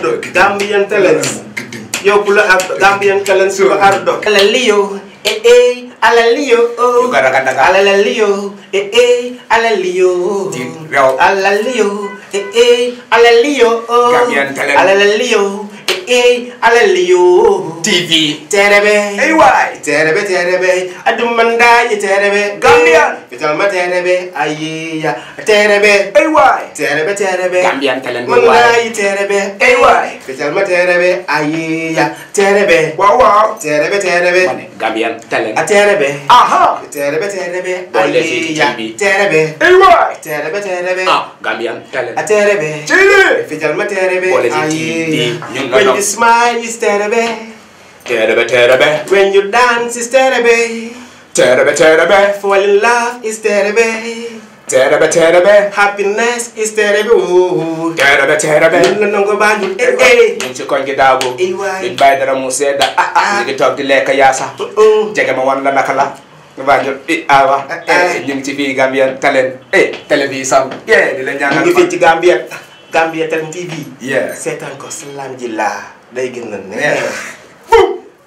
ardo Gambian talents yo bula ardo Gambian talents ko ardo alalio eh eh alalio oh alalio eh eh alalio alalio eh eh alalio oh alalio اي على اليوم تي في تربي اي واي تربي تربي ادم من داي تربي غامبيا يتلم تربي اييا تربي اي واي تربي تربي غامبيا كلن من داي تربي اي واي يتلم تربي اييا تربي واو واو تربي تربي غامبيا كلن تربي اها تربي تربي اييا تربي اي واي تربي تربي اه غامبيا كلن تربي تشيلي في تلم تربي اييا you smile is terrible. Terrible, terrible. When you dance is terrible. Terrible, terrible. Fall in love is terrible. Terrible, terrible. Happiness is terrible. Terrible, terrible. No, no, go back. Hey, hey. Nchi kongi dabu. Hey, Bye, dara museda. Ah, ah. Nigi talk dileka yasa. Uh, nakala. eh, awa. Ah, uh-uh. Eh, nyingi tivi Gambian talent. Eh, television. Eh, yeah, dile nyanga. Nyingi Gambian. TV. Yeah. Setan ko selanjila. day gën a neex.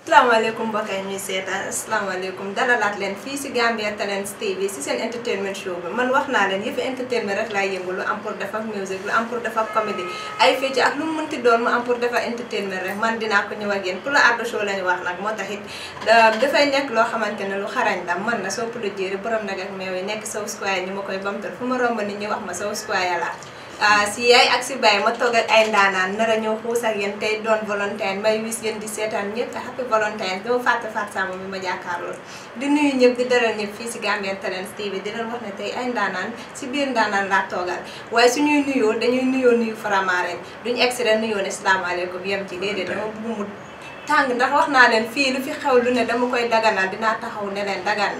asalaamaaleykum mbokk yi ñuy seetaan asalaamaaleykum dalalaat leen fii si Gambian Talents TV si seen entertainment show bi man wax naa leen yëfi entertainment rek laay yëngu lu am pour def ak music lu am pour def ak comédie ay fecc ak lu mu mënti doon mu am pour def ak entertainment rek man dinaa ko ñëw ak yéen pour la ardo show lañu wax nag moo tax euh, dafay nekk loo xamante ne lu xarañ la man na soo pula jéeri borom nag ak meew nekk South ma koy bamtal wax ma South Square la Ah, si yaay ak si baay ma toog ak ay ndaanaan nar a ñëw xuus ak yéen tey doon Valentine may wis yéen di seetaan ñëpp happy Valentine doo fàtte fàtte sama mi ma jàkkaarloo di nuyu ñëpp di daral ñëpp fii si Gambian Talents TV di leen wax ne tey ay ndaanaan si biir ndaanaan laa toogal waaye ñuy nuyoo dañuy nuyoo nuyu faramaaren duñu egg si nuyoo ne salaamaaleykum yem ci déedéet dama bëgg mu tàng ndax wax naa leen fii lu fi xew lu ne dama koy daganal dinaa taxaw ne leen dagan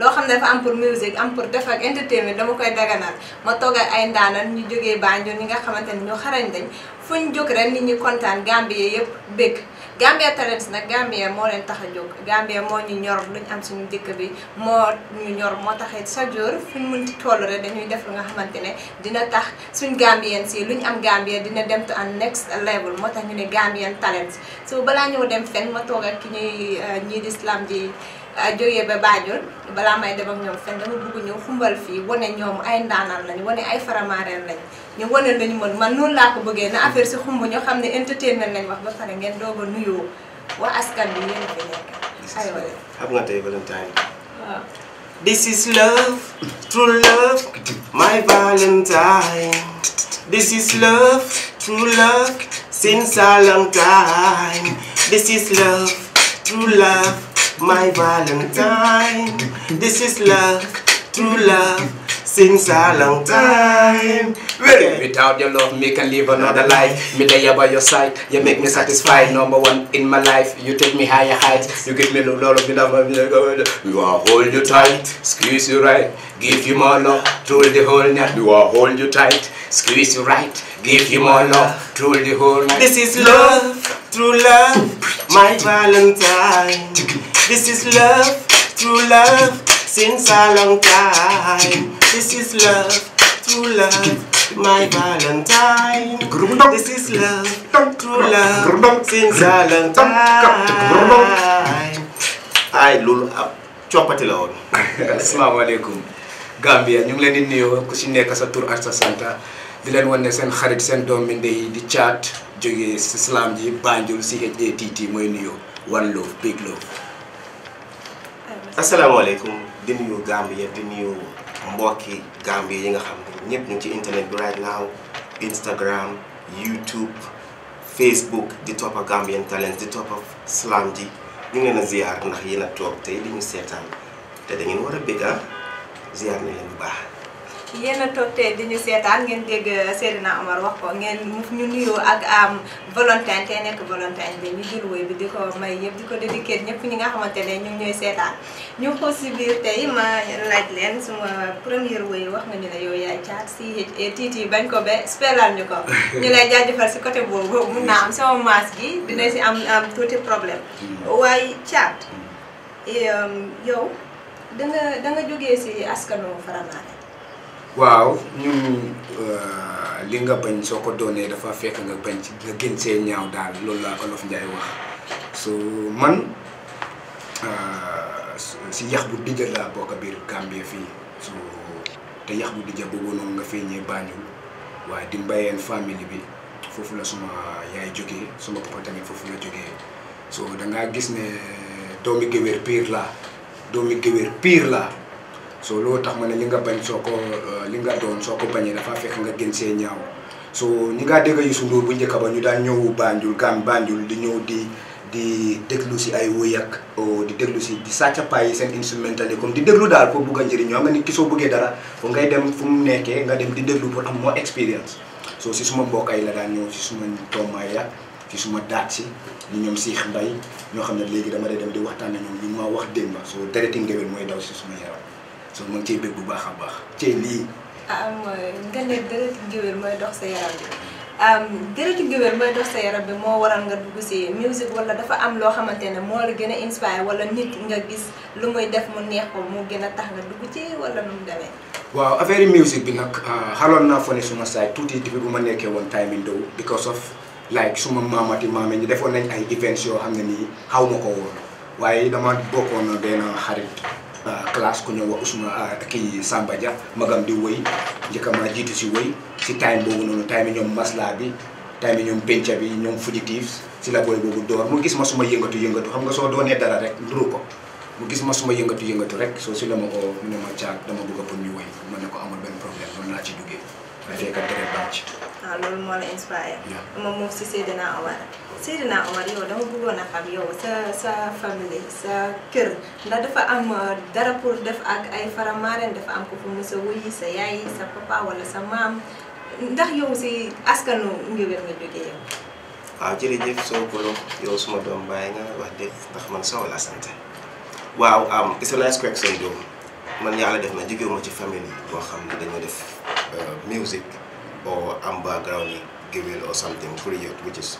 loo xam ne dafa am pour musique am pour def ak entertainment dama koy daganal ma toog ak ay ndaanan ñu jógee Banjul ñi nga xamante ni ñu xarañ dañ fu ñu jóg rek nit ñi kontaan Gambie yëpp bëgg Gambia Talents nag Gambia moo leen tax a jóg Gambia moo ñu ñor lu am suñu dëkk bi moo ñu ñor moo taxit chaque jour fu ñu mën ci toll rek dañuy def lu xamante ne dina tax suñ Gambien si lu ñu am Gambia dina dem to an next moo tax ñu ne Gambian Talents so balaa ñëw dem fenn ma toog ki ñuy euh, ñii di slam jógee ba Banjul balaa may dem ak ñoom fenn dama bugg ñëw fumbal fii wane ñoom ay ndaanaan lañ wane ay faramaareen lañ ñu wane lañu mën man noonu laa ko bëggee na affaire si xumb ñu xam entertainment lañ wax ba pare ngeen doog a wa askan bi yéen fi nekk aywa xam nga tey valentine This is love, true love, my valentine. This is love, true love, since a long time. This is love, true love my Valentine. This is love, true love, since a long time. Well, without your love, me can live another life. Me there by your side, you make me satisfied. Number one in my life, you take me higher heights. You give me a lot of love, you are hold you tight, squeeze you right, give you more love through the whole night. You are hold you tight, squeeze you right. Give you my love through the whole night. This is love through love, my Valentine. This is love through love since a long time. This is love through love, my Valentine. This is love true love since a long time. ay loolu ab ah, coppati la woon. asalaamaaleykum Gambia ñu ngi leen di nuyoo ku si nekk santa di leen wan ne seen xarit seen doom mi ndey di caat jógee si ji Banjul CHDTT mooy nuyoo one love big love. di Gambia di mbokki Gambia yi nga xam ñu ci internet bi right now Instagram YouTube Facebook di topp Gambian Talents di topp ak slam ji ñu ngi leen ziar ndax yéen a di ñu te da ngeen ah. ziar na leen bu baax. yena toté toog tey di ñu seetaan ngeen dégg Omar wax ko ngeen ñu agam ak am volontaire té nek volontaire bi ñu jël woy bi diko may yépp diko dédiquer ñepp ñi nga xamante ne ñu ñoy sétan ñu ko ci biir tay ma laaj suma premier woy wax nga ñu ne yow yaay chat si tiit bañ ko be spelal ñu ko ñu lay jaajëfal ci côté boobu mu na am sama mas gi dina si am am touti problème way chat yow da nga da nga joggé si askano faramaate waaw ñun euh, li nga bañ soo ko doonee dafa fekk nga bañ ci nga gën see ñaaw daal loolu la olof njaay wax so man euh, si yax bu dijja laa bokk biir Gambie fii so te yax bu dijja boobu noonu nga feeñee baañul waaye di mbayeen famille bi foofu la suma yaay jógee suma papa tamit foofu la jógee so da ngaa gis ne doomi géwér pire la doomi géwér pire la so lo tax mané li nga bañ soko ko eh, li nga doon soko ko dafa fekk nga gën see ñaaw so ñi nga dégg su Ndour bu ñëk ba ñu daan ñëw Banjul gam Banjul di ñëw di di déglu ci ay wëy o oh, di déglu ci di sàcca paay sen instrumental ni comme di déglu daal pour bugg a ñoo nga ni kisso soo dara fo ngay dem fu mu nekké nga dem di déglu pour am mo experience so ci suma mbokk yi la daan ñëw ci suma toomaay ya ci suma daat si ni ñom Siix Mbay ñoo xam légui dama dee dem di waxtaan ñoom ñu ma wax demba so dereti ngéwél moy daw ci suma yaram so ma ngi ciy bëgg bu baax a baax cey lii. ah mooy nga ne dërët ngéwél mooy dox sa yaram bi dërët ngéwél mooy bi moo waral nga dugg si musique wala dafa am loo xamante ne moo la gën a inspire wala nit nga gis lu muy def mu neex ko mu gën a tax nga dugg ci wala nu mu demee. waaw affaire musique bi nag ah, xaloon naa fa ne suma saay tuuti depuis bu ma nekkee woon time ndaw because of like suma maamati maame ñi defoon nañ ay events yoo xam ne nii xaw ma ko woon waaye dama bokkoon benn xarit. Ah, classe ku ñëw wax Ousmane ah, kii Samba Dia magam di woy njëkkama jiitu si woy si time boobu noonu time yi ñoom masla bi time yi ñoom penca bi ñoom fugitive ci la booy boobu door mu gis ma suma yëngatu yëngatu xam nga soo doonee dara rek gis ma suma yëngatu yëngatu rek soo si la ma ko mu ne ma caag dama bëgg a pour ñu woy ma ne ko amul benn problème mën naa ci duggee dafeekat deret baax ci waaw loolu moo la inspiré. moom moom si Seydina Omar Seydina Omar yow dama bëggoon a xam yow sa sa famille sa kër ndax dafa am uh, dara pour def ak ay faramaareen dafa am ko fu mu sa wuyi sa yaay sa papa wala sa waaw ah, soo ko suma doom bàyyi wax dëgg ndax man waaw am it's a nice question doom man yàlla def na jógewuma ci famille boo xam ne dañoo def uh, musique or amber ground gewel or something create which is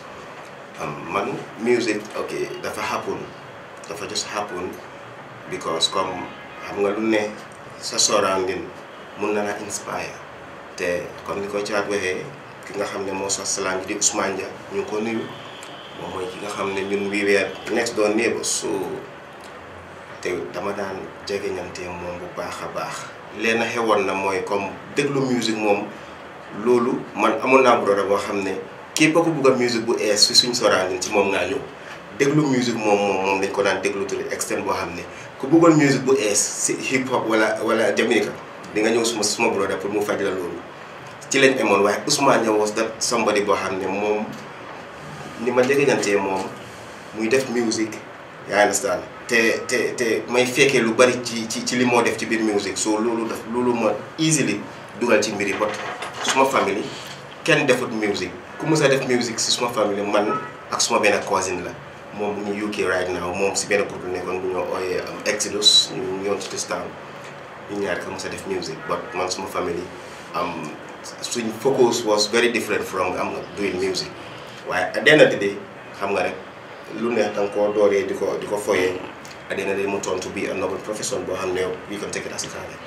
um, man music okay dafa happen dafa just happen because come, I'm gonna sa surrounding mun na inspire te comme ni ko caat waxee ki nga xam ne slang di Ousmane Dia ñu ngi ko nuyu kung mooy ki nga xam ne next door neighbors so te dama daan jegeñante tiyang bu baax a baax leen a xewoon na mooy comme déglu music moom loolu man amoon naa problème boo xam ne képp ku bugg a musique bu ees si suñ soraanee ci moom ngaa ñëw déglu musique moom moom moom dañ ko daan déglu te externe boo xam ne ku bëggoon musique bu ees si hip hop wala wala Jamaica di nga ñëw suma suma brother pour mu faj ci lañ emoon waaye Ousmane Niang was that somebody boo ne moom ni ma jegeñantee moom muy def musique yaa te te may fekkee lu bari ci ci ci li moo def ci biir musique so loolu daf loolu ma easily dugal ci mbiri bot suma famille kenn defut musique ku mës a def musique si suma famille man ak suma benn cousine la moom bu ñu UK right now moom si benn groupe la nekkoon bu ñoo ooyee um, Exodus ñu ñëwoon ci Tistown ñu ñaar ka mës a def musique but man suma famille am um, suñ focus was very different from am doing music waaye at the end day xam nga rek lu neex danga koo dooree di ko di ko foyee at the end of the day mu tontu bi a noble profession boo xam ne yow you can take it as a career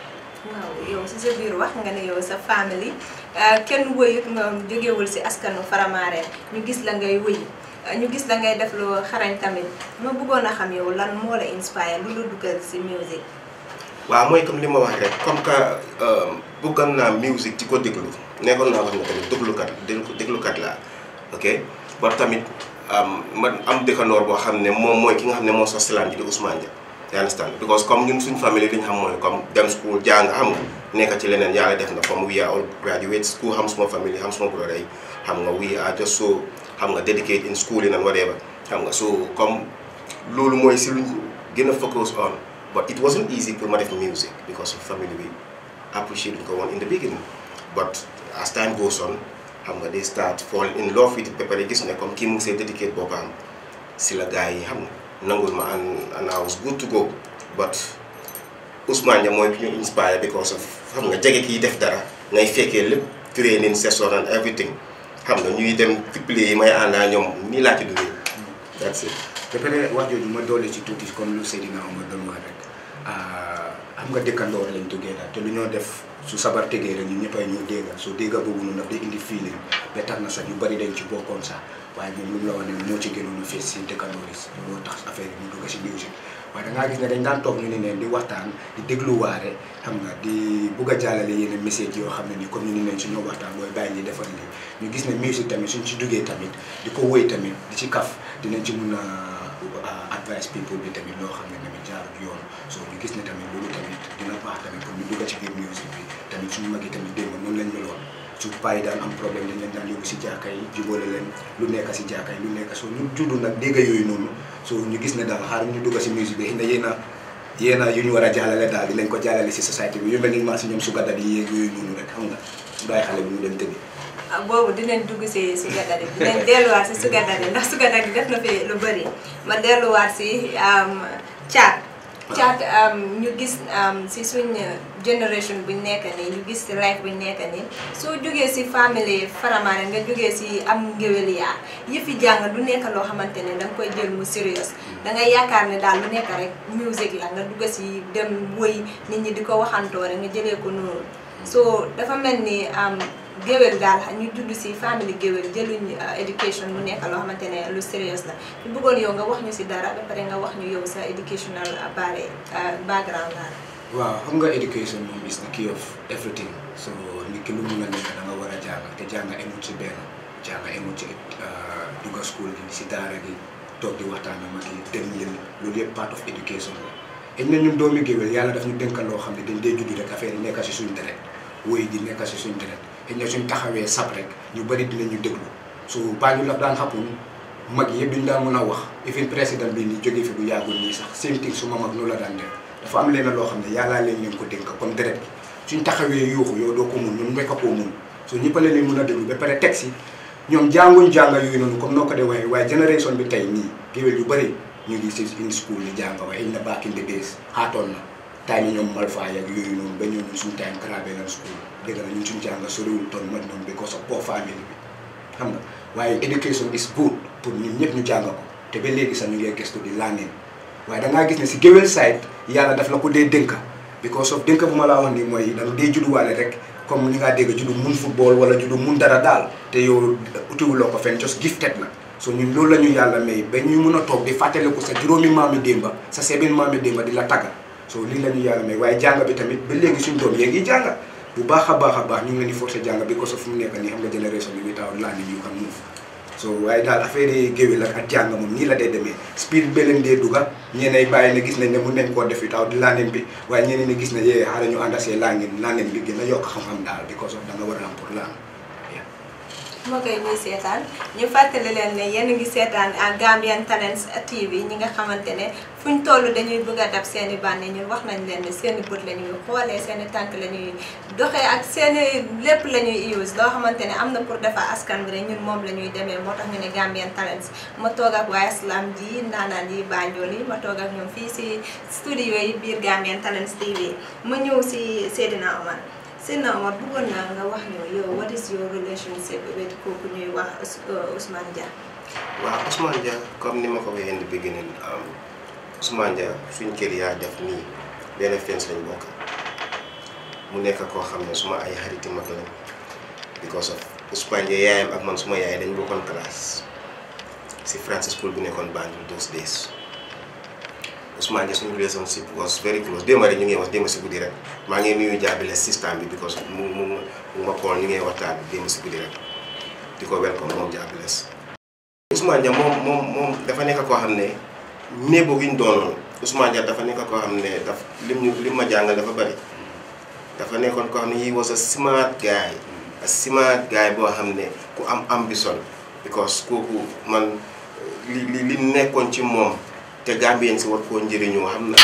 waaw yow si sa biir wax nga ne yow sa famille euh, kenn wëyut nga jógewul si askanu Faramareen ñu gis la ngay wëy euh, ñu gis la ngay def loo xarañ tamit ma bëggoon a xam yow lan moo la inspire lu la duggal si musique waaw mooy comme li ma wax rek comme que euh, bëggoon naa musique ci ko déglu nekkoon naa wax ne tamit déglukat déglukat laa ok ba tamit man am dëkkanoor boo xam ne moom mooy ki nga xam ne moo sos silaan bi di Ousmane Dia you understand because comme ñun family liñ xam school young, xam we are all graduates School, xam suma family xam suma brother yi we are just so xam nga in schooling and whatever xam so come loolu mooy si luñ gën focus on but it wasn't easy for ma def music because family bi appreciate luñ ko in the beginning but as time goes on xam they start falling in love with the ba pare gis ne comme kii mu ngi see dedicate boppam si la gars yi and I was good to go. But Usman Jamoy inspired because of how many jagged he def dara. Now if you training session and everything, how many of them play my hand and you need like to do That's it. Depending what you do, you do this. Come, you say it now, my brother. Ah, I'm gonna take a lot of together. Tell me now, def. su sabar tegee rek ñun ñëppay ñëw dégga soo dégga boobu noonu daf day indi feeling ba tax na sax ñu bari dañ ci bokkoon sax waaye moom lu la wax moo ci gënoon a fees seen dëkkandoo loolu tax affaire yi mu dugg ne dañ daan toog ñu ne neen di waxtaan di dégluwaare xam nga di bugg a jàllale yenn message yoo xam ne nii comme ñu ne neen suñoo waxtaan booy bàyyi ñi defal lii ñu gis ne musique tamit suñ ci duggee tamit di ko wëy tamit di ci kaf dinañ ci mun a advice people bi tamit ñoo xam ne tamit jaarut yoon soo ñu gis ne tamit loolu tamit dina tamit suñu mag yi tamit démb noonu lañ meloon su payi daan am problème dañ leen daan yóbbu si jaaka yi jubóole leen lu nekk si jaaka yi lu nekk soo ñu yooyu noonu soo ñu gis ne daal xaar ñu dugg si musique bi a yu ñu war a jàllale daal di lañ ko jàllale si société bi yu mel ni maa si ñoom su gadda yooyu noonu rek xam nga bàyyi xale bi mu dem tëbi ah, boobu dinañ dugg si sugar daddy dinañ delluwaat si sugar daddy ndax sugar daddy def na fi lu bëri ma delluwaat si caat caat um, ñu gis um, si suñ génération buñ nekk nii ñu gis si life buñ nekk nii soo jógee si famille faramaare nga jógee si am ngéwél yaa yëfi jàng du nekk loo xamante ne danga koy jël mu sérieux dangay yaakaar ne daal mu nekk rek musique la nga dugg si dem woy nit ñi di ko waxantoo rek nga jëlee ko noonu so dafa mel ni um, géwél daal ñu dund si famille géwél jëluñ éducation uh, mu nekk loo xamante ne lu sérieux la ñu wax ñu si dara ba pare nga wax ñu yow sa educational uh, bare uh, background daal. waaw xam nga education moom is the key of everything so nit ki lu mu nga nekk da nga war a jàng te jàng emut si benn jàng emut si dugga school gi si daara gi toog di waxtaan ak mag yi dem leen loolu yëpp part of education la. dañ ne ñun doomi géwél yàlla daf ñu dénkal loo xam ne dañ dee juddu rek affaire yi nekk si suñu deret woy di nekka si suñ deret. xëy na suñ taxawee sab rek ñu bëri dinañu déglu su bàyyi la daan xappun mag yëpp duñ daan mën a wax ifin président bi ni jóge fi bu yàggul nii sax seen tig su ma mag nu la daan def dafa am leen loo xam ne yàlla leen leen ko dénk comme deret bi suñ taxawee yuuxu yow doo ko mun ñun rekk a koo mun so ñëpp la leen mën a déglu ba pare teg si ñoom jànguñ jànga yooyu noonu comme noo ko de waxee waaye génération bi tey nii géwél yu bëri ñu ngi si in school ni jànga waaye in na back in the days xaatoon na time yi ñoom Malfa ak yooyu noonu ba ñoom suñu time grabe na school dëgg la ñun suñu jàng soriwul toon madinam because of poor family bi xam nga waaye education is good pour ñun ñëpp ñu jàng ko te ba léegi sax ñu ngee gëstu di ko dee dénka bu ma laa wax ni mooy danga dee judduwaale rek comme li ngaa dégg juddu mun football wala juddu mun dara ko fenn just gifted na so ñun la ñu yàlla ba ñu a toog di fàttaliku sa juróomi maami démba sa sebin maami démba di la tagga so lii la ñu yàlla may bu baax a baax a baax ñu ngi leen di forcer jàng bi parce que fu mu nekk nii xam nga génération bi bi taw laa ni waaye daal affaire yi géwél ak jàng moom nii la dee demee speed ba leen dee duga ñeenay bàyyi ne gis nañ ne mun nañ koo def taw di laneen bi waaye ñeneen ñi gis na yee xaaral ñu àndasee laa ngeen laneen bi gën a yokk xam-xam daal because of da war a am pour laan moo koy ñuy seetaan ñu fàttali leen ne yéen a ngi seetaan Gambian Talents TV ñi nga xamante ne fu ñu toll dañuy bëgg a dab seen i bànne ñun wax nañ leen ne seen i bët la ñuy xoolee seen i tànk la ñuy doxee ak seen lépp la ñuy use loo xamante ne am na pour defar askan bi rek ñun moom la ñuy demee moo tax ñu ne Gambian Talents ma toog ak waa Islam ji ndaanaan yi Banjul yi ma toog ak ñoom fii si studio yi biir Gambian Talents TV ma ñëw si Seydina sëñ Omar bëggoon naa nga wax ñu yow what is your relationship with kooku ñuy wax uh, Ousmane waaw Ousmane comme ni ma ko waxee in the beginning um, suñ kër yaa def nii benn fenn nekk koo xam ne suma ay xariti mag lañ because of Ousmane yaayam ak man suma yaay dañ bokkoon classe si Francis School bu nekkoon Banjul those days. Ousmane Dia suñu relationship was very ñu ngi wax démb si guddi rek maa ngi nuyu jaabile système bi because mu mu mu ma xool waxtaan démb si guddi rek di ko welcome moom jaabile moom dafa nekk ko xam ne néegu gi ñu doonoon Ousmane Dia dafa nekk ko xam ne daf lim ñu ma jàngal dafa bari dafa nekkoon ko xam ne he was a smart guy a smart guy boo xam ne ku am ambition because kooku man li li li nekkoon ci moom. te Gambien si war koo njëriñoo xam na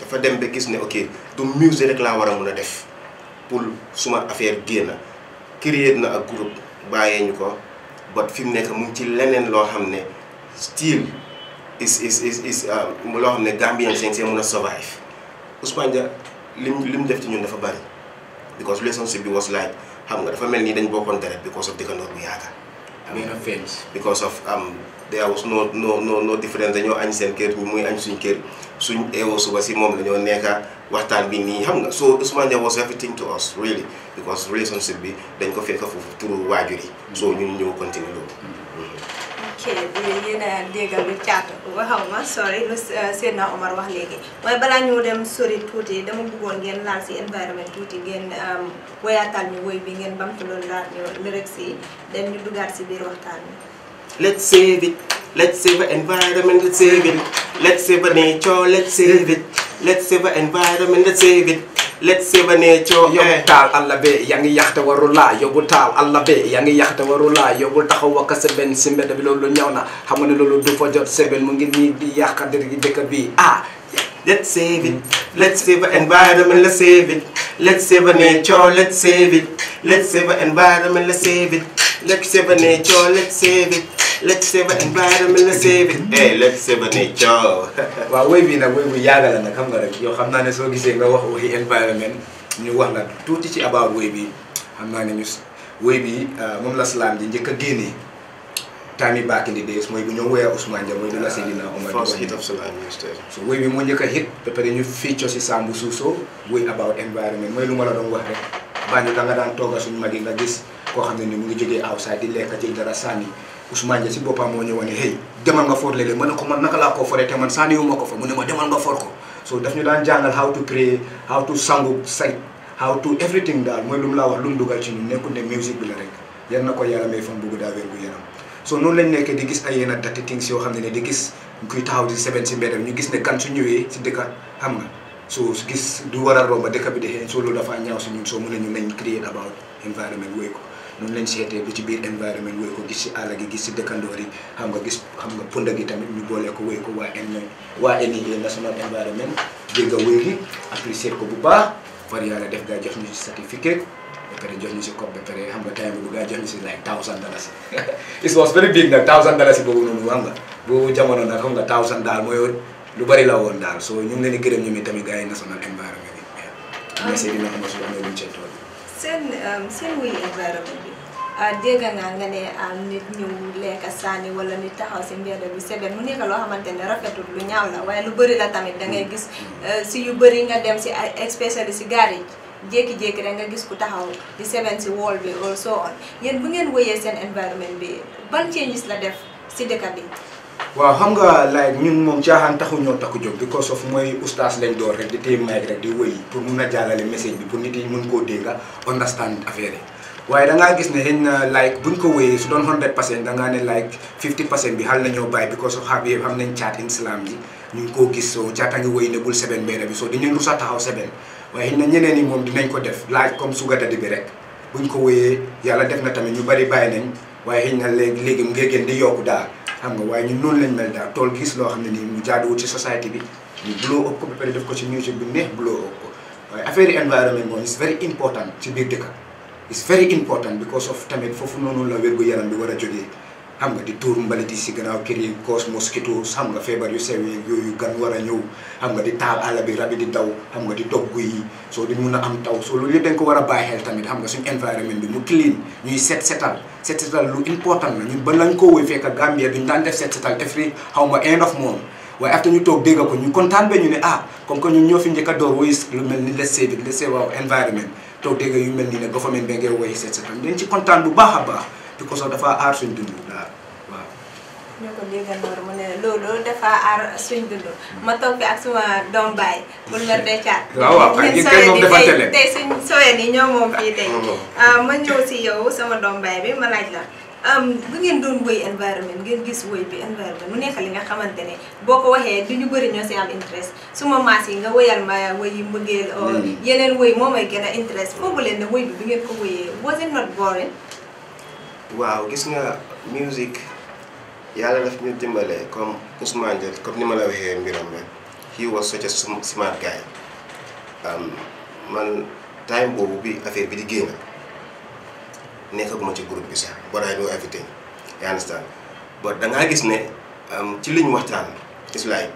dafa dem ba gis ne ok du musée rek laa war a mun a def pour suma affaire génn créer na ak groupe bàyyee ñu ko ba fi mu nekk mu ci leneen loo xam ne style is is is is um, loo xam ne Gambien si see mun a survive Ousmane Dia lim lim def ci ñun dafa bari because relationship bi was like xam nga dafa mel nii dañ bokkoon deret because of dëkkandoor bu yaakaar. made a fence. because of um, there was no no no no difference dañoo añ seen kër muy añ suñ kër suñ eewoo suba si moom dañoo nekka waxtaan bi nii xam nga so suma Dia was everything to us really because relationship bi dañ ko fekk foofu turu waajur yi. so ñun ñëw continuer loolu. Mm-hmm. Mm-hmm. let's save it let's save the environment let's save it let's save our nature let's save it let's save the environment let's save it let sevane coo yóbbu taal alla be yaa ngi yaxte waru laa yóbbu taal alla be yaa ngi yaxte waru laa yóbbu taxaw wakka seben si mbedd bi loolu ñaw na xam ne loolu du fa jot seben mu ngi nii di yàq dëkk dëkk bi ah Let's save it. Let's save the environment. Let's save it. Let's save nature. Let's save it. Let's save the environment. Let's save it. Let's save nature. Let's save let's save our environment let's save waaw woy bii nag woy bu yàgg la xam nga rek yow xam naa ne soo gisee nga wax waxi environment ñu wax la tuuti ci about woy bi xam naa ne ñu woy bi euh, moom la salaam ji njëkk a génnee. time yi back in the days mooy bu ñoo woowee Ousmane Dia mooy bu la ah, Seydina Omar. first hit of Salaam ministère. so woy bi moo njëkk a hit ba pare ñu feature si Sambou Suso woy about environment mooy lu ma la doon wax rek. Banjul a nga daan tooga suñu mag yi la gis koo xam ne ni mu ngi jógee outside di lekk jël dara sànni Ousmane Dia si boppam moo ñu wane hey demal nga for léeg-léeg ma ne ko man naka laa ko foree te man sànniwu ma ko fa mu ne ma demal nga for ko so daf mooy lu mu laa wax lu mu dugal ci ñun nekkul ne musique bi la rek yan na gis ay yenn dati things yoo xam ne ne di su ñëwee si dëkka xam du war a romb dëkk bi de xëy so loolu ñaaw si ñun soo mën a ñu nañ create about environment wéy ko noonu lañ seetee ba ci biir environnement wéy ko gis si àll gi gis si dëkkandoor yi xam nga gis xam nga punda gi tamit ñu boolee ko wéy ko waa en national environnement dégg nga wéy gi apprécier ko bu baax par yàlla def gaa jox ñu si certificat ba pare jox ñu si COP ba pare xam nga time bu gaa jox ñu si like thousand dollars it was very big nag thousand dollars boobu noonu xam nga boobu jamono nag xam nga thousand daal mooy lu bari la woon daal so ñu ngi leen di gërëm ñu mi tamit gaa yi national um, um, environnement bi merci xam nga su amee luñ cee tool seen seen dega ngangane ah, nit ñew lekk sani wala nit taxaw ci mbedd bi seben mu nekk lo xamantene rafetul ya ya lu ñaaw la waye lu bari la tamit da ngay ya gis eh, si yu bari nga dem ci ah, spécialiste gaar yi jeki jeki rek nga gis ku taxaw di seben ci wall bi or so on yeen bu ngeen wëyé seen environment bi ban changes la def ci dëkk bi waaw xam nga like ñun moom caaxaan taxu ñoo takku jóg because of mooy oustaz lañ door rek di téye mic rek di wëy pour mun a message bi pour nit yi mun koo dégg understand affaire yi waaye da gis ne xëy na like buñ ko wéyee su doon 100 percent da ngaa ne like 50 percent bi xal nañoo bàyyi because of xaab yëpp xam nañ caat islam yi ñu ngi koo gis soo caata ngi wéy ne bul seben benn bi soo dinañ lu sax taxaw seben waaye xëy na ñeneen yi moom dinañ ko def laaj comme suga dadi bi rek buñ ko wéyee yàlla def na tamit ñu bari bàyyi nañ waaye xëy na léegi léegi mu ngeen di yokku daal xam nga waaye ñun noonu lañ mel daal tool gis loo xam ne nii mu jaaduwul ci société bi ñu blow up ko ba pare def ko ci important ci biir dëkk is very important because of tamit foofu noonu la wérgu yaram bi war a jógee xam nga di tuur mbalit yi si gannaaw kër yi cause mosquitoes xam nga feebar yu sew yi yooyu gan war a ñëw xam nga di taal àll bi rab di daw xam nga di dog guy yi soo di mun a am taw soo loolu yëpp dañ ko war a bàyyi xel tamit xam nga suñu environnement bi mu clean ñuy set setal set setal lu important la ñun ba lañ ko woy fekk Gambia duñ daan def set setal every xaw ma end of month waaye after ñu toog dégg ko ñu kontaan ñu ne ah, comme que ñun ñoo fi njëkk a door woy lu mel taw dégg yu mel nii ne government bi ngay woy seet seetal dañ ci kontaan bu baax a baax di ko sax dafa aar suñ dund daal waaw. ñoo ko dégg noonu mu ne loolu dafa aar suñ dund ma toog ak suma doom baay bul mer day caat. waaw waaw ak ñi kay moom tey suñ sowee ni ñoo moom fii tey. Oh. Ah, ma ñëw si yow sama doom baay bi ma laaj la. bu ngeen doon woy environment ngeen gis woy bi environment mu nekk li nga xamante ne boo ko waxee du ñu bëri ñoo si am interest suma maas yi nga woyal ma woy yi mbëggeel oh, hmm. yeneen woy moom may gën a interest foogu leen ne woy bi bi ngeen ko woyee was it not boring waaw gis nga music yàlla daf ñu dimbalee comme Ousmane Diop comme ni ma la waxee mbiram rek he was such a smart guy man time boobu bi affaire bi di génn nekkaguma ci groupe bi sax but I know everything you understand but dangaa gis ne um, ci li ñu waxtaan it's like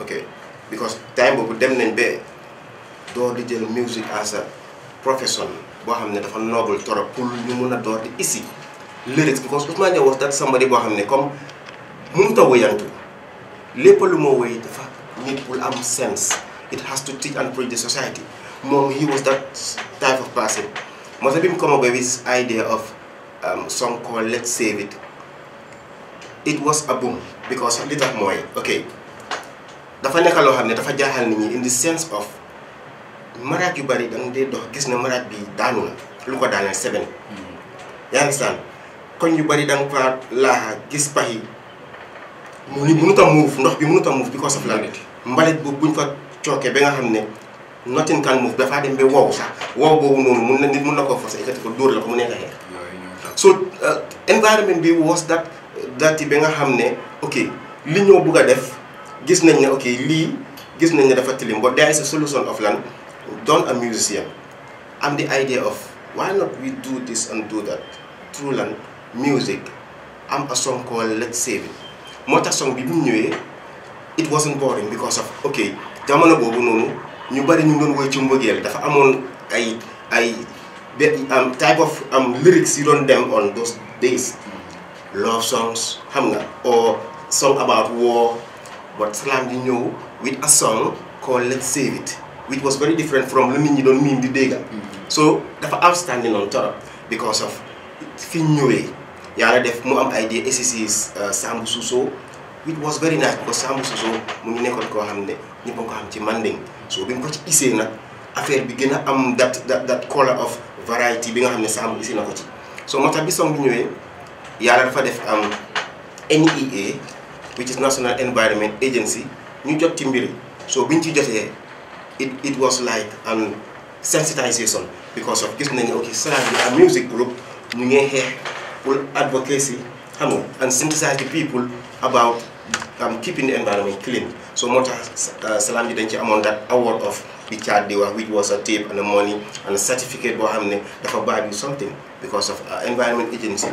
ok because time boobu dem nañ ba door di jël music as a profession boo xam ne dafa noble torop pour ñu mun a door di isi lyrics because Ousmane Diaw was that somebody boo xam ne comme mu a wëyantu lépp lu moo wëy dafa nit pour am sense it has to teach and society moom he was that type of person Most of him come up with this idea of um, song called Let's Save It. It was a boom because of little mooy ok dafa nekk loo xam ne dafa jaaxal nit ñi in the sense of marat yu bari da nga dee dox gis na maraaj bi daanu na lu ko daaneel seben hmm. yaa ngi saan koñ yu bari da fa laaxa gis pax mu ni mënut ndox bi because of lan mbalit bu buñ fa cookee ba nga notin kan move dafaa dem ba wow sax wow boobu noonu mun na nit mun na koo forcer yëkkati ko dóor la ko mu nekk xeex so euh, environment bi was that that ba nga xam ne ok li ñoo bugg a def gis nañ ne ok lii gis nañ ne dafa tilim but there is a solution of lan doon a musician am the idea of why not we do this music am a song called let's save moo tax song bi bu mu ñëwee it wasn't boring because of ok jamono boobu noonu ñu bari ñu doon woy ci mbëggeel dafa amoon ay ay am type of am lyrics yu doon dem on those days love songs xam nga or song about war but Slam di ñëw with a song called let's save it which was very different from lu nit ñi doon miin di dégga mm-hmm. so dafa outstanding on torop because of fi yaa nga def mu am ay des SCCs euh, Sambou it was very nice because Sambou Soso mu ngi nekkoon koo xam ne ñëpp ko xam ci Manding so bi nga ko ci isee nag affaire bi gën a am that that that color of variety bi nga xam ne Sambou isee na ko ci so moo tax bi song bi ñëwee yàlla dafa def am um, NEA which is National Environment Agency ñu jot ci mbiri so biñ ci jotee it it was like an sensitization because of gis nañu ok Solaare bi a music group ñu ngi xeex pour advocacy xam and synthesize the people about um, keeping the environment clean so moo tax uh, salaam ji dañ ci amoon that award of bi Dewa, which was a tape and a money and a certificate boo xam ne dafa baabi something because of uh, environment agency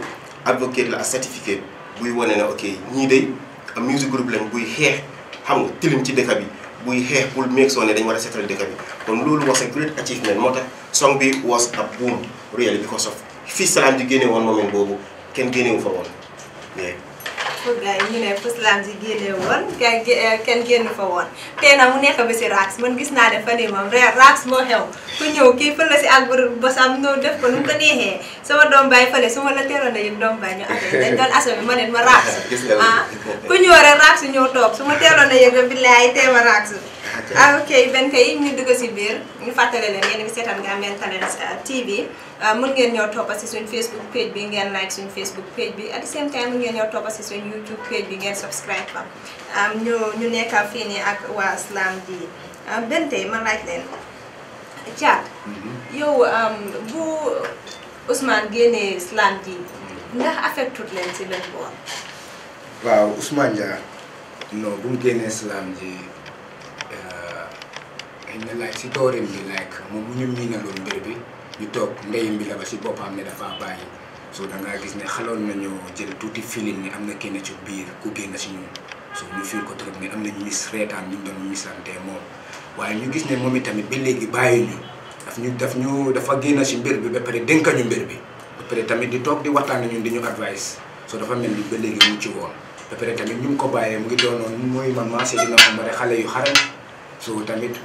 advocate like a certificate We want to know. ok ñii a music group lañ buy xeex xam nga tilim ci dëkk bi buy xeex pour make sure ne dañu war a seetal dëkk bi kon loolu was a great achievement moo tax song bi was a boom really because of fii salaam ji one moment Bobo can gain fa woon yeah fëggaay ñu ne fëslam si génnee woon kenn eh, kenn génn fa woon tey nag mu nekk ba si rax man gis naa ne fan yii moom rax moo xew ku ñëw kii fële si ak bosam ñëw def ko nu mu ko neexee sama doom baay fële su ma la teeroon a yëg doom baay ñu affaire dañ doon assommé ma ne ma rax ah ku ñëw rek rax ñëw toog su ma teeroon a yëg billaay tee ma rax ah ok benn yi ñu dugg si biir ñu fàttale leen yéen a ngi seetaan Gambian Talents ah, TV ah, mun ngeen ñoo toppa si suñ Facebook page bi ngeen like suñ Facebook page bi at the same time mun ngeen ñoo toppa si suñ YouTube page bi ngeen subscribe fa ah, ñu ñu nekkal fii nii ak waa Slam di benn ma laaj leen Thiat mm-hmm. yow bu Ousmane génnee Slam di ndax affecté leen si benn boor waaw Ousmane Dia non bu génnee Slam di ne like si doorin bi like moom bu ñu miinaloon mbir bi ñu toog ndeyam bi la ba si boppam ne dafa bàyyi so da ngaa gis ne xaloon nañu jël tuuti filin ni am na kenn ci biir ku génn si ñu so ñu fiil ko trop ne am nañ mis reetaan ñu doon misante moom waaye ñu gis ne moom tamit ba léegi bàyyi ñu daf ñu daf ñu dafa génn si mbir bi ba pare ñu mbir bi ba pare tamit di toog di waxtaan ñun di ñu advice so dafa mel ni ba léegi mu ci woon ba pare tamit ñu ko bàyyee mu ngi doonoon mooy man maa seetlu na ko xale yu xarañ so tamit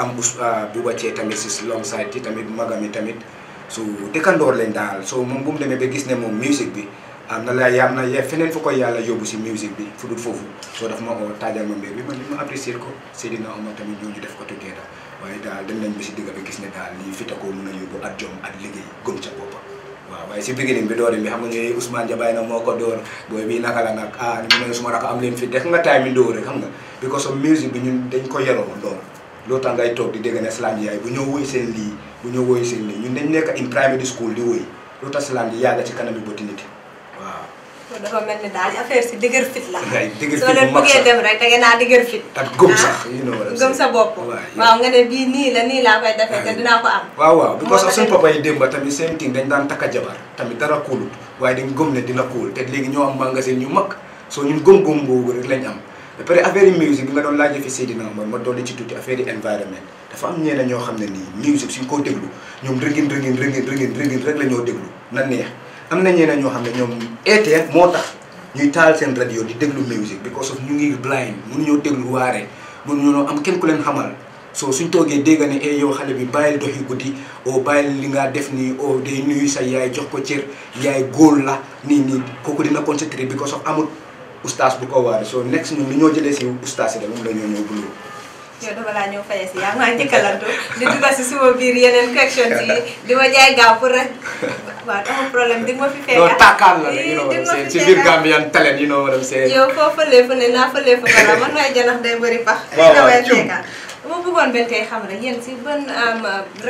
am us ah, Buba Cee tamit si long side yi tamit magami tamit su dëkkandoor leen daal so moom ba gis ne moom musique bi am na la yam na ye feneen fu yàlla yóbbu si musique bi fu foofu oo taajal ma mbir bi man ko Seydina Omar tamit ñooñu def ko tuddee daal waaye daal dem nañ bi gis ne a yóbbu ak jom ak liggéey gëm ca boppa waaw waaye si beginning bi doore bi xam nga ñooy Ousmane Jabaay na moo ko door booy bi naka la nag ah mu ne suma rak am leen fi def nga time yi dóor rek xam nga because of musique bi ñu dañ ko yaroo door loolu tax ngay toog di dégg ne slam ji yaay bu ñëw woy seen lii bu ñëw woy seen lii ñun dañ nekk in primary school di woy loolu tax slam ji yàgg ci kanami bëti waaw. kon dafa mel ni daal affaire si dëgër fit la. ngay dëgër fit bu mag sax soo leen bëggee dem rek da ngeen a dëgër fit. ak gëm sax ah? yu bii nii la nii laa koy defee te dinaa ko am. waaw waaw parce que suñu papa yi démb tamit seen ting dañ daan takka jabar tamit dara kuulut waaye dañ gëm ne dina kuul te léegi ñoo am seen ñu mag soo ñun gëm-gëm boobu rek lañ am pare affaire yi bi nga doon laajee fi Seydina Omar ma dolli ci tuuti affaire yi dafa am ñeneen ñoo xam ne nii musique suñ koo déglu ñoom rëngin rëngin rëngin rëngin rëngin rek la ñoo déglu na neex am na ñeneen ñoo xam ne ñoom eetee moo tax ñuy taal seen radio di déglu musique because of ñu ngi blind mënuñoo déglu waare mënuñoo am kenn ku leen xamal soo suñ toogee dégg ne e yow xale bi bàyyil dox guddi oo oh, bàyyil li ngaa def nii oo oh, day nuyu sax yaay jox ko cër yaay góor la nii nii kooku dina concentré because of amul Ustaz bu ko waare so next ñu li ñoo si oustaz yi moom la ñoo ñëw buloo dama si yaa maa njëkkalantu di duga si suma biir yeneen questions yi di ma jaay gaaw pour rek waaw amul problème di nga ma fi fekk non tàkkaan la you know what I'm saying ci Gambian talent you know what I'm saying Yo ne man janax day pax xam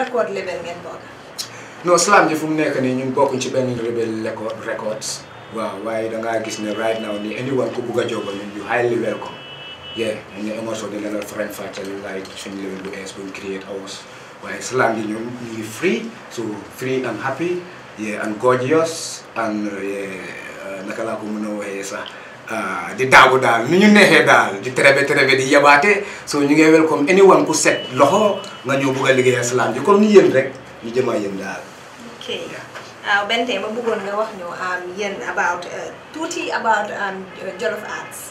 record label ngeen bokk slam ji fu mu nekk nii records wow waaye da ngaa gis ne right now ni anyone ku bugg a jooba you highly welcome yeah ñu ngi émotion di lalal faram fàcceel like suñu level bu ees buñ create ours waaye salaam yi ñoom ñu free so free and happy yeah and gorgeous and uh, naka laa ko mën a sax uh, di daagu daal ni ñu neexee daal di terebe terebe di yabaate so ñu ngi welcome anyone ku set loxo nga ñëw buga a salam di ji comme ni rek ñu jëmaa waaw ah, benn tey ma bëggoon nga wax ñu ah, yéen about eh, tuuti about ah, Jollof Arts.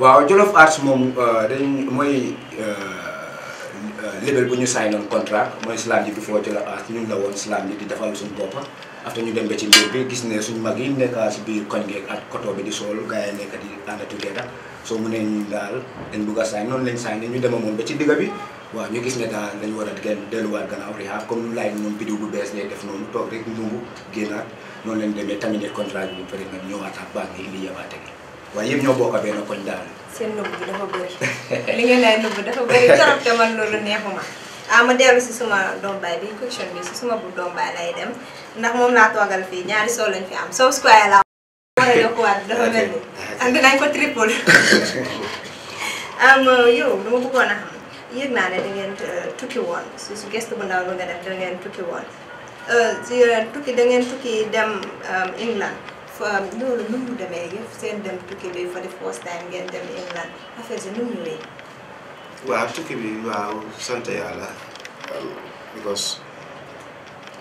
waaw Jollof Arts moom eh, dañ mooy eh, label bu ñu signoon contrat mooy slam ji before Jollof Arts ñun la woon slam ji di defal suñu boppa after ñu dem ba ci mbir bi gis ne suñu mag yi nekk si biir koñ geeg ak koto bi di sool gars yi nekk di ànd together soo mu ne ñu daal dañ bëgg a sign noonu lañ sign ñu demamoon ba ci digg bi. waaw ñu gis ne daal dañu war a gën delluwaat gannaaw rihab comme laaj moom biddiw bu bees lay def noonu toog rek ñëw génnaat noonu lañ demee tamit ne contrat bi bu pare nga ñëwaataat a ah, ma dellu si suma doom baay bi question bi si suma bu doom baay lay dem ndax moom la toogal fii ñaari soo lañ fi am soo square laa war a dafa mel ni ak ko triple am yow dama bëggoon a xam yëg naa ne da ngeen tukki woon si su gëstu bu ndaw bi nga def da ngeen tukki woon tukki da tukki dem England fa loolu nu demee seen dem tukki bi for the first time ngeen dem England affaire yi nu mu because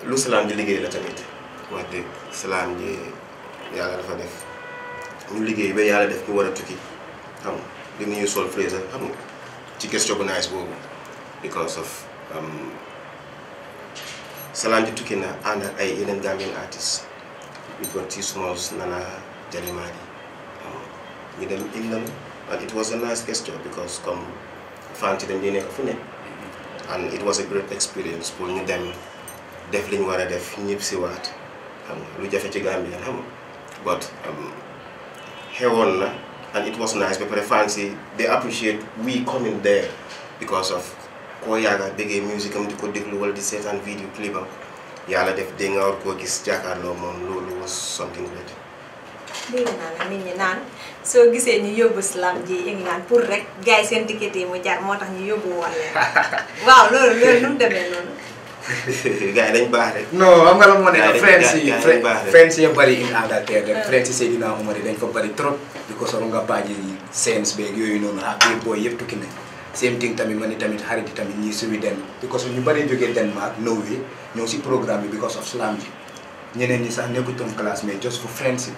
lu salaam di liggéey la tamit wax dëgg salaam ji yàlla dafa def ñu liggéey ba yàlla def ñu war a tukki xam nga li ñuy sol fraise xam nga. ci question bu nice boobu because of um, Salanji tukki na ànd ak ay yeneen Gambian artistes we got two Smalls Nana Jalimadi um, them in them, and it was a nice gesture because come, fan ci dem di nekk and it was a great experience for them. Definitely, def li ñu war a def ñëpp si waat xam um, nga lu jafe ci Gambia xam nga but xewoon and it was nice. But, the fans, eh, they appreciate we coming there because of ko big music, and am could ko the wala di and vidéo clip am yàlla def dégg out war koo gis no moom loolu was something great. no, no. la nit ñi naan soo gisee ñu yóbbu slam ji England pour rek gars no, no, no, yi mu jaar moo tax ñu yóbbu woon leen waaw loolu loolu nu mu demee noonu. gak ada yang baax no, non xam nga la moo nekk friends yi friends yi bëri in Angleterre rek friends yi Seydina Omar yi dañ ko trop because orang solo nga baaji sens beeg yooyu noonu ak boy, booy yëpp tukki same thing tamit man hari xarit yi tamit ñii suñu den di ko suñu bëree jógee Denmark way, ñëw si programme because of slam ji ñeneen ñi sax nekkutoon classe mais just for friendship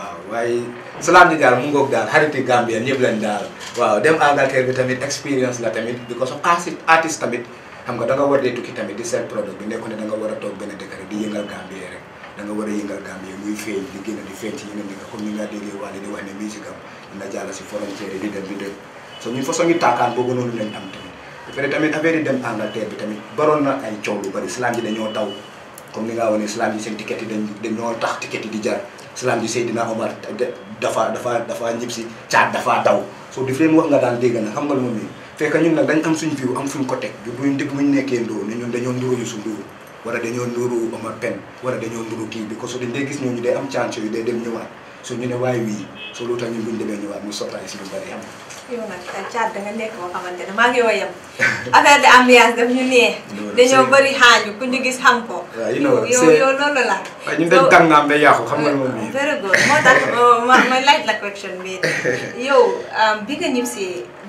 waaw waaye salaam ji daal mu ngoog daal xariti Gambien ñëpp lañ daal waaw dem Angleterre bi tamit expérience la tamit because of artist tamit xam nga da nga war dee tukki tamit di sel produit bi nekkone da nga wara tok toog benn dëkkari di yengal Gambie rek da nga wara yengal Gambie muy feey di gëna di feeñ ci yeneen dëkk comme ni nga déggee walé di wax ne musique am dina jàll frontière di dem bi dem so ñu fa ñu takkan bo gënonu lañ am tamit fere tamit affaire yi dem Angleterre bi tamit baron na ay ciow lu bari islam ji dañoo taw comme ni nga wone islam slam seen ticket yi dañ dañoo tax ticket yi di jar islam ji sayidina Omar dafa dafa dafa ñibsi si dafa taw so di fleen wax nga daan dégg na xam nga lu ma fekk ñun nag dañ am suñu fiwu am suñ ko teg buñ dëgg buñ nekkee ndóo ne ñun dañoo ndóo Youssou Ndour wala dañoo ndóoru Omar Pène wala dañoo ndóoru kii bi ko su dañ day gis ñooñu day am chance yu day dem ñëwaat so ñu ne waaye wii soo loolu tamit bu ñu demee mu sottaay si lu bari xam yow nag caat da nga nekk koo xamante ne maa ngi woo yem affaire de ambiance daf ñu nee dañoo bëri xaañu ku gis xam ko yow yow loolu la waaw ñun dañ xam nga moom bi very good moo tax oh, ma laaj la question bi yow um, bi nga ñib si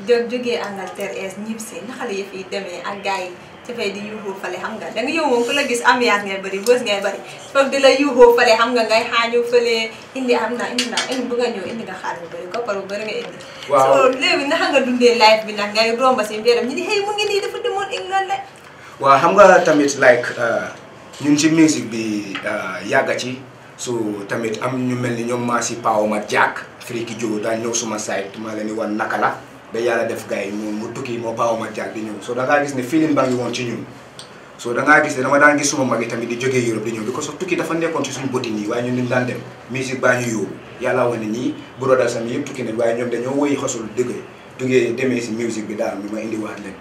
jógee Angleterre es ñib si naka la yëf yi demee ak gars yi ci fay di yuho fale xam nga da nga yow moom ku la gis am yaat ngay bari bës ngay bari foog di la yuuxoo fale xam nga ngay xaju fale indi am na indi na indi bu nga ñëw indi nga xaar bari ko paru bari nga indi so lewi na nga dundé life bi nag ngay romba ci mbéram ñi ni xëy mu ngi ni dafa demoon England de wa xam nga tamit like euh ñun ci music bi uh, yaga ci so tamit am ñu melni ñom ma ci si paaw ma jaak friki joo daan ñëw suma site ma leen di wan naka ba yàlla def gars yi mu mu tukki moo da ngaa gis ne feeling baa ngi woon da ngaa gis dañu daan dem duggee demee si musique bi daal mi ma indiwaat leen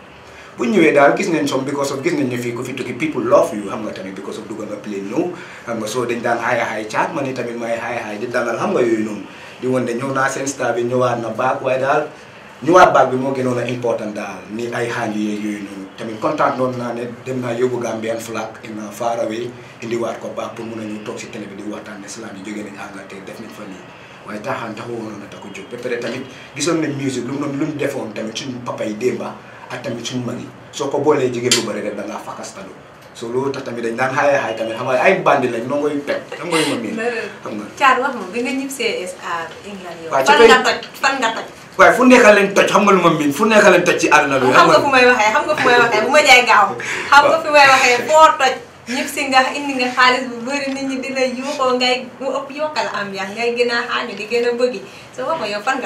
bu ñëwee daal gis nañ som because of gis nañ ne fii ku fi tukki people love you xam nga tamit because of duggal nga plane ñëw xam nga soo dañ daan xaaya xaay caat ma ne tamit may xaaya xaay daal ñu waat baal bi moo gënoon a important daal ni ay xaandi yeeg yooyu noonu tamit kontaan noonu naa ne dem naa yóbbu Gambian flag in a far indiwaat ko baax pour mun a ñu toog si télé bi di waxtaan ne slaan yi jógee nañ Angleterre def nañ fa nii waaye taaxaan a ko jóg ba pare tamit gisoon nañ musique lu mu doon lu mu defoon tamit suñu papa yi démba ak tamit suñu mag soo ko boolee jigéen bu bëri rek da ngaa fakastalu so loolu tax tamit dañ daan xaayee xaay tamit xam nga ay bandi lañ noo ngoy teg xam nga caar wax ma bi nga ñib CSA England yow fan waaye fu nekkal leen toj xam nga lu ma miin fu nekkal leen toj ci àdduna bi. xam nga fu may waxee xam nga fu may waxee bu ma jaay gaaw. xam nga fu may waxee foo toj. ñëpp si xaalis a xaaju a ko yow fan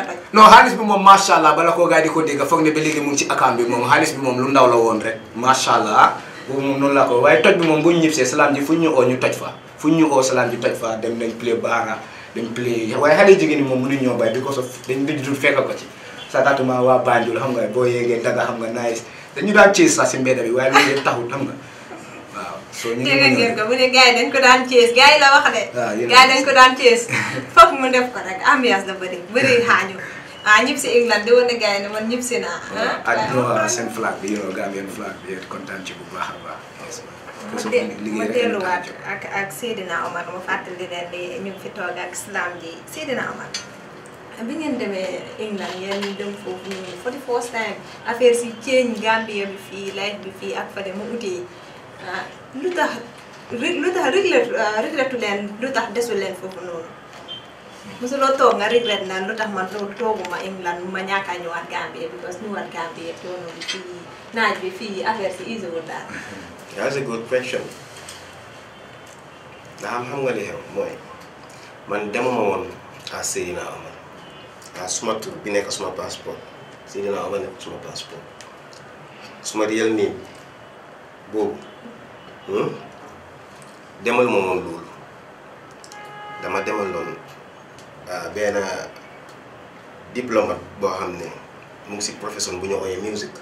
bi moom macha allah bala koo gaa di ko dégg foog ne ba léegi mu ngi ci account bi moom xaalis bi moom lu ndaw la woon rek macha allah boobu moom noonu laa ko waaye toj bi moom bu ñu ñibsee salaam ji fu ñu ñu ñu toj fa fu ñu ñu oo salaam ji toj fa dem nañ play baara dañ play waaye xale jigéen ñi moom mënuñ ñoo bay because of dañ dul fekk ko ci satatuma waa Banjul xam nga boo yeegee daga xam nga nice dañu daan chase sax si mbedd bi waaye loolu yëpp taxul xam nga waaw so ñu ngeen ko mu ne gars yi dañ ko daan chase gars yi de ah, gars yi ko daan chase foog mu def ko rek ambiance la bëri bëri xaañu ah ñib si England di woon ne gars yi ne man ñib si naa ah, ak ah. seen flag bi yow Gambian flag bi kontaan ci bu baax a baax ma delluwaat ak ak Seydina Omar ma fàttali leen ni ñu ngi fi ngeen demee England yéen ñu foofu ñun affaire si change Gambia fii life bi fii ak fële mu utee ah, lu tax lu tax ah, leen lu tax desul leen foofu noonu mosuloo toog nga regret naan lu tax man tooguma England ma ñàkk a ñëwaat Gambia bi parce que ñëwaat Gambia coono bi fii naaj bi fii affaire si iso daal that's a good question ndax xam nga li xew mooy man demuma woon à Seydina Omar à suma tur bi nekk suma passeport Seydina Omar nekk suma passeport suma real name boobu hmm, demal ma woon loolu dama demal loolu benn diplomate boo xam ne mu profession bu ñu ooyee musique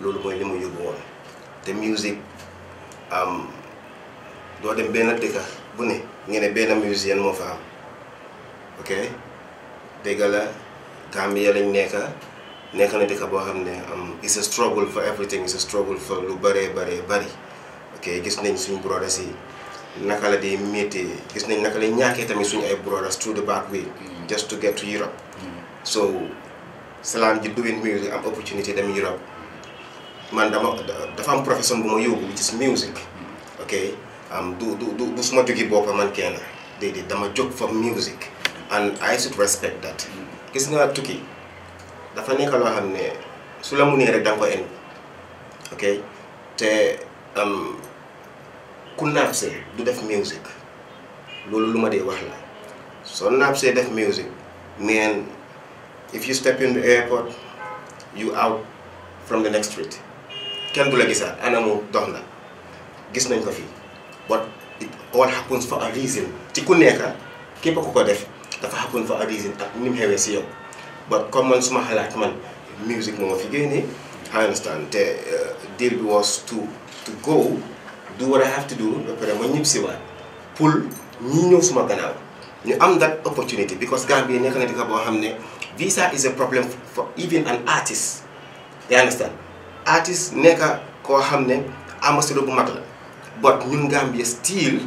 loolu mooy li mu woon te musique am doo dem benn dëkka bu ne ngeen ne benn musicien moo fa am ok dëgg la Gambia lañ nekka nekk na dëkk boo xam ne am it's a struggle for everything it's a struggle for lu bëree bëree bari ok gis nañ suñ brothers yi naka la di métti gis nañ naka la ñàkkee tamit suñu ay brothers through the back way just to get to Europe mm. so Salam ji doing music am opportunity dem Europe man dama dafa am profession bu ma which is music okay am du du du suma jogi boppa man kenn déedéet dama jog for music and I should respect that gis nga tukki dafa nek lo xamne su la munee rek dang ko en okay te am ku naabse du def music lulu luma ma So wax la so def music man if you step in the airport you out from the next street kenn du la gisaat anamu dox na gis nañ ko fii wat wal xappun fa a reason ci ku nekk képp ku ko def dafa xappun fa a reason ak ni mu si yoo but comme man suma xalaat man music moo fi génnee I understand te uh, deal bi was to to go do what I have to do ba pare ma ñib si waat pour ñi ñëw suma gannaaw ñu am that opportunity because Gambie nekk na dëkk boo xam ne visa is a problem for even an artist you understand artiste nekka koo xam ne ambassadeur bu mag la bot ñun Gambia style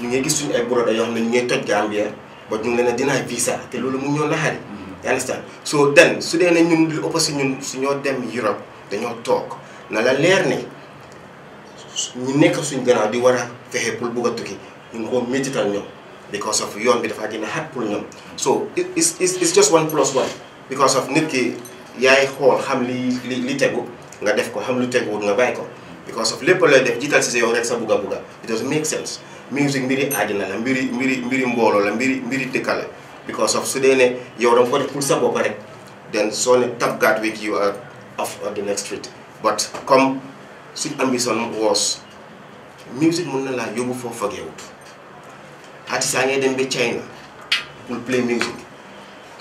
ñu ngi gis suñu ay broda yoo xam ne ñu ngay toj Gambia bot ñu ngi leen dinaay visa te loolu mu ñoo naxari mm-hmm. you understand so then su dee ne ñun lu ëpp si ñun suñoo dem Europe dañoo toog na la leer ne ñu nekk suñ gannaaw di war a fexe pour bugg a tukki ñu ngi ko métital ñoom because of yoon bi dafaa gën a xat pour ñoom so it's it's just one plus one because of nit ki yaay xool xam li li li tegu nga def ko xam lu teguwul nga bàyyi ko because of lépp lay def jiital si sa yow rek sa bugga bugga it does make sense music mbiri àddina la mbiri mbiri mbooloo la mbiri mbiri dëkka la because of su dee ne yow danga ko def pour sa bopp rek then soo ne tap gaat with you are off on the next street was music mën na laa yóbbu foo fogeewut artiste a ngee music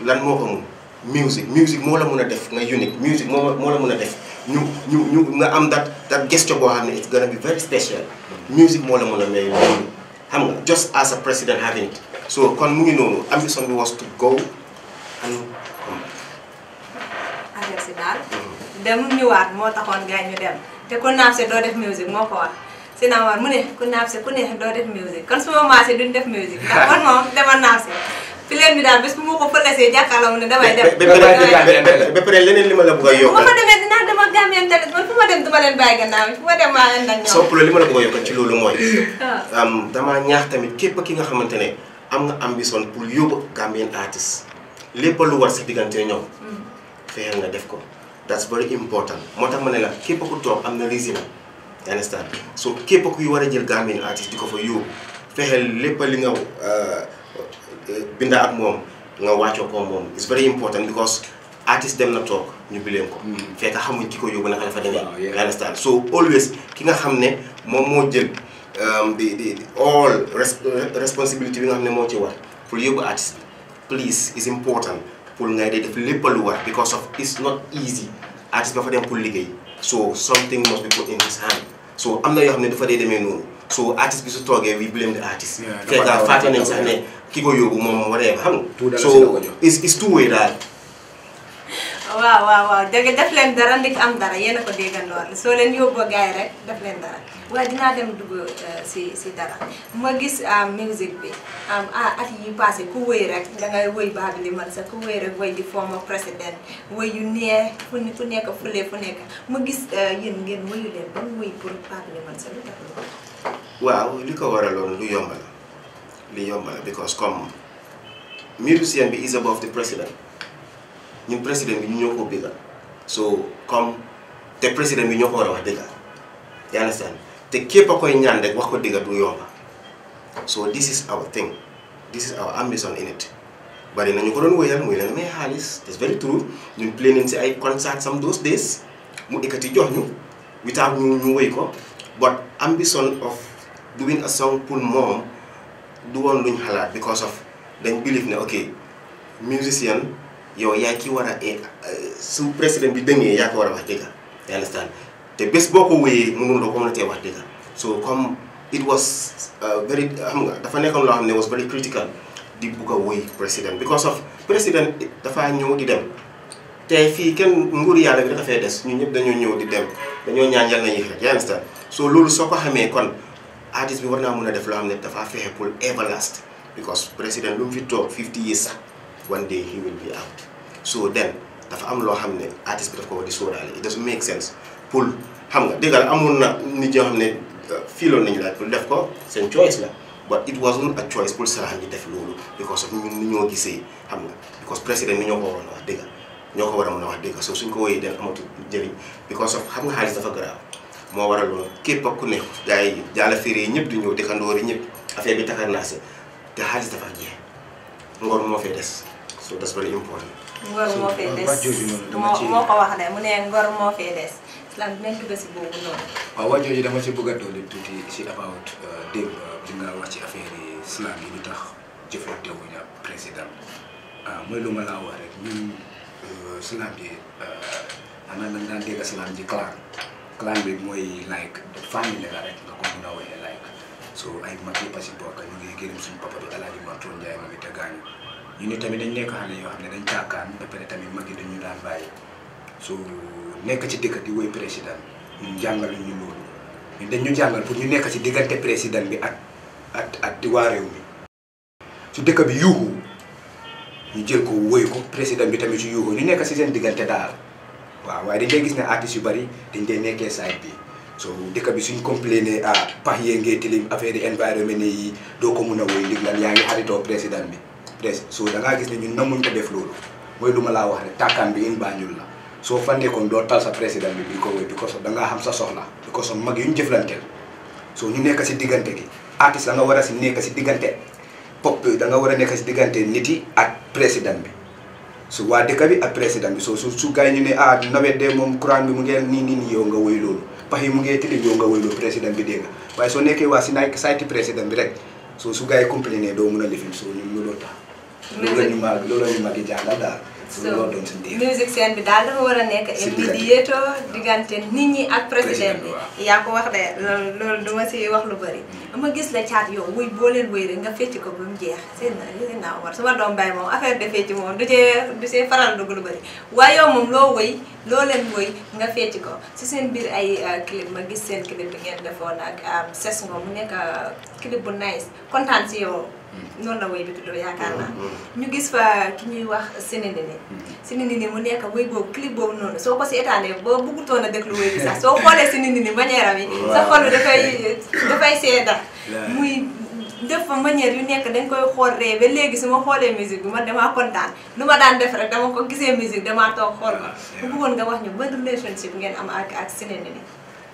lan moo ko mun music music la mun a def nga unique music moo moo la mun a def ñu ñu nga am that that gesture boo xam ne it's gonna be very special. music moo la mën a may loolu xam nga just as a president having it so kon mu ngi noonu ambition bi was to and come back. affaire si daal. dem moo taxoon gars ñu dem te ku naaf si doo def music moo ko wax. si naa war mu ne ku naaf si ku ne doo def music kon suma maase duñ def music. ndax man moom dama naaf si. fi leen bi daal bés bu ma ko fëlesee jàkkaarloo mu ne damay dem. ba pare leneen li ma la bëgg a yokkal. bu ma demee dinaa dem ak Gambian Talents man fu ma dem duma leen bàyyi gannaaw fu ma dem maa leen nag ñoom. soo puloo li ma la bëgg a yokkal ci loolu mooy. waaw ah. damaa ñaax tamit képp ki nga xamante ne am nga ambition pour yóbbu Gambian artist lépp lu war si diggante ñoom. Hmm. fexeel nga def ko that's very important moo tax ma ne la képp ku toog am na reason understand so képp kuy war a jël Gambian artist di ko fa yóbbu fexeel lépp li nga euh, binda ak moom nga wàccoo ko moom it's very important because artiste dem na toog ñu bileem ko mm-hmm. fekk xamuñ ki ko yóbbu naka la fa ki nga xam ne moom moo jël um, di di all responsibility bi nga xam ne moo ci war pour yóbbu artiste please is pour ngay lépp lu war because of it's not easy artiste ba fa dem liggéey so so am na yoo xam ne dafa dee demee noonu so artiste bi su toogee we blame the artist. fekk fàtte nañ sax ne ki ko yóbbu moom waree ba xam nga. so it's it's two way daal. waaw waaw waaw dégg leen dara ndik am dara yéen a ko déggandoor soo leen yóbboo gars rek def leen dara waaye dinaa dem dugg eh, si si dara ma gis ah, musique bi ah, at yi passé ku wëy rek dangay wëy baabi man sax ku wëy rek wëy di former président wëy yu nee fu fu nekk fu nekk ma gis eh, yéen ngeen wëyu leen wëy pour baabi waaw li ko waraloon lu yomba la li yomb la because comme musicien bi is above the president ñu président bi ñu ñoo ko biggal so comme te président bi ñoo ko war a wax dëgga you understand te képp a koy ñaan rek wax ko dëgga du yomba so this is our thing this is our ambition in it bari nañu ko doon wéyal muy leen may xaalis it's very true ñun play si ay concert some those days mu ekkati jox ñu without ñu ñu wéy ko but ambition of doing a song pour moom du woon luñ xalaat because of dañ believe ne ok musicien yow yaa ci war a eh, su président bi dëngee yaa ko war a wax dëgg you understand te bés boo ko wéyee mënuloo ko mën a tee wax dëgg so comme it was uh, very xam nga dafa nekkoon loo xam ne was very critical di bugg a wéy président because of président dafaa ñëw di dem te fii kenn nguur yàlla bi dafa fee des ñun ñëpp dañoo ñëw di dem dañoo ñaan yàlla na yéex rek you understand so loolu soo ko xamee kon artiste bi war naa mun a def loo xam ne dafa fexe pour everlast because président lu mu fi toog 50 years sax one day he will be out so then dafa am loo xam ne artiste bi daf ko war di sóoraale it doesn't make sense pour xam nga la amoon na nit ñoo ne euh, fiiloon nañu laaj pour def ko seen choice la but it wasn't a choice pour Sirah ñi def loolu because of ñun ni ñoo gisee xam nga because président bi ñoo ko waroon a wax dëgg ñoo ko war a mën a wax dëgg so suñ ko wooyee den amatul njëriñ ko of xam nga a dafa garaaw mo waral loolu képp ku neex gars yi jaala féere yi ñëpp di ñëw dëkkandoor yi ñëpp affaire bi taxar naa si te xaalis dafa jeex ngor moo fay des so das bari important ngor moo fay des moo ko wax ne mu ne ngor moo fay des lan même dugg si boobu noonu waaw waa jooju dama ci bëgg a dolli tuuti si about euh, démb bi euh, nga wax ci affaire yi islam yi lu tax jëfante wuñu ak président euh, mooy lu ma laa wax rek ñun islam bi xanaa nañ daan dégg islam ji clan clan bi mooy like famille la rek nga ko mun a waxee like so ay mag yëpp a si bokk ñu ngi gërëm suñu papa bi El Hadj Mantour Ndiaye moom it a gaañu ñu ni tamit dañ nekk xale xam ne dañ tàkkaan ba pare tamit mag yi dañu daan bàyyi so nekk ci dëkk di woy président ñun jàngaluñ ñu loolu ñun dañ ñu jàngal pour ñu nekk ci diggante président bi ak ak ak waa réew mi su dëkk bi yuuxu ñu jël ko woy ko président bi tamit su yuuxu ñu nekk ci seen diggante daal. waaw waaye dañ dee gis ne artistes yu bëri dañ dee nekkee side bi so dëkk bi suñ complainer ne ah, pax yee ngee tilim affaire yi environnement yi doo ko mun a woy ndig lan yaa ngi xaritoo président bi presse so da ne ñun namuñ ko def loolu mooy lu ma laa wax rek tàkkaan bi in Banjul la soo fa nekkoon doo tal sa président bi bi ko woy because of da ngaa xam sa soxla ko so mag yu ñu jëflanteel so ñu nekk si diggante gi artiste da war a si nekk si diggante pop da nga war a nekk si diggante nit yi ak président bi su waa dëkk bi ak président bi soo su su gars ah nawet de moom courant bi mu ngeen nii nii nii nga woy loolu pax yi mu ngee tilim yow nga woy loolu président bi dégg waaye soo nekkee waa si naaj sayti président bi rek soo su gars yi complainer doo mun a lifin soo ñun looloo tax. loolu la ñu mag loolu la ñu mag jàngal daal. so musique scène bi daal dafa war a nekk et di yéetoo diggante nit ñi ak président bi yaa ko wax de loolu du ma si wax lu bëri ama gis la caat yow wuy boo leen wéy rek nga fecc ko ba mu jeex seen na li naa war suma moom affaire de fecc moom du cee du cee faral dugg lu bëri waaye yow moom loo wéy loo leen wéy nga fecc ko si seen biir ay euh, clip ma gis seen clip bi ngeen defoon ak euh, ses ngo mu nekk euh, clip bu nice kontaan si yow Mm-hmm. noonu la woy bi tuddoo yaakaar naa mm-hmm. ñu gis fa ki ñuy wax Sénéndéné mm-hmm. Sénéndéné mu nekk woy boobu clip boobu noonu soo ko seetaanee boo bëggutoon a déglu woy bi sax soo xoolee Sénéndéné manière am yi sa xol dafay dafay seeda muy def fa manière yu nekk dañ koy xool ree ba léegi su ma xoolee musique bi man damaa kontaan lu ma daan def rek dama ko gisee musique damaa toog xool ko bu bëggoon nga wax ñu ban relationship ngeen am ak ak Sénéndéné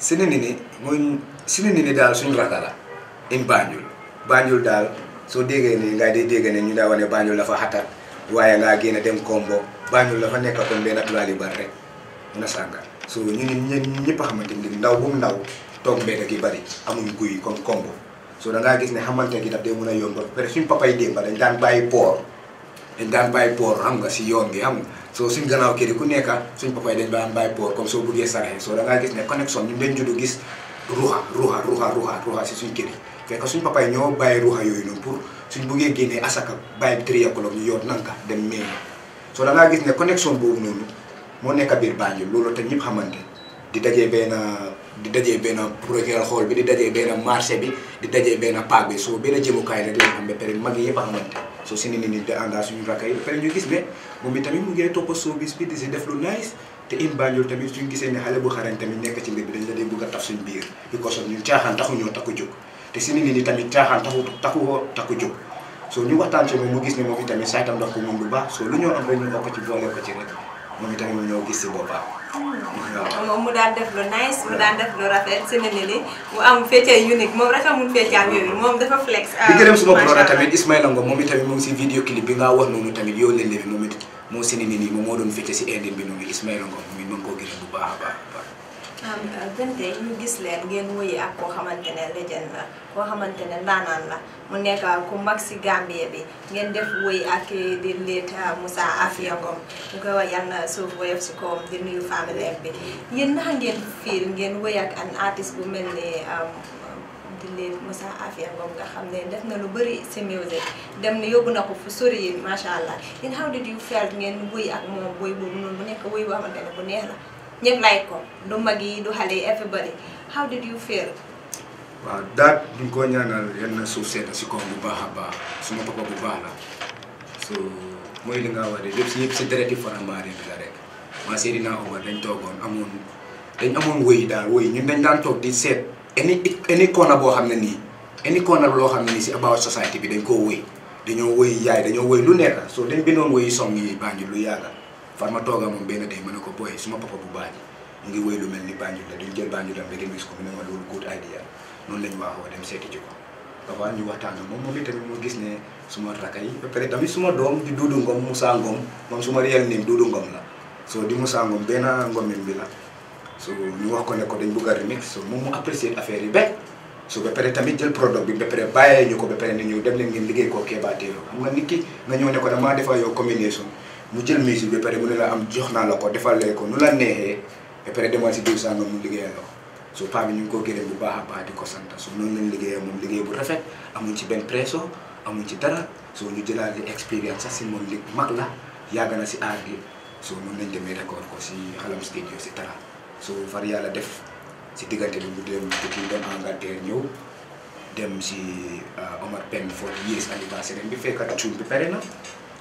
Sénéndéné mooy Sénéndéné daal suñu rakala in Banjul Banjul daal soo déggee nii ngay day dégg ne ñu daa wane Banjul la fa xatat waaye ngaa génn dem Kombo Banjul la fa nekk kon benn tulaali bar rek na sànga so ñu ne ñun ñëpp xamante ni ndaw bu ndaw toog mbedd gi bari amuñ guy comme Kombo so da ngaa gis ne xamante gi daf dee mën a yomb ba pare suñ papa yi dañ daan bàyyi poor dañ daan bàyyi poor xam nga si yoon bi xam soo suñ ganaaw kër ku nekk suñ papa yi dañ daan bàyyi poor comme soo buggee saraxe soo da ngaa gis ne connexion ñu dañ judd gis ruxa ruxa ruxa ruxa si suñ kër fekk suñu papa yi ñoo bàyyi ruuxa yooyu noonu pour suñ bëggee génnee asaka bàyyi tri o'clock ñu yoot nanka dem mairie soo da ngaa gis ne connexion boobu noonu moo nekk biir Banjul loolu te ñëpp xamante di dajee benn di dajee benn procureur xool bi di dajee benn marché bi di dajee benn paak bi soo benn jëmukaay rek lañ am ba pare a xamante soo si ni ni nit di àndaa suñu rakk yi pare ñu gis ne moom bi tamit mu ngee toppa showbiz bi di si def lu nice te in Banjul tamit suñ gisee ne xale bu xarañ tamit nekk ci mbir dañ la dee bëgg a taf suñ biir because of ñun caaxaan taxuñoo takku jóg te ni nit ñi tamit taku taxu taku jo so jóg soo ñu waxtaan ci moom mu gis ne moom itamit saytam ndox ko moom lu baax soo lu ñoo am rek ñu bokk ci boole ko ci rek moom itamit mu ñëw gis si boppam. moom mu daan def lu nice mu daan def lu rafet seen li mu am feccee unique moom rek amul feccaam yooyu moom dafa flex. di gërëm suma produit tamit Ismaïla Ngom moom mo moom si vidéo clip bi nga wax noonu tamit yow leen léeg mo it moo seen mo nit moom moo doon fecce si indine bi noonu Ismaïla Ngom moom it ma ko gërëm bu baax baax. Kanté euh, ñu gis leen ngeen wëyi ak koo xamante ne legend koo xamante ne ndaanaan la mu nekk euh, ku mag si Gambie bi ngeen def wëyi ak euh, di leet Moussa Afia Ngum ñu koy wax ngeen fiil ngeen wëy mel ni di leet xam ne def na lu bëri si music dem na yóbbu na ko fu sori yi macha allah yéen how did you feel ngeen wëy ak moom wëy boobu noonu bu nekk wëy boo xamante ne bu neex la ñëpp like ko du mag yi du xale yi everybody how did you feel. waaw daat duñ ko ñaanal yal na suuf set si kawam bu baax a baax suma papa bu baax la so mooy li nga wax de lépp si yëpp si deret yi Faramaren bi la rek maa Seydina Omar dañ toogoon amoon dañ amoon wëy daal wëy ñu dañ daan toog di seet any any corner boo xam ne nii any corner loo xam ne nii si about society bi dañ koo wëy dañoo wëy yaay dañoo wëy lu nekk so dañ bindoon wëy song yi Banjul lu yàgga farma toga mum bena de mané ko boy suma papa bu bañ ngi wëy lu melni banjul la duñ jël ko ma loolu good idea non lañ wa dem séti ci ko papa ñu waxtaan mom mom tamit mo gis ne suma rakay ba pare tamit suma dom di dudu ngom musa ngom mom suma real name dudu ngom la so di musa ngom bena ngom bi la so ñu wax ko ne ko dañ remix so mom mu apprécier affaire yi be so ba pare tamit jël product bi ba pare baye ñuko ko ba pare ñu dem leen ngeen liggey ko keba téro xam nga nit nga ne ko dama defa yo combination mu jël musique bi pare mu ne la am jox naa la ko defalee ko nu la neexee ba pare demal si diw sàngam mu liggéeyal la ko so paa bi ñu ngi ko gërëm bu baax a baax di ko sant su noonu lañ liggéeyee moom liggéey bu rafet amuñ ci benn pression amuñ ci dara soo ñu jëlaat li expérience sa si moom li mag la yàgg na si aar gi so noonu lañ demee record ko si xalam studio si tara so far yàlla def si diggante bi mu dem tukki dem Angleterre ñëw dem si euh, Omar Pène for years anniversaire bi fekkat cuun bi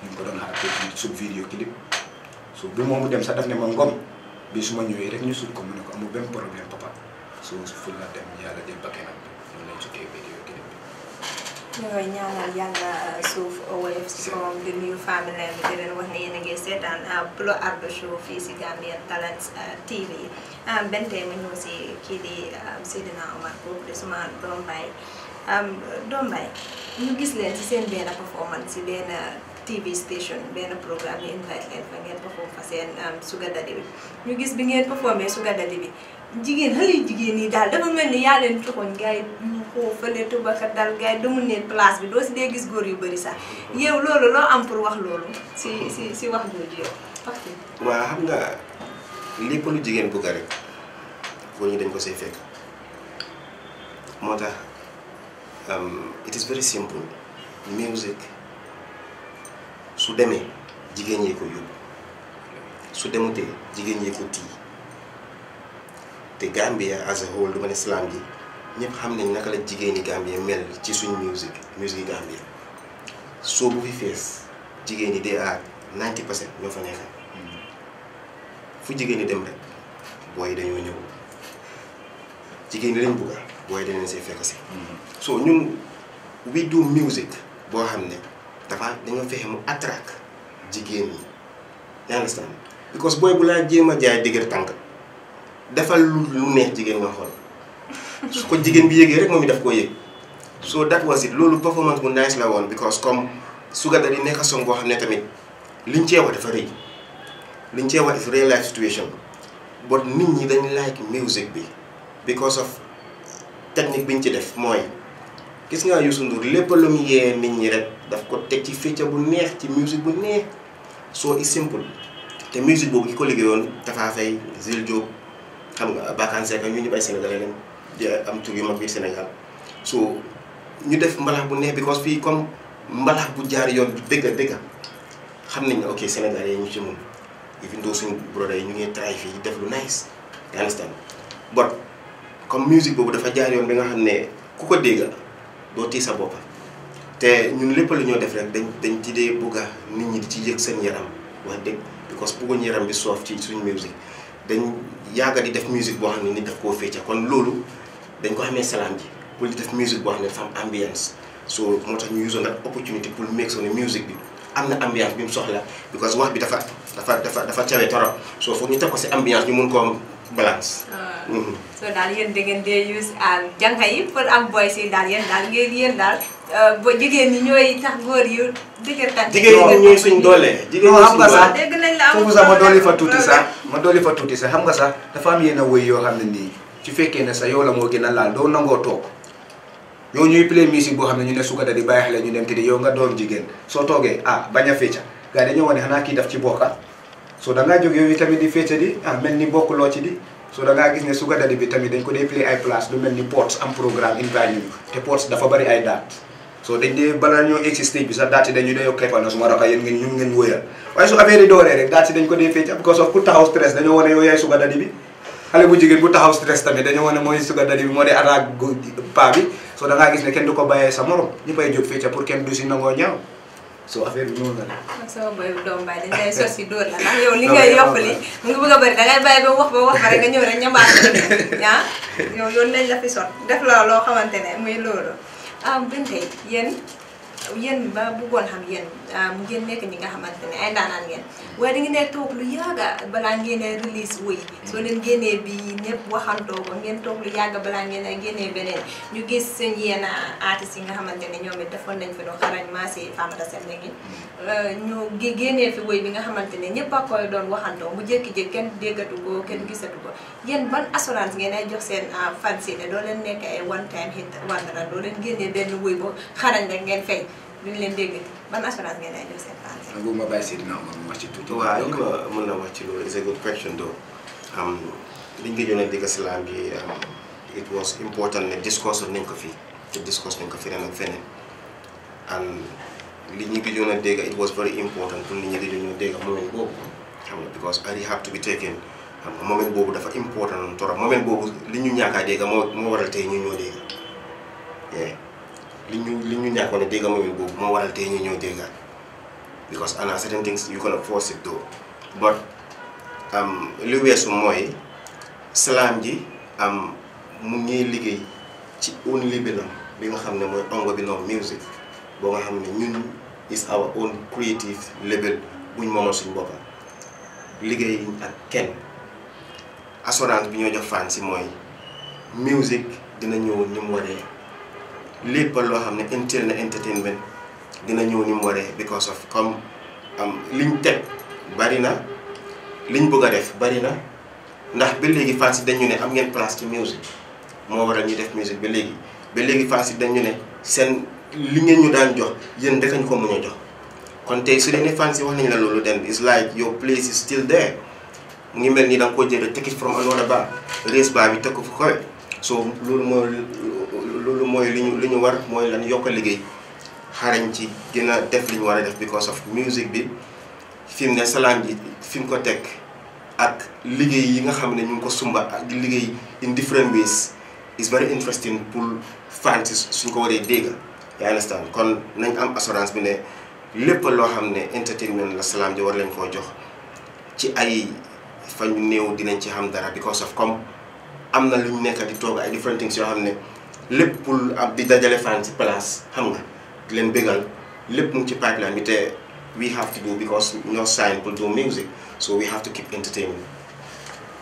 ñu ngi ko doon xaar ci sub vidéo clip so bi moomu dem sax daf ne ma ngom bi su ma ñëwee rek ñu suñ ko mu ne ko amul uh, di nuyu famille bi di leen wax ne yéen a seetaan Pullo uh, Ardo Show fii si Gambian Talents uh, TV um, benn tey ñëw si kii di um, Seydina Omar Koup di suma doom baay um, doom baay ñu gis leen si seen benn performance si benn. TV station benn programme yi invite leen fa ngeen perform fa seen sugar daddy bi ñu gis bi ngeen performé suga daddy bi jigéen xale jigéen yi daal dafa mel ni yaa leen coxoon gars yi xoo fële ka dal gars demul neen place bi doo si dee gis góor yu bëri sax yow loolu loo am pour wax loolu si si si wax jooju yow wax waaw xam nga lépp lu jigéen bëgg rek góor ñu dañ ko say fekk ya. moo tax um, it is very simple music su demee jigéen ñee ko yóbbu su demutee jigéen ñee ko tii te Gambia as a whole duma ne slam ji ñëpp xam nañ naka la jigéen ñi Gambia mel ci suñ musique musique Gambia soo bu fi fees jigéen ñi dee aar 90 pour cent ñoo fa nekk fu jigéen dem rek booy dañoo ñëw jigéen ñi bugga booy dañu see fekk si. Mm-hmm. so ñun we music boo xam ne. dafa dañoo fexe mu attraque jigéen ñi yaa understand because booy bu laa jéem a jaay dëgër tànk defal lu lu neex jigéen nga xool su ko jigéen bi yëgee rek moom it daf koo yëg so that was it loolu performance bu nice la woon because comme Sugar Daddy nekk song boo xam ne tamit liñ cee wax dafa rëy liñ cee wax is real life situation but nit ñi dañ like music bi because of technique biñ ci def mooy gis ngaa Youssou Ndour lépp lu mu yee nit ñi rek daf ko teg ci fecca bu neex ci musique bu neex soo i simple te musique boobu ki ko liggéeyoon Tafa Faye Zil Diop xam nga Bakane Seck ñu ñëpp ay Sénégalais lañ yu mag bi Sénégal so ñu def mbalax bu neex because fii comme mbalax bu jaar yoon bu dëgga dëgga xam nañ ne ok Sénégalais yi ñu ci moom even though suñu broda yi ñu ngi try fii def lu nice you understand but comme musique boobu dafa jaar yoon bi nga xam ne ku ko dégga doo tii sa bopp te ñun lépp lu ñoo def rek dañ dañ ci dee bugga nit ñi di ci yëg seen yaram wax dëgg because bugguñ yaram bi soof ci suñu musique dañ yàgga di def musique boo xam ne nit daf koo fécca kon loolu dañ ko xamee salaam di def musique boo xam ne dafa am ambiance so moo tax ñu usoon nag opportunité pour make soo ne musique bi am na ambiance bi soxla because wax bi dafa dafa dafa dafa cawe torop soo foog ñu teg ko si ambiance ñu mun koo balance. waaw daal yéen da ngeen dee use ah, jànka yi pour am boys yi daal yéen daal ngeen yéen daal ah, ba jigéen ñi ñooy tax góor yu dëgër tànk. jigéen ñi ñooy suñ doole. jigéen suñ doole dégg nañ la foofu sax ma dooli fa tuuti sax ma dooli fa tuuti sax xam nga sax dafa am yenn woy yoo xam ne nii su fekkee ne sax yow la moo gën a laal doo nangoo toog. yow ñuy play musique boo xam ne ñu ne suga da di bàyyi xale ñu dem te di yow nga doon jigéen soo toogee ah bañ a fecca gars yi dañoo wane xanaa kii daf ci bokka so da ngaa jóg yooyu tamit di féete di ah mel ni bokkuloo ci di so da gis ne sugar daddy bi tamit dañ ko dee play ay place lu mel ni ports am programme invite ñu te ports dafa bari ay dates so dañ dee bala ñoo egg bi sax dates yi dañu dee yokk keppal na su ma raka ngeen ñun waaye su affaire yi dooree rek dates yi dañ ko dee féete because of ku taxaw stress dañoo wane yow yaay sugar daddy bi xale bu jigéen bu taxaw stress tamit dañoo wane n sugar daddy bi moo dee kenn du ko bàyyee sa morom ñi fay jóg féete pour kenn so affaire bi noonu la de. ak sama bëri doomu baay dañu lay sos yi dóor la ndax yow li ngay yokkali mu ngi bëgg a bëri dangay bàyyi ba wax ba wax ba rek nga ñëw rek ñambaat ah yow loolu lañ la fi son def la loo xamante ne muy loolu ah Bintey yéen yéen ba bëggoon xam yéen. Ah, mu ngeen nekk ñi nga xamante ne ay ndaanaan ngeen waaye da ngeen ne toog lu yàgga balaa ngeen a release wuy soo leen génnee bi ñëpp waxantoo ko ngeen toog lu yàgga balaa ngeen a génnee beneen ñu gis seen yenn artistes yi nga xamante ne ñoom defoon nañ fi lu xarañ maasi Fambada Sène ngi euh, ñu génnee fi wuy bi nga xamante ne ñëpp a koy doon waxantoo mu jékki-jékki kenn déggatu ko kenn gisatu ko yéen ban assurance ngeen jox seen ah, fans yi ne doo leen nekk ay one time hit wandara doo benn wuy bu xarañ rek ngeen fay duñ leen dégg ban assurance ngeen ay jël seen paase. bu ma bàyyi si dina amoon wax ci tuuti. waaw li ma mën na wax ci loolu is a good question though. liñ um, gëjoon a dégg si laam bi it was important ne discours nañ ko fii te discours nañ ko fi ren ak feneen and li ñu gëjoon a dégg um, it was very important pour nit ñi gëjoon a dégg moment boobu xam nga because I have to be taken xam um, nga moment boobu dafa important torop moment boobu li ñu ñàkk a dégg moo moo waral tey ñu ñoo dégg li ñu li ñu ñàkkoon ne dégg moment boobu moo waral tey ñu ñëw déggaat because ana certain things you cannot force it though but li weesu mooy salaam ji am mu ngi liggéey ci own libinam bi nga xam ne mooy ongo bi noonu music boo nga xam ne ñun is our own creative label buñ moomal suñu boppa liggéey ak kenn assurance bi ñoo jox fan mooy music dina ñëw ni mu waree lépp loo xam ne intel na entertainment dina ñëw ni mu waree because of comme am liñ teg bari na liñ bëgg a def bari na ndax ba léegi fans dañu ne am ngeen place ci musique moo waral ñu def musique ba léegi ba léegi fans yi dañu ne seen li ngeen ñu daan jox yéen dakañ ko mën jox kon te su dee ne fans yi wax nañu la loolu den is like your place is still there mu ngi mel ni da nga koo jëlee ticket from another ba race ba bi teg ko fu kawe so loolu loolu mooy li ñu li ñu war mooy lan yokk liggéey xarañ ci gën a def li ñu war a def because of music bi fi mu ne salaam ji fi ko teg ak liggéey yi nga xam ne ñu ko sumba ak liggéey in different ways is very interesting pour fant si suñ ko waree dégg yaa understand kon nañ am assurance bi ne lépp loo xam ne entertainment la salaam ji war lañ koo jox ci ay fa ñu néew dinañ ci xam dara because of comme am na lu ñu nekk di toog ay different things yoo xam ne lépp pour ab di dajale fan ci place xam nga leen bégal lépp mu ci pipeline bi te we have to do because ñoo sign pour do music so we have to keep entertaining.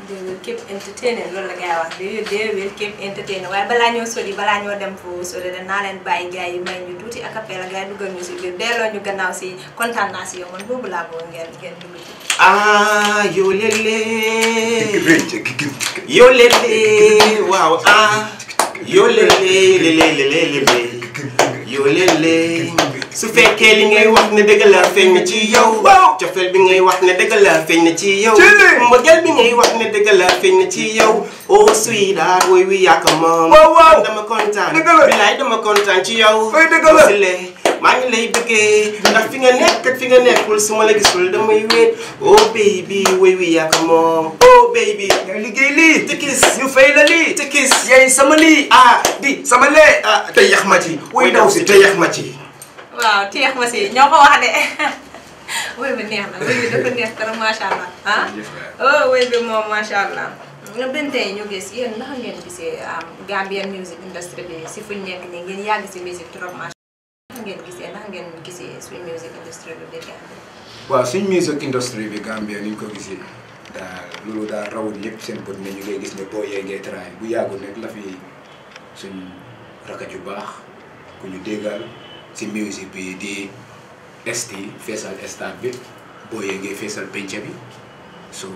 they will keep entertaining loolu la ngay wax they will keep entertaining waaye balaa ñoo sori balaa ñoo dem foofu sori danaa leen bàyyi gars may ñu tuuti acapella gars yi duggal ñu si biir delloo ñu gannaaw si kontaan naa man boobu laa bëggoon ngeen ngeen dugg ci. ah yoo lee yoo lee waaw ah. yoo léeg-léeg léeg-léeg léeg yoo léeg-léeg su fekkee li ngay wax ne dëgg la feeñ na ci yow. cofeel bi ngay wax ne dëgg la feeñ na ci yow. mbëggeel bi ngay wax ne dëgg la feeñ na ci yow. oh suy daal woy wi yàgg moom. waaw waaw dama kontaan. dëgg la dama kontaan ci yow. fay dëgg la maa ngi lay bëggee ndax fi nga nekk ak fi nga nekkul su la gisul damay wéet oh baby wéy wi yaa ko moom oh baby nga liggéey lii tikis ñu fay la lii tikis yaay sama lii ah di sama lee ah te yax ma ci wuy daw si te yax ma ci waaw te yax ma si ñoo ko wax de wéy bi neex na wéy bi dafa neex dara macha allah ah oh wéy bi moom macha allah nga benn tey ñu gis yéen naka ngeen gisee um, Gambian music industry bi si fuñ nekk nii ngeen yàgg si music trop macha ngeen gis music industry bi Gambia. waaw music industry Gambia ni ñu ko gisee daal loolu daal rawul yëpp seen bët ne ñu ngay gis ne boo yee ngay traay bu yàggul rek la fi suñ raka ju baax ku ñu déggal music bi di esti feesal stade bi boo yee ngay feesal pencha bi so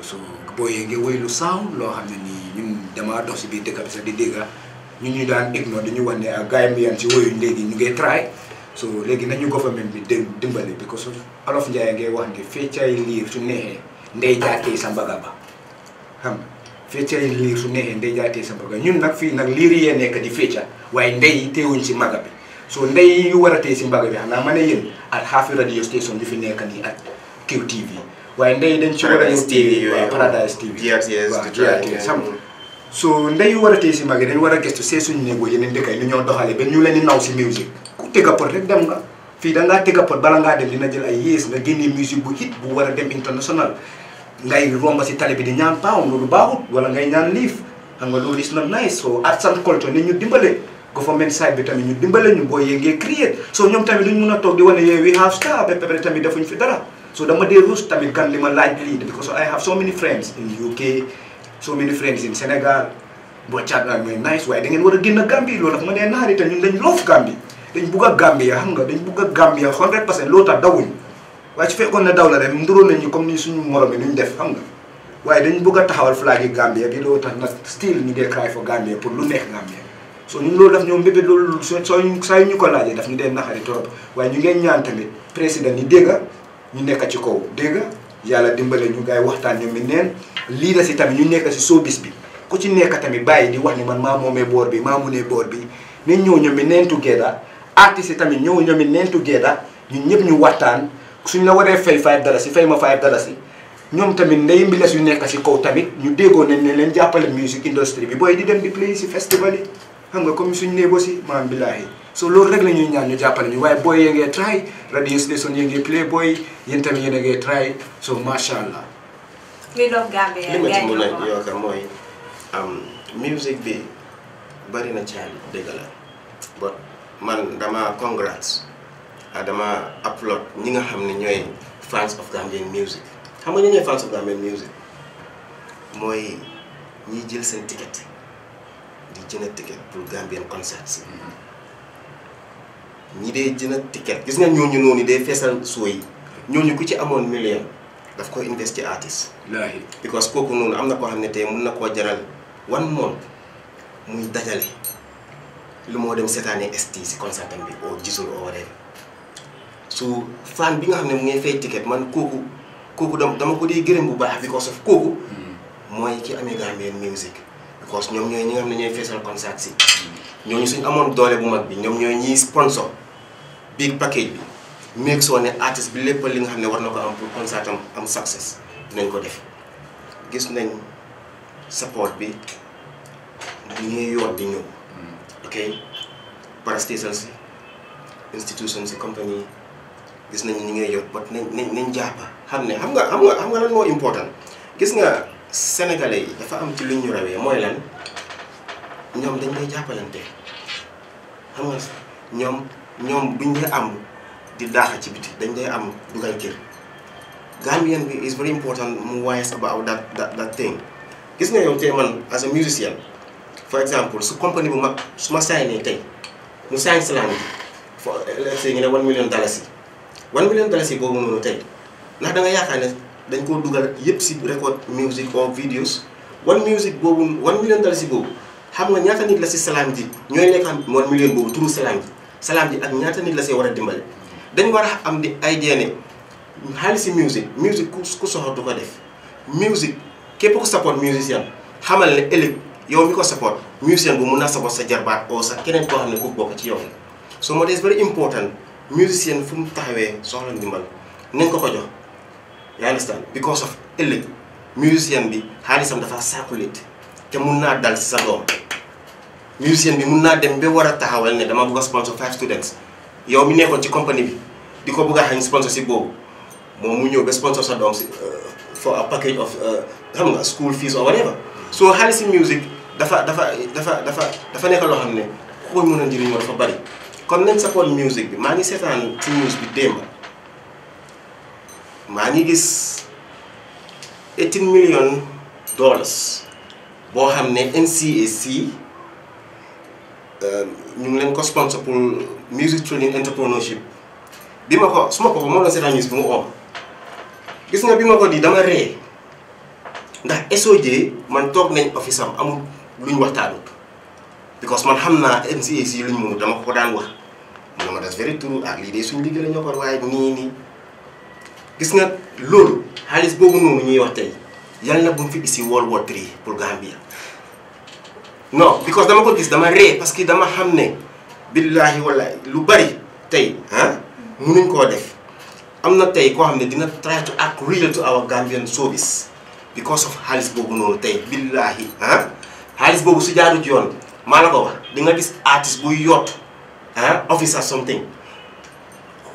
so boo yee ngay woy lu sound loo xam ne nii ñun damaa dox si biir dëkk bi sax di dégga ñu ñu daan ignore dañu wane ak ah, Gambien ci woyuñ léegi ñu ngi try so léegi nañu government bi dé dimbali bi ko su olof Njaay ngay wax ne feccay liir su neexee ndey jaatee sa mbaga ba xam nga feccay liir su neexee jaatee sa mbaga ñun nag fii nag liir yee nekk di fecca waaye ndey teewuñ si mbaga bi so ndey yu war si mbaga bi xanaa ma ne yéen ak xaafi radio station bi fi nekk nii ak QTV waaye ndey dañ ci war a. Paradise TV yooyu Paradise TV. GRTS xam nga so ndey wara te ci magi dañ wara gestu see suñ néego yeneen dëkk ñu ñoo doxale ben ñu leen di naw si music ku tega pot rek dem nga fi da nga tega pot bala nga dem dina jël ay yees nga génnee music bu hit bu wara dem international ngay romba ci tali di ñaan paam lu baaxu wala ngay ñaan liif xam nga loolu is not nice so at some culture ni ñu dimbale government side bi tamit ñu dimbale ñu boy yëngee create so ñom tamit duñ mëna tok di wone we have star be pare tamit defuñ fi dara so dama dee ruus tamit kan li ma laaj because I have so many friends in UK so many friends in Sénégal boo chat naa ñooy nice waaye da ngeen war a génn Gambie loolu daf ma nee naari te ñun dañ loof Gambie dañ bugg a Gambia xam dañ bugg a Gambia hundred percent loo tax dawuñ waaye su fekkoon ne daw la suñu morom yi nuñ def xam nga waaye dañ bugg a taxawal flag yi Gambia tax nag still ñu dee cry for Gambia pour lu neex Gambia so ñun loolu daf ñoo mbébét loolu soo saa yu ñu ko laajee daf ñu dee naxari trop waaye ñu ngeen ñaan tamit président yi dégga ñu nekk ci kaw dégga yàlla dimbale ñu gars yi waxtaan ñu mi neen lii da si tamit ñu nekk si showbiz bi ku ci nekk tamit bàyyi di wax ni man maa moomee boor bi maa munee boor bi nañ ñëw ñoom mi neen together artistes yi tamit ñëw ñoom mi neen together ñun ñëpp ñu waxtaan suñ la waree fay five si fay ma five dalasi ñoom tamit ndey mbiles yu nekk si kaw tamit ñu déggoo nañ ne leen jàppale music industry bi booy di dem di play si festival yi xam nga comme suñ néegoo si maam billaahi so lo rek lañuy ñaan ñu jàppale ñu waaye boy yee try radio station yee ngee play boy yéen tamit yéen a try so macha allah. we love Gambia ci a mooy music bi bari na caal dëgg la but man dama congrats ah, dama upload ñi nga xam ne ñooy fans of Gambian music xam nga ñu ñooy fans of Gambian music mooy ñiy jël seen ticket di jënd ticket pour Gambian concerts. ñi day jënd ticket gis nga ñooñu noonu day feesal soo yi ñooñu ku ci amoon million daf ko invest ci artiste. laahi kooku noonu am na koo mun na koo jaral one month muy dajale lu moo dem seetaane ST si concert bi oo gisul oo bi nga xam ne mu ngay fay ticket man kooku kooku dama dama ko dee bu baax because of kooku. Mm. mooy ki amee Gambian music. because ñoom ñooy ñi nga xam ne ñooy feesal si. Mm. ñooñu suñ amoon doole bu mag bi ñoom ñooy ñiy sponsor. big package bi make soo ne artiste bi lépp li nga xam ne war na ko am pour concert am am success dinañ ko def gis nañ support bi ñu ñuy yoot di ñëw hmm. ok parastation si institution si compagnie gis nañ ñu ngay yot bat nañ nañ nañ jàppa xam ne xam nga xam nga xam nga lan moo important gis nga sénégalais yi dafa am ci lu ñu rawee mooy lan ñoom dañ lay jàppalante xam nga ñoom ñoom duñ la am di daax ci biti dañ lay am dugal kër Gambian bi is very important mu wise about that that that thing gis nga yow tey man as a musician for example su compagnie bu mag su ma signé tey mu signé si laa for let's say ñu ne one million dollars yi one million dollars yi boobu noonu tey ndax danga nga yaakaar ne dañ koo dugal yëpp si record music or videos one music boobu one million dollars yi boobu xam nga ñaata nit la si salaam ji ñooy lekk am one million salaam ji ak ñaata nit la see war a dimbale dañ war a am di ay jeene xaalis si musique musique ku ku soxor du ko def musique képp ku support musicien xamal ne ëllëg yow mi ko support musicien bu mun naa support sa jarbaat oo sa keneen koo xam ne ku bokk ci yow so moo des very important musicien fu mu taxawee soxla ndimbal nañ ko ko jox yaa understand because of ëllëg musicien bi xaalisam dafa circulate te mun naa dal si sa doom musicien bi mun naa dem ba war a taxawal ne dama bëgg a sponsor five students yow mu nekkoon ci compagnie bi di ko bëgg a xañ sponsorship boobu moom mu ñëw ba sponsor sa doom si uh, for a package of uh, xam nga school fees or whatever soo xaalis si music dafa dafa dafa dafa dafa nekk loo xam ne ku ko mën a njëriñoo dafa bari kon nañ support music bi maa ngi seetaan ci news bi démb maa ngi gis 18 million dollars boo xam ne NCAC ñu ngi leen ko sponsor pour music training entrepreneurship bi ma ko suma ma ko fa moom la seetaan news bi mu oom gis nga bi ma ko di dama ree ndax SOJ man toog nañ office am amul luñ waxtaanut because man xam naa NCAC luñ mënut dama ko daan wax mu ma das very true ak lii de suñ liggéey la ñoo ko waaye nii nii gis nga loolu xaalis boobu noonu ñuy wax tey yàlla na bu mu fi isi World War 3 pour Gambia non because dama ko gis dama ree parce que dama xam ne billaahi wallaahi lu bari tey ah munuñ koo def am na tey koo xam ne dina try to act real to our Gambian service because of xaalis boobu noonu tey billaahi ah xaalis boobu su jaarut yoon maa la ko wax di nga gis artiste buy yott ah officer something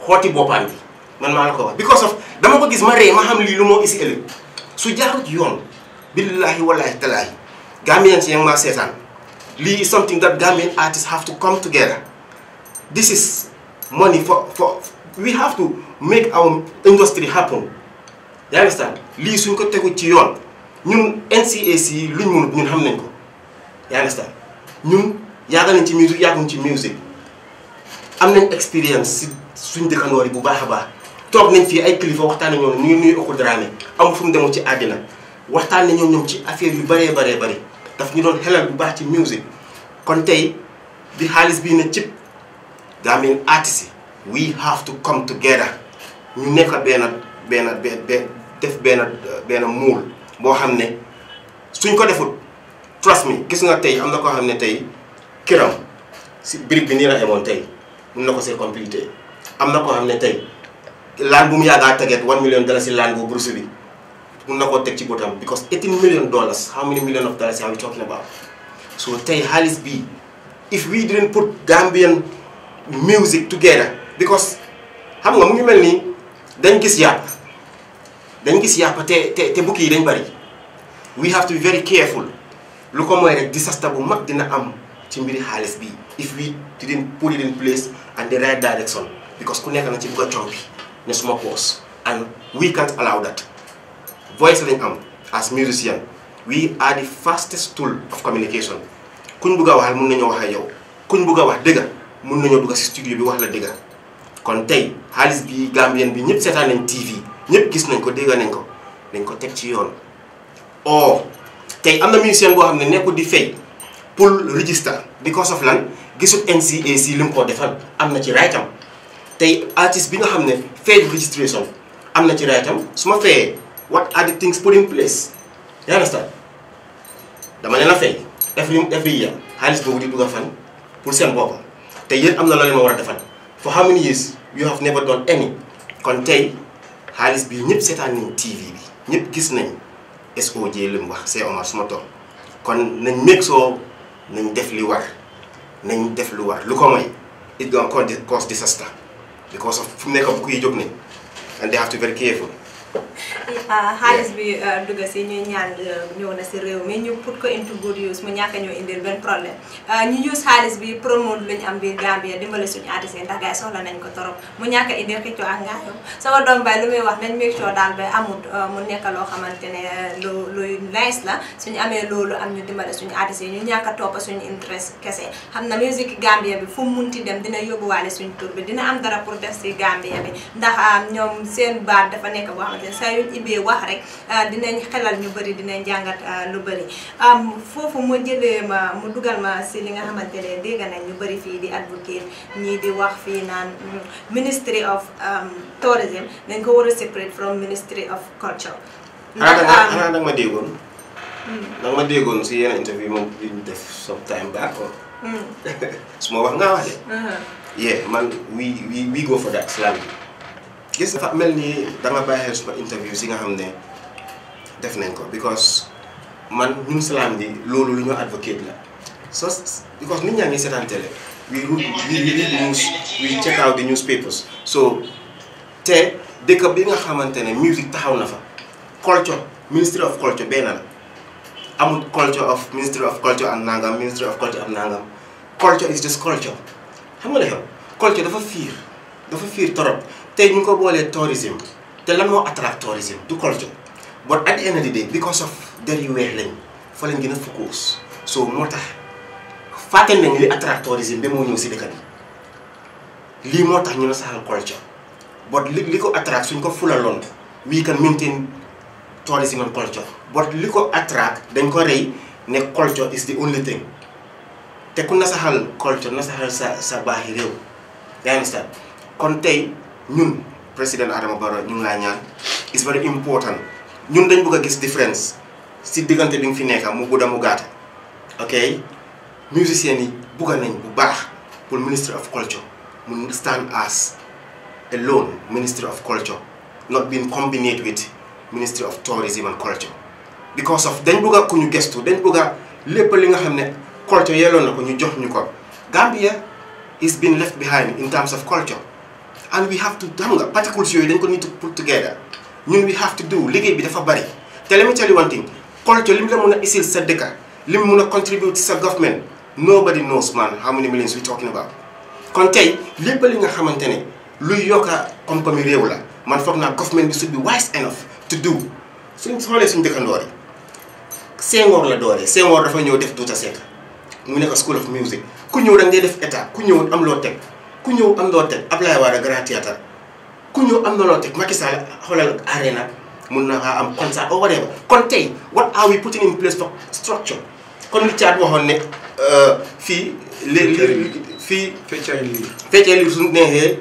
xooti boppam bi man maa la ko wax because of dama ko gis ma ree ma xam lii lu moo isi ëllëg su jaarut yoon billaahi wallaahi talaahi Gambian si yaa ngi maa seetaan Lee is something that Gambian artists have to come together. This is money for, for we have to make our industry happen. You understand? Lee suñ ko tegu ci yoon ñun NCAC yi luñ mënut ñun xam nañ ko. You understand? ñun yàgg nañ ci musique yàgg nañ ci musique am nañ expérience si suñ dëkkandoor yi bu baax a baax toog nañ fii ay kilifa waxtaan ñoom ñu ngi nuyu Oku Dramé fu mu demoo ci àddina waxtaan nañoo ñoom ci affaire yu bëree bëree bëri. daf ñu doon xelal bu baax ci musique kon tey di xaalis bii na cib daa mel artiste we have to come together ñu nekk benn benn benn def benn benn muul boo xam ne suñ ko defut trust me gis nga tey am na koo xam ne tey kiram si brique bi nii la emoon tey mun na ko see complété am na koo xam ne tey laan bu mu yàggaa teget one million dala si laan bu bourse bi mun na koo teg ci bëtam because 18 million dollars how many million of dollars are we talking about so tey xaalis bi if we didn't put Gambian music together because xam nga mu ngi mel nii dañ gis yàpp dañ gis yàpp te te bukki yi dañ bari we have to be very careful lu ko mooy rek disaster bu mag dina am ci mbiri xaalis bi if we didn't put it in place and the right direction because ku nekk na ci bugg a ne suma poos and we can't allow voice lañ am as musician we are the fastest tool of communication kuñ bugg a waxal mun nañoo wax a yow kuñ bugg a wax dëgga mun nañoo dugg si studio bi wax la dëgga kon tey xaalis bi Gambien bi ñëpp seetaan nañ TV ñëpp gis nañ ko dégga nañ ko dañ ko teg ci yoon or tey am na musicien boo xam ne nekkul di fey pour register because of lan gisul NCAC li mu ko defar am na ci raytam tey artiste bi nga xam ne fay registration am na ci am su ma fayee what are the things put in place? You understand? The ne la fay every year xaalis boobu di dugg a fan pour seen boppam te yéen am na loolu ma war a defal for how many years you have never done any Contain tey xaalis bi ñëpp seetaan nañ TV bi ñëpp gis nañ SOJ li mu wax c'est Omar suma tool kon nañ meeg soo nañ def li war nañ def lu war lu ko it gonna cause disaster because of fu mu nekk bu kuy jóg nañ and they have to be very careful xaalis ah, bi ah, dugg si ñuy ñaan ah, ñëw na si réew mi ñu put ko into good use mu ñàkk ñoo indil benn problème ñu use xaalis bi promote luñ am biir Gambia dimbale suñu artiste ndax gars soxla nañ ko torop mu ñàkk indil xëccoo ak ngaa sama doom bay lu muy wax nañ make sure daal amut mu nekk loo xamante ne lu lu nice la suñu amee loolu am ñu dimbale suñu artiste yi ñu ñàkk a suñu interest kese xam na musique Gambia bi fu munti dem dina yóbbuwaale suñu tur bi dina am dara pour def si Gambia bi ndax ñoom saya yuñ ibbee wax rek dinañ xelal ñu bari dinañ jangat lu am fofu mo jëlé ma mu duggal ma ci li nga dégg nañ ñu bari fi di advocate ñi di wax fi naan ministry of tourism dañ ko wara separate from ministry of culture. ndax ah ma déggoon. Hmm. da ma déggoon si interview moom bi def some time back or. Hmm. wax wax de. Uh-huh. yeah man we we we go for that slam. gis nga mel ni da nga bàyyi xel suma interview si nga xam ne def nañ ko because man ñun salaam bi loolu lu ñu advocate la so because nit ñaa ngi seetaan télé we read news we check out the newspapers so te dëkk bi nga xamante ne music taxaw na fa culture ministry of culture benn la amul culture of ministry of culture am nangam ministry of culture am nangam culture is just culture xam nga la yow culture dafa fiir dafa fiir torop tey ñu ngi ko boolee tourism te lan moo attract tourism du culture but at the end of the day because of der yu weex lañ fa lañ gën a focus so moo tax fàtte nañ li attract tourism ba moo ñëw si dëkk bi lii moo tax ñu ne saxal culture but li ko attract suñ ko fulaloon we can maintain tourism and culture but li ko attract dañ ko rey ne culture is the only thing te ku nasaxal culture nasaxal sa sa baaxi réew yaa ngi kon tey ñun président Adama Barrow ñun ngi laa ñaan it's very important ñun dañ bëgg a gis différence si diggante bi nga fi nekka mu gudda mu gàtt ok musiciens yi bugga nañ bu baax pour ministry of culture mu stand as alone ministry of culture not being combined with ministry of tourism and culture because of dañ bëgg a ku ñu gestu dañ bëgg a lépp li nga xam ne culture yelloon na ko ñu jox ñu ko Gambia is been left behind in terms of culture and we have to xam nga particles yooyu dañ ko need to put together ñun we have to do liggéey bi dafa bari te let me tell you thing li la mun a isil sa dëkka li mun a contribute sa government nobody knows man how many millions we talking about kon tey lépp li nga xamante ne luy yokka koom-koomi réew la man foog naa government bi should be wise enough to do suñ xoolee suñu dëkkandoor yi Senghor la dooree Senghor dafa ñëw def Douta Seck mu nekk school of music ku ñëw da ngay def état ku ñëw am loo teg ku ñëw am loo teg Ablaye Wade Grand Théâtre ku ñëw am na loo teg Macky Sall xoolal arena mun na kaa am concert or oh, whatever kon tey what are we putting in place for structure kon li caat waxoon ne euh, fii. léeg-léeg fii. feccee lii feccee lii suñu neexee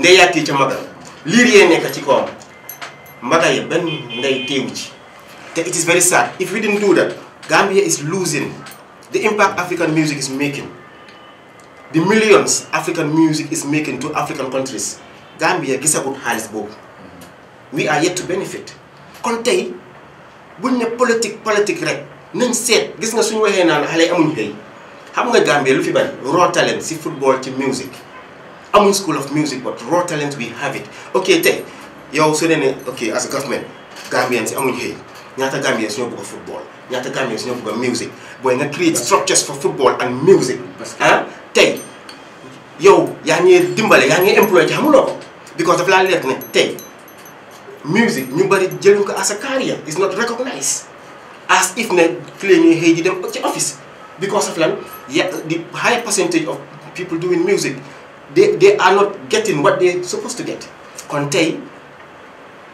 ndeyaat yi ca magal liir yee nekk ci kawam magal yi benn ndey teewu ci te it is very sad if we didn't do that is losing the impact African music is making. the millions African music is making to African countries, Gambia gis a xaalis boobu we are yet to benefit Conte, tey buñ politic, politic right. rek nañ seet gis nga suñu waxee naan xale amuñ xëy xam nga Gambia lu fi raw talent See football team, music I'm in school of music but raw talent we have it ok tey You su ne ne ok as a government Gambian si amuñ here. ñaata Gambian si ñoo bëgg a football ñaata Gambian si ñoo bëgg a music booy nga create structures for football and music ah tay yow ya ngi dimbalé ya ngi employé ci xamuloo because of la lettre ne tay music ñu bari jëlun ko as a career is not recognized as if ne clé la ñuy xëy di dem ci office because of lan ya the high percentage of people doing music they they are not getting what they supposed to get kon tay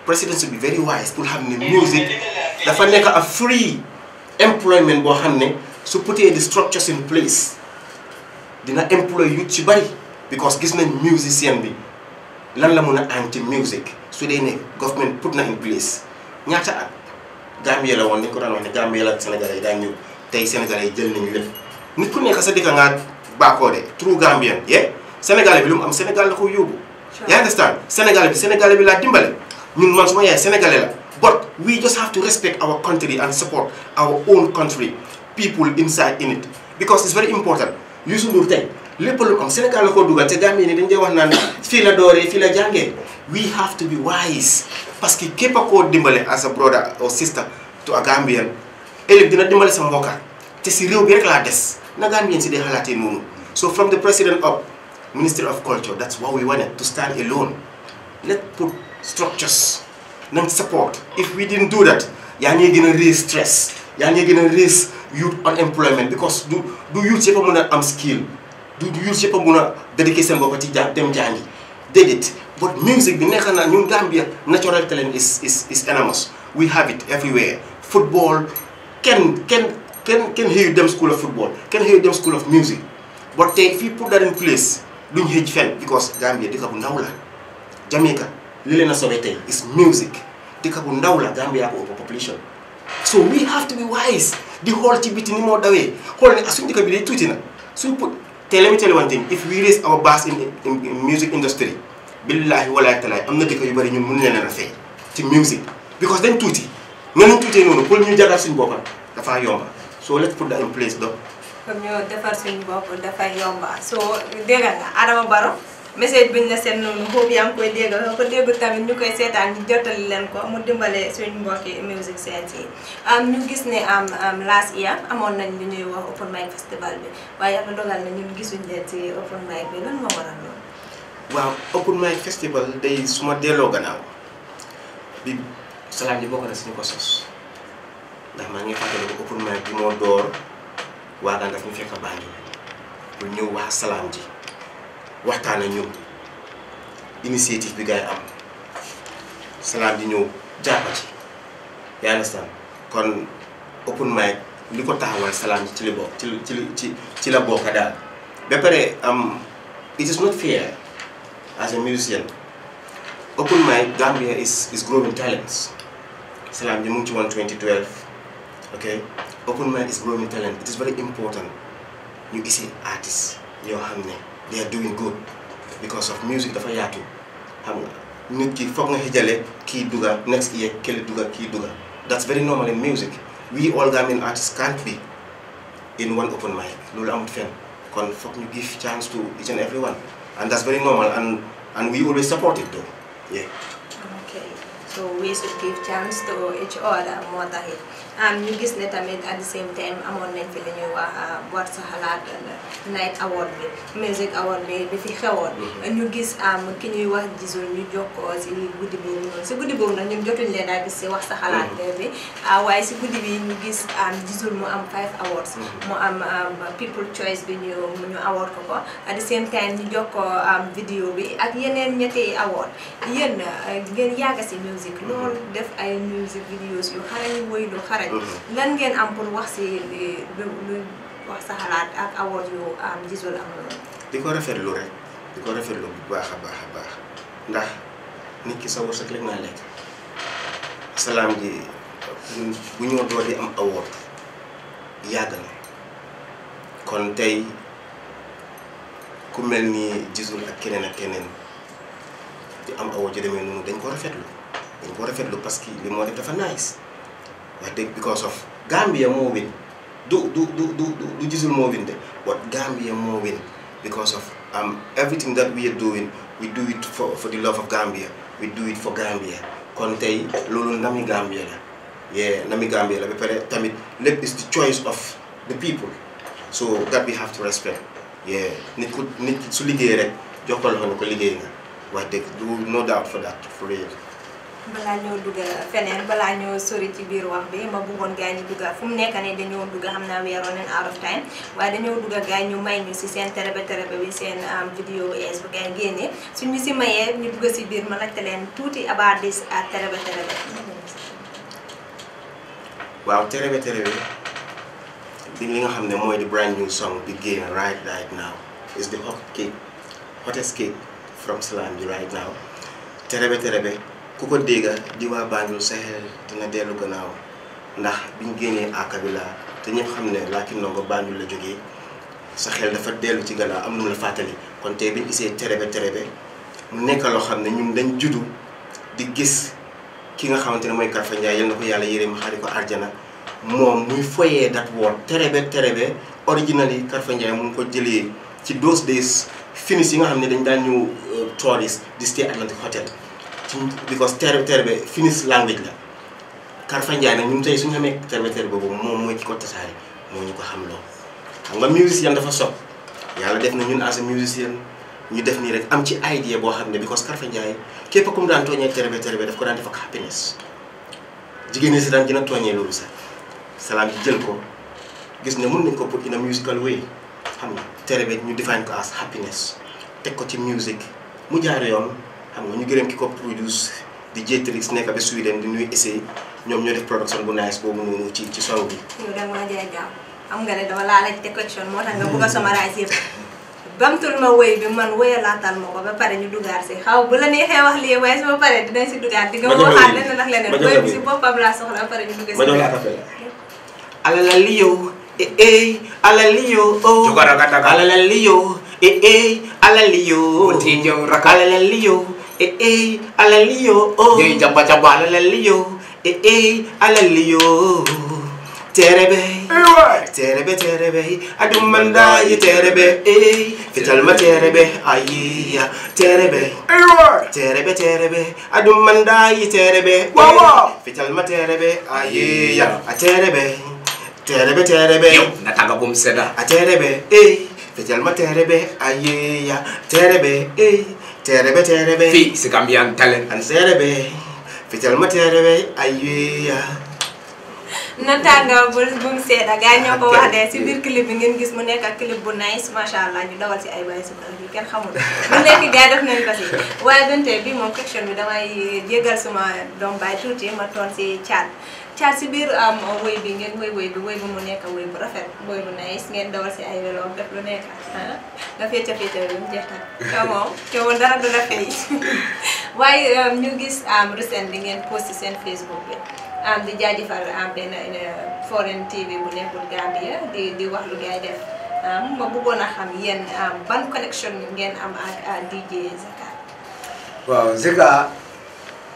president should be very wise pour have the music dafa nek a free employment bo xamné ne su putee the structures in place dina employé yu ci bari because gis nañ musicien bi lan la mun a anti music su dee ne government put na in place ñaata at Gambie la woon ni ko daan wax ne Gambie la ak yi daan ñëw tey Sénégal yi jël nañu lépp nit ku nekk sa dëkk nga bàkkoo de true Gambien yee Sénégal bi lu mu am Sénégal la ko yóbbu yaa understand Sénégal bi Sénégal bi laa dimbale ñun man suma yaay sénégalais la but we just have to respect our country and support our own country people inside in it because it's very important Youssou Ndour tey lépp lu am Sénégal la ko dugal te Gambie ni dañ dee wax naan fii la dooree fii la jàngee we have to be wise parce que képp a koo dimbale as a brother or sister to a Gambian ëllëg dina dimbale sa mbokka te si réew bi rek laa des na Gambien si dee xalaatee noonu so from the president up minister of culture that's what we wanted to stand alone Let put structures and support if we didn't do that yaa ngee gën a raise stress yaa ngee gën a raise youth unemployment because du du youth yëpp a mën a am skill du youth yëpp a mën a dédiqué seen ci ja dem jàngi déedéet but music bi neexal naa ñu Gambia natural talent is is is enormous we have it everywhere football kenn kenn kenn kenn xëyu dem school of football kenn xëyu dem school of music but tey fii pour that in place duñ xëj fenn because Gambia dëkk bu ndaw la Jamaica li leen a sobee tey is music dëkk bu ndaw la Gambia overpopulation so we have to be wise di xool ci biti ni moo dawee xool ne suñu dëkk bi day tuuti na suñ put Tell let me tell you one thing if we raise our bass in music industry billaahi walaay i am not dëkk yu bëri ñun mën leen anything. fay music because dañ tuuti nga nañ tuutee pull pour ñu jaral suñu bopp dafa yomba so let's put that in place donc pour ñu defar suñu bopp dafay yomba so dégg nga Adama Barrow message bi ñu ne seen noonu boobu yaa ngi koy dégg ko dégg tamit ñu koy seetaan ñu jottali leen ko mu dimbale suñu mbokki music scenes yi ñu gis ne am last year amoon nañ lu ñuy wax open mic festival bi waaye yàlla dogal na ñun gisuñ waaw open mic festival day suma delloo gannaaw bi salaam ji bokk na suñu ko sos ndax maa ngi fàttali open mic bi moo door waa daan daf ñu fekk a pour ñëw waa salaam ji. waxtaan ak ñun initiative bi gars yi am Salam di ñëw jàpp ci yaa kon open mic li ko taxawal Salam ci ci ci ci ci la bokk daal ba pare am it is not fair as a musician open mic Gambia is growing talents Salam ji mu ngi ci woon 2012 ok open mic is growing talent it is very important ñu gisee artiste yoo xam ne. they are doing good because of music dafa yaatu xam nga nit ki foog nga xijale kii duga next year kële duga kii duga that's very normal in music we all Gambian artists can't be in one open mic loolu amut fenn kon foog ñu give chance to each and everyone and that's very normal and and we always support it though yeah. okay so we should give chance to each other more than ñu gis ne tamit at the same time amoon nañ fi li wax war euh, sa xalaat euh, night award bi music award bi bi fi xewoon mm-hmm. ñu gis am um, ki ñuy wax gisul ñu jokkoo si guddi bi noonu si guddi boobu nag ñun jotuñ a gis si wax sa xalaat mm-hmm. bi ah, waaye si guddi bi ñu gis am um, gisul mu am five awards mm-hmm. mu am um, people choice bi ñu ñu award ko ko at the same time ñu jokkoo am vidéo bi ak yeneen ñetti award yéen euh, ngeen yàgg si music loolu def ay music videos yu xarañ woy lu xarañ right nan ngeen am pour wax si li lu wax sa xalaat ak award yu am um, gisul am loolu di ko rafetlu rek di ko rafetlu bu baax a baax a baax ndax nit ki sa wërsëg rek naa lekk salaam ji bu ñoo door di am award yàgg na kan? kon tey ku mel ni gisul ak keneen ak keneen di am award ji demee noonu dañ ko rafetlu dañ ko rafetlu parce que li moo def dafa nice wax dëgg because of Gambia moving, do do do do do du gisul moo win but Gambia moving because of um everything that we are doing we do it for for the love of Gambia we do it for Gambia kon tey loolu ndami Gambia la yeah ndami Gambia la ba pare tamit lépp is the choice of the people so that we have to respect yeah nit ku nit su liggéey rek jox ko loxo ne no doubt for that for real balaa ñoo dugg feneen balaa ñoo sori ci biir wax bi ma buggoon gaa yi ñu dugg fu mu nekk nii dañoo dugg xam naa weeroo neen out of time waaye dañoo dugg gaa ñu may ñu si seen terebe terebe bi seen um, vidéo es bu gars yi génnee suñu si mayee ñu dugg si biir ma laajte leen tuuti about this uh, terebe terebe. xam ne mooy di brand terebe terebe. ko ko dégga di waa Banjul sa xel dina dellu gannaaw ndax biñ génnee akabila te ñëpp xam ne Lucky Ndongo Banjul la jógee sa xel dafa dellu ci gannaaw am lu mu fàttali kon tey biñ gisee terebe terebe mu nekk loo xam ne ñun dañ juddu di gis ki nga xamante ne mooy Karfa Ndiaye yal na ko yàlla yére mu xaari ko arjana moom muy foyee dat woon terebe terebe original yi Karfa Ndiaye mu ngi ko jëlee ci those days finish yi nga xam ne dañ daan ñëw euh, tourist di stay Atlantic Hotel because terbe terbe Finnish language la Karfanjaay nag ñun tey suñu xamee terbe terbe boobu moom mooy ki ko tasaare moo ñu ko xam loo xam nga musicien dafa sob yàlla def na ñun as a musicien ñu def nii rek am ci idea boo xam ne because Karfanjaay képp ku mu daan tooñee terbe terbe daf ko daan def ak happiness jigéen ñi si daan gën a tooñee loolu sax salaam jël ko gis ne mën nañ ko put in a musical way xam nga terbe ñu define ko as happiness teg ko ci music mu jaar yoon xam nga ñu gërëm ki ko produce di J-Trix nekk ba Sweden di nuy essayé ñoom ñoo def production bu nice boobu noonu ci ci song bi. yow da nga maa jaay gaaw xam nga ne dama laa laaj te question moo tax nga bëgg a summarize yëpp bamtul ma woy bi man woyalaatal ma ko ba pare ñu dugaar si xaw bu la neexee wax lii waaye su ma paree dinañ si dugaar di nga waxaat leneen ak leneen woy bi si boppam laa soxla ba pare ñu duggee si alala liyo eh eh alala liyo oh alala liyo eh eh alala liyo alala liyo eh eh alalio oh yeye jamba jamba alalio eh eh alalio terebe terebe terebe adumanda ye terebe eh ma terebe ayiya terebe terebe terebe adumanda ye terebe wow wawa ma terebe ayiya a terebe terebe terebe nataka kumseda terebe eh ma terebe ayiya terebe eh Terebe terebe Fi c'est Gambian talent An serebe Fitel ma terebe Ayuya Nantanga bul bum seeda gaa ñoo ko wax de si biir clip bi ngeen gis mu nekk ak clip bu nice macha allah ñu dawal si ay waay si bi kenn xamul bu nekk gaa def nañ ko si waaye bente bi moom question bi damay jégal suma doom baay tuuti ma toon si caat caat si biir am woy bi ngeen woy woy bi woy bu mu nekk woy bu rafet woy bu nice ngeen dawal si ay welo def lu nekk nga féete féete mu euh, jeex nag moom coowul dara du la fay waaye euh, ñu gis am recent bi ngeen posté seen Facebook bi am di jaajëfal am benn euh, foreign TV bu nekkul di wax lu ngay def ma bëggoon a xam yéen ban connection ngeen am ak DJ Zeka. waaw Zeka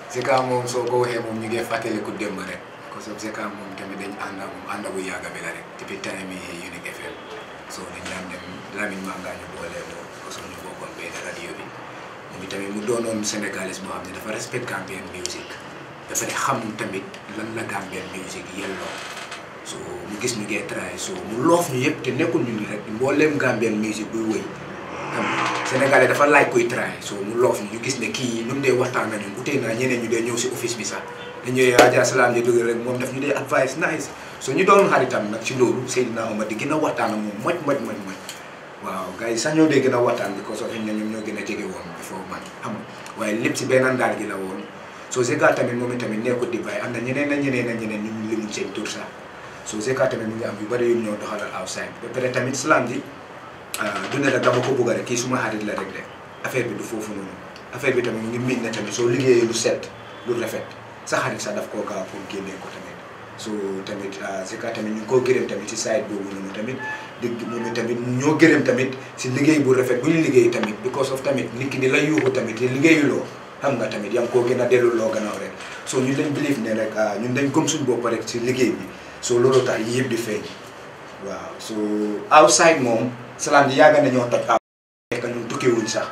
Zeka moom soo ko waxee moom ñu ngi fàttaliku démb rek parce que Zeka rek depuis tane mi Unique FM soo Lamine Manga ñu boolee moom parce que ñu bokkoon benn radio bi moom tamit mu doonoon sénégalais boo xam ne dafa respect Gambian music dafa ne xam tamit lan la Gambian music yelloo so mu gis ñu ngee try so mu loof ñu yëpp te nekkul ñu ni rek mbooleem Gambian music buy wëy xam sénégalais dafa laaj koy try so mu loof ñu ñu gis ne kii nu mu dee waxtaan nañu utee naa ñeneen ñu dee ñëw si office bi sax dañuy Adja Salaam di dugg rek moom daf ñu dee advice nice so ñu doon xaritam nag ci loolu Seydina Omar di gën a waxtaan ak moom moj moj moj moj waaw gars yi sax ñoo dee gën a waxtaan bi ko soo xëy na ñoom ñoo gën a jege woon before man xam waaye lépp si benn ndaal gi la woon soo Zeka tamit moom itamit nekkul di bàyyi am na ñeneen ak ñeneen ak ñeneen ñu ngi limu seen tur sax soo Zeka tamit mu ngi am yu bëri yu ñoo doxalal outside ba pare tamit slam bi ah, du ne la dama ko bëgg rek kii suma xarit la rek de affaire bi du foofu noonu affaire bi tamit mu ngi mii na tamit soo liggéeyee lu set lu rafet sa xarit sax daf koo gaaw pour génnee ko tamit so tamit ah, Zeka tamit ñu ngi koo gërëm tamit ci side boobu noonu tamit dëgg ñu tamit ñoo gërëm tamit si liggéey bu rafet bu ñu liggéey tamit because of tamit nit ki di la yuuxu tamit di liggéeyuloo xam nga tamit yaa ngi koo gën a delluloo gannaaw rek so ñun dañ believe rek ah, ñun dañ gëm suñu bopp rek si liggéey bi so loolu tax yëpp di feeñ waaw so outside moom salaam di yàgg nañoo toj fekk ñun tukkiwuñ sax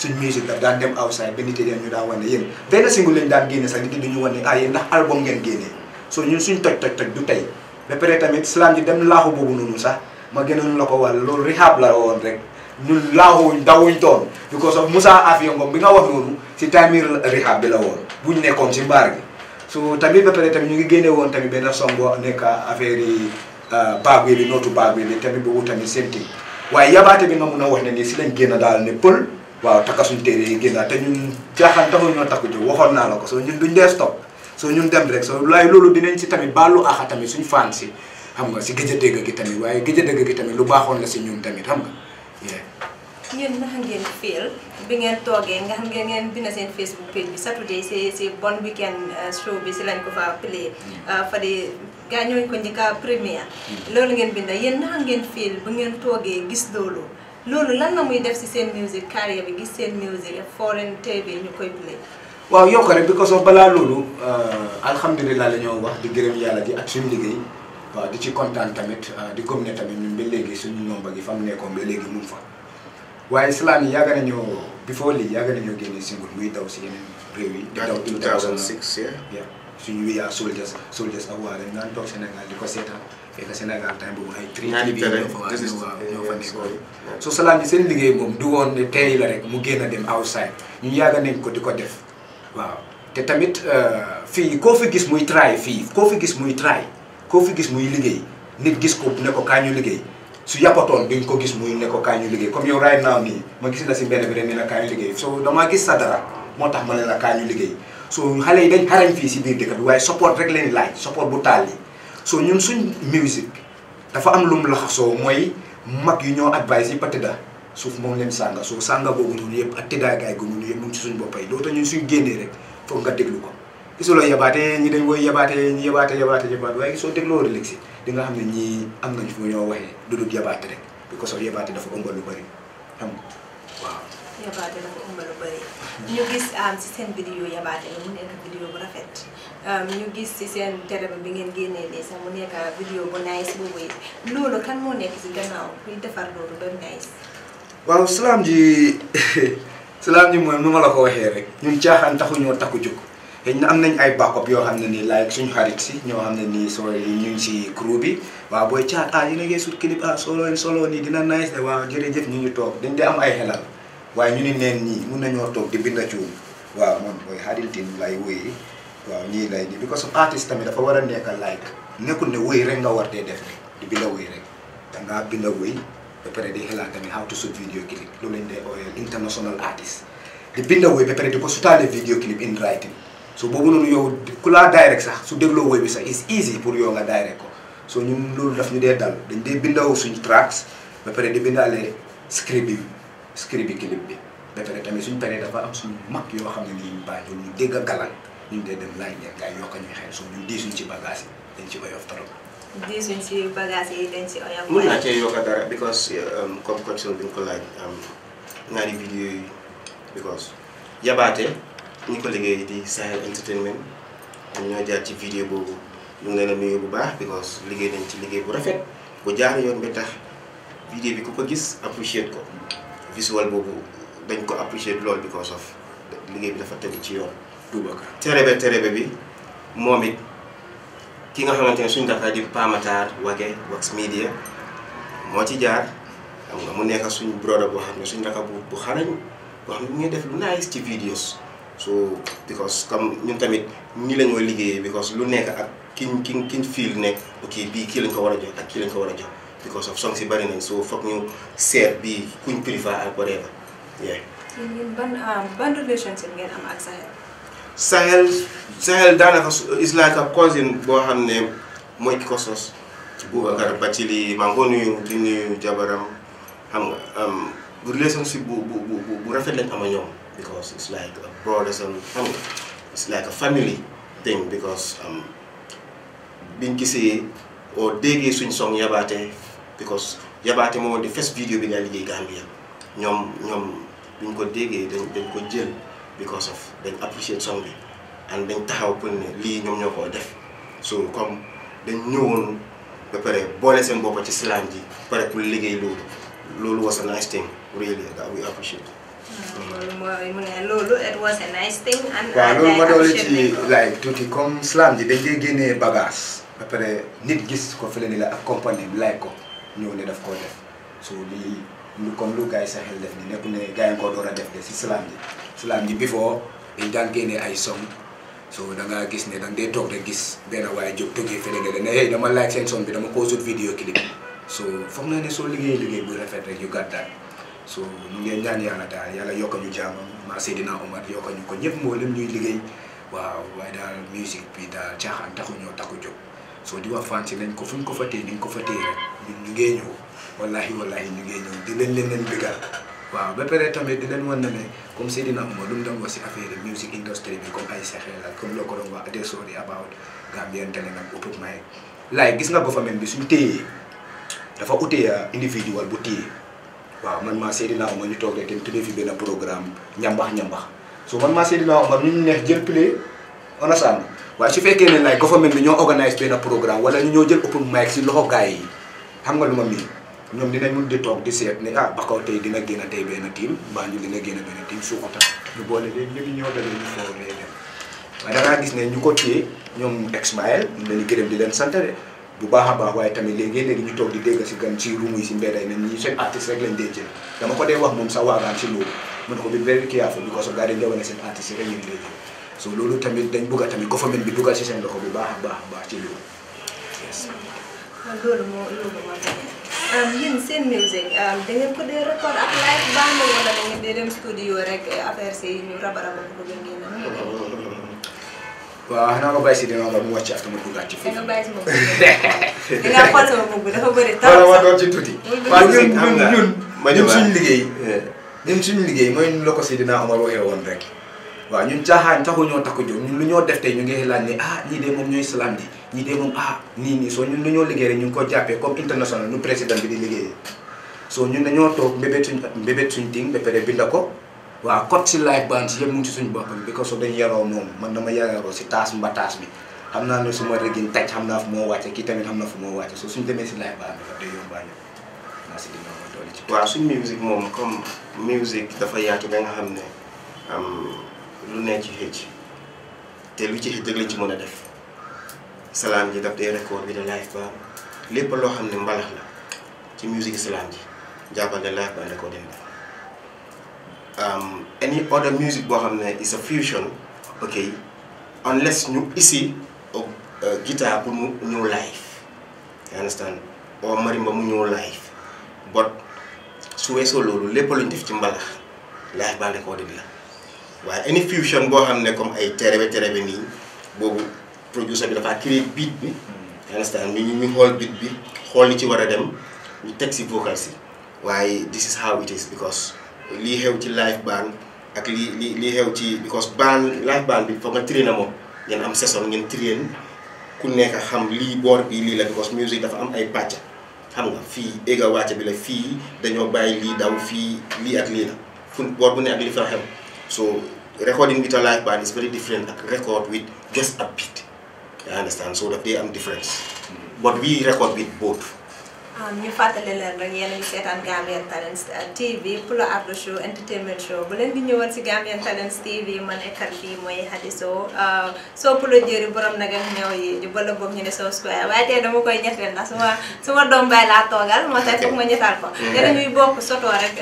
suñ musique daf daan dem outside ba nit yi ñu daan wane yéen benn single lañ daan génne sax nit yi duñu wane ah yéen ndax album ngeen génnee so ñun suñ toj toj toj du tey ba pare tamit salaam ji dem laaxu boobu noonu sax ma gënoon la ko wàll loolu rehab la woon rek ñun laawuñ dawuñ toon because of Moussa Afia Ngom bi nga wax noonu si tamir rehab bi la woon buñ nekkoon si mbaar gi so tamit ba pare tamit ñu ngi génne woon tamit benn songo boo nekk affaire yi euh, baag bi nootu baag bi tamit boobu tamit same thing waaye yabaate bi nga mun a wax ne nii si lañ génn daal ne pël waaw takka suñ téere yi génn te ñun jaaxaan taxul ñoo takku jóg waxoon naa la ko soo ñun duñ dee stop soo ñun dem rek soo laay loolu dinañ si tamit bàllu axa tamit suñ faan si xam nga si gëj a dégg gi tamit waaye gëj a dégg gi tamit lu baaxoon na si ñun tamit xam nga. yéen naka ngeen feel bi ngeen toogee nga xam ngeen ngeen bind seen Facebook page bi Saturday si si bon weekend uh, show bi si lañ ko fa play mm. uh, fa di gaa ñooñu ko njëkk a première mm. loolu ngeen bi bind yéen naka ngeen feel bu ngeen toogee gis loolu loolu lan la muy def si seen music carrière bi gis seen music foreign TV ñu koy play waaw yow ko rek because of balaa loolu uh, alhamdulilah la ñoo wax di gërëm yàlla di ak liggéey waaw euh, di ci kontaan tamit euh, di gëm ne tamit ñun ba léegi suñu nomba gi fa mu nekkoon ba léegi mu fa waaye islam yi yàgg nañoo before lii yàgg nañoo génne single muy daw si yeneen réew yi. daw 2006 yeah suñu wiyaa soldiers soldiers ak waa dañ naan toog di ko seetaan fekk Sénégal time boobu ay tri bi ñoo fa ñoo so salaan seen liggéey moom du woon ne tey la mu génn a dem outside ñu yàgg nañ ko di ko def waaw te tamit euh, fii koo fi gis muy try fii koo fi gis muy try koo gis muy liggéey nit gis ko ne ko kaa ñu liggéey su yàppatoon duñ ko gis muy ne ko kaa ñu liggéey comme yow right now nii ma gis la si benn bi rek ne la kaa ñu liggéey soo damaa gis sa dara moo tax ma ne la kaa ñu liggéey soo xale yi dañ xarañ fii si biir dëkk bi waaye support rek leen laaj support bu taal yi soo ñun suñ musique dafa am lum soo mooy mag yu ñoo advice yi ba tëdda suuf moom leen sànga soo sànga boobu noonu yëpp ak tëddaagaay mu ngi ci suñ boppay loolu tax ñun suñ génnee foog nga déglu ko gisuloo yabaate ñi dañ koy yabaate ñi yabaate yabaate yabaate waaye soo dégloo relaxé di nga xam ne ñi am nañ fu ñoo waxee du dul yabaate rek bi ko soo yabaate dafa ëmb lu bëri xam nga waaw. dafa ëmb lu bëri ñu gis si um, seen vidéo mi la mu nekk vidéo um, bi ngeen génnee nii sax mu nekk vidéo bu nice bu wéy loolu kan moo nekk si gannaaw kuy defar loolu ba nice. waaw salaam ji salaam ji moom nu ma la ko waxee rek ñun caaxaan taxuñoo takku jóg. xëy na am nañ ay backup yoo xam ne nii like suñu xarit si ñoo xam ne nii soo ñu ngi si crew bi waaw booy caat ah yéen a ngi sut clip ah solo solo nii dina nice de waaw jërëjëf ñu ñu toog dañ dee am ay xelal waaye ñu ni neen ñii mun nañoo toog di bind cuum waaw man mooy Khadyltine lay wéy waaw ñii lay di because of artiste tamit dafa war a nekk like nekkul ne woy rek nga war dee def di bind wéy rek dangaa bind wéy ba pare di xelaat tamit how loolu lañ dee ooyee international artist di bind wéy ba pare di ko sutaale so boobu noonu yow ku laa direct sax su dégloo woy bi sax it's easy pour yoo nga direct ko so ñun loolu daf ñu dee dal dañ dee bindaw suñu tracks ba pare di bindaale script bi script bi clip tamit suñ paree dafa am suñu mag yoo xam ne nii ñu bàyyi dégg a galan ñu dee dem laaj leen gars yi yokk ñuy xel so ñun diisuñ ci bagage yi dañ ci oyof trop. diisuñ ci bagage yi dañ ci oyof. mën naa cee yokk dara because um, comme question bi nga ko laaj um, ñaari vidéo yi ñi ko liggéey di Sahel entertainment ñoom ñoo jaar ci vidéo boobu ñu ngi leen a bu baax because liggéey nañ ci liggéey bu rafet bu jaar yoon bi tax vidéo bi ku ko gis appreciate ko visual boobu dañ ko appreciate lool because of liggéey bi dafa tegu ci yoon. Boubacar terebe terebe bi moom it ki nga xamante ne suñu dafa di Pamatar Wage Wax Media moo ci jaar xam nga mu nekk suñu broda boo xam ne suñu dafa bu bu xarañ boo xam ne mu ngi def lu nice ci videos. so because comme ñun tamit nii lañ mooy liggéeyee because lu nekk ak kiñ kiñ kiñ fiil nekk ok bii kii lañ ko war a jox ak kii lañ ko war a jox because of songs yi bari nañ so foog ñu seet bii kuñ préfère ak whatever yeah. ban ah, ban relationship ngeen am ak Sahel. Sahel Sahel daanaka is like a cousin boo xam ne mooy ki ko sos Boubacar Bathily maa ngi ko nuyu di nuyu jabaram xam nga relationship bu bu bu bu rafet lañ am ñoom. because it's like a brothers and family. it's like a family thing because um, biñ gisee oo déggee suñ song yabaate because yabaate moo woon di first video bi nga liggéey Gambia ñoom ñoom buñ ko déggee dañ dañ ko jël because of dañ appreciate song bi and dañ taxaw pour ne lii ñoom ñoo koo def so comme dañ ñëwoon ba pare boole seen bopp ci slam ji pare pour liggéey loolu loolu was a nice thing really that we appreciate loolu it was a nice thing. and waaw loolu ma doole ci like comme slam ji dañ dee génnee bagage. ba pare nit gis ko fële ni la ak compagnie bi like ko ñëw ne daf koo def so ni lu comme lu gars yi sa xel def ni nekku ne gars yi ko door a def de si slam ji. slam ji before dañ daan génnee ay song so da ngaa gis ne da nga dee toog de gis benn waaye jóg tëggee fële ne la ne dama like seen song bi dama koo sut vidéo clip so foog naa ne soo liggéey liggéey bu refet rek yu so ñu ngeen ñaan yàlla daal yàlla yokk ñu jaamam maa Seydina Omar yokk ñu ko ñëpp moo leen ñuy liggéey waaw waaye daal musique bi daal caaxaan taxu ñoo taxu jóg soo di wax fansi nañ ko fu ñu ko fa téye ni ñu ko fa téye rek ñun ñu ngee ñëw wallahi wallahi ñu di leen leen leen waaw ba pare tamit di leen wan na ne comme Seydina Omar lu mu doon wax si affaire music industry bi comme la comme loo ko doon wax des sorry about Gambian Talents ak open mic laay ah, individual bu téye waaw man maa Seydina Omar ñu toog rek dem tenir fi benn programme ñambax ñambax so man maa Seydina Omar ñu ñu neex jël play on assemble waaye su fekkee ne like government bi ñoo organise benn programme wala ñu ñoo jël open mic si loxo gaay yi xam nga lu ma miin ñoom dinañ mun di toog di seet ne ah Bakau tey dina génn tey benn team Banjul dina génn benn team Sukuta ñu boole léegi léegi ñoo dale ñu foofu lay dem waaye dangaa gis ne ñu ko téye ñoom Exmael ñu leen di leen sant bu baax a baax waaye tamit léegi-léegi ñu toog di dégg si gan si ruum si mbedd yi seen artiste rek lañ denc dama ko dee wax moom sax waagaan si loolu mun ko bi very careful because of gaa dañ dawale seen artiste rek lañ denc so loolu tamit dañ bugg a tamit government bi dugal si seen loxo bu baax a baax a baax ci loolu yes loolu moo loolu moo tax um, yéen seen music um, da ko dee record ak live band wala da ngeen dee dem studio rek eh, affaire si ñu rabaraba ko bëgg waaw xanaa ma bàyyi si dina ma mu wàcc after ma duggaat ci foofu. dina xool sama mbubb dafa bëri trop ma doon ci tuuti. parce que ñun ñun ñun suñu liggéey. ñun suñu liggéey mooy ñu la ko si dinaa amal waxee woon rek. waaw ñun caaxaan taxu ñoo takku jóg ñun lu ñoo def tey ñu ngi laaj ne ah ñii de moom ñooy salaam di ñii de moom ah nii nii soo ñun lu ñoo liggéey rek ñu ngi ko jàppee comme international nu président bi di liggéeyee. soo ñun dañoo toog mbébét suñ mbébét suñ ting ba pare binda ko waaw code si ba band si yëpp mu ngi si suñu boppam bi ko so dañu yaroo moom man dama yaroo si taas mba taas bi xam naa ne suma régin taj xam naa fu moo wàcce kii tamit xam naa fu moo wàcce so suñu demee si life band dafa day yombaale naa si dina ma doole ci waaw suñu musique moom comme musique dafa yaatu ba nga xam ne lu ne ci xëcc te lu ci xëcc rek ci mën a def salaam ji daf dee record bi de live band lépp loo xam ne mbalax la ci musique salaam ji jàppal live band da um, any other music boo xam is a fusion ok unless ñu isi uh, guitar pour ñëw life. you understand or marimba mu ñëw life. but su solo, loolu lépp luñ def ci mbalax live band recording la any fusion boo xam a comme ay terebe terebe produce a producer bi a créer beat bi hmm. you understand ñu we hold beat bi hold li ci them. a dem ñu teg vocals this is how it is because lii xew ci live band ak lii lii lii xew ci because band live band bi foog nga train a moom am saison ngeen train ku nekk xam lii boor bi lii la because music dafa am ay pàcc xam nga fii éga wàcc bi la fii dañoo bàyyi lii daw fii lii ak lii la fu boor bu ne li fa xew so recording with a live band is very different ak record with just a beat I understand so daf dee am difference but we record with both ñu fàttali leen rek yéen a ngi seetaan Gambian Talents TV Pulo Ardo show entertainment show bu leen di ñëwal si Gambian Talents TV ma nekkal fii mooy Hadi soo Pulo jëri borom nag ak ñëw yi ju bala boobu ñu ne soo square waaye tey dama koy ñetteel ndax su ma su ma doom bay laa toogal moo tax foog ma ñettal ko te mm-hmm. dañuy bokk soto rek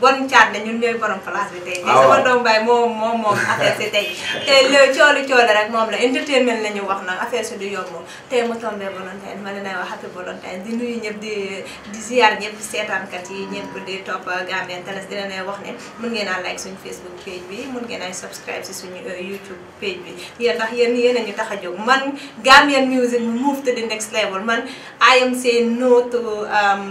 bon caat la ñun ñooy borom place bi tey moom la entertainment la wax nag affaire si du yomb tey mu tombee Valentine ma di di ziar ñëpp seetaankat yi ñëpp di topp Gambian Talents dina leen wax ne mun ngeen a like suñu Facebook page bi mun ngeen a subscribe si suñu euh, YouTube page bi yéen ndax yéen yéen a ñu tax a jóg man Gambian music move to the next level man I am saying no to um,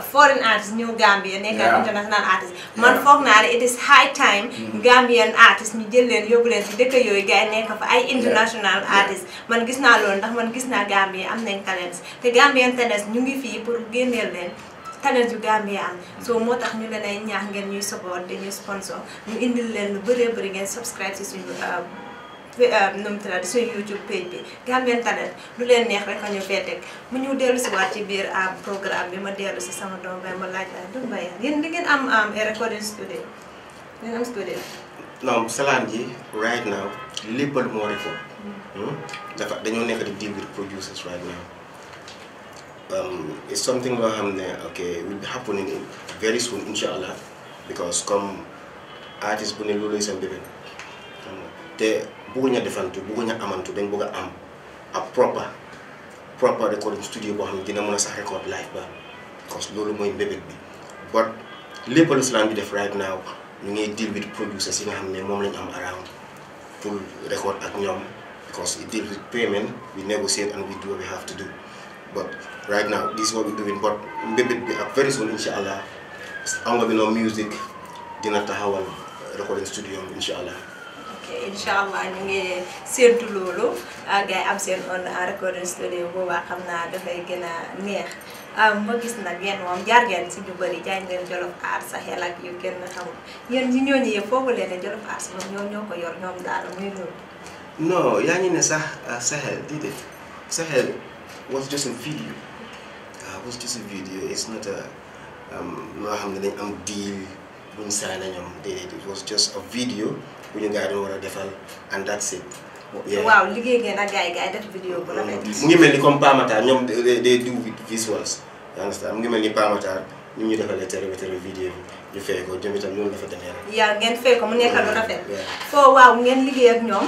foreign artist ñëw Gambia nekkaat international artist man foog naa de it is high time mm-hmm. Gambian artist ñu jël leen yóbbu leen si dëkk yooyu gars yi nekk fa ay international artist man gis naa loolu ndax man gis naa Gambia am nañ talents te Gambian talents ñu ngi fii pour génneel leen talent yu Gambia am so moo tax ñu leen ay ñaax ngeen ñuy support dañuy sponsor ñu indil leen lu bëree bëri ngeen subscribe si suñu uh, Euh, num mu tuddati suñu YouTube page bi Gambian Talents lu leen neex rek ñu fee teg mu ñu dellu si waat ci biir am euh, programme bi ma dellu si sama doom bay ma laaj la doom bay yéen di ngeen am am recording studio ngeen am studio. non salaan ji right now lépp moo rek hmm. hmm? dafa dañoo nekk di deal with producers right now. Um, it's something loo xam ne ok will be happening in very soon inshallah, because come artiste bu ne loolu lay sa hmm. te bugguñ a defantu bugguñ a amantu dañ bëgg a am ab proper proper recording studio boo xam ne dina mën a sax record live ba parce loolu mooy mbébét bi but lépp lu slam bi def right now ñu ngi deal with producers yi nga xam ne moom lañu am around pour record ak ñoom because we deal with payment we negotiate and we do what we have to do but right now this is what we doing but mbébét bi ak very soon incha allah am bi noonu music dina taxawal recording studio am incha allah incha allah ñu ngi séntu loolu ah, gars am seen on recording studio boobaa wa naa dafay gën a neex ah, ma gis nag yéen moom jaar ngeen si ñu bëri jaay ngeen Jolof Art Sahel ak yu kenn xamul yéen ñi ñooñu yëpp foofu leen ne Jolof Art ñoom ñoo ñoo yor ñoom daal muy loolu. non yaa ngi ne sax ah, Sahel dide. Sahel was just a video ah was just a video it's not a noo um, xam ne dañ am deal buñ saana ñoom déedéet it was just a video. bu ñu gars yi war a defal and that's it. waaw liggéey ngeen ak gars yi gars yi bu rafet. Mm. mu ngi mel ni comme Pamatar ñoom day day do visuals. ni ñu ñu defalee télé télé vidéo bi ñu fay ko jëm itam loolu la fa demee rek. yaa ngeen fay ko mu nekk lu mm. rafet. foo waaw ngeen liggéey ak ñoom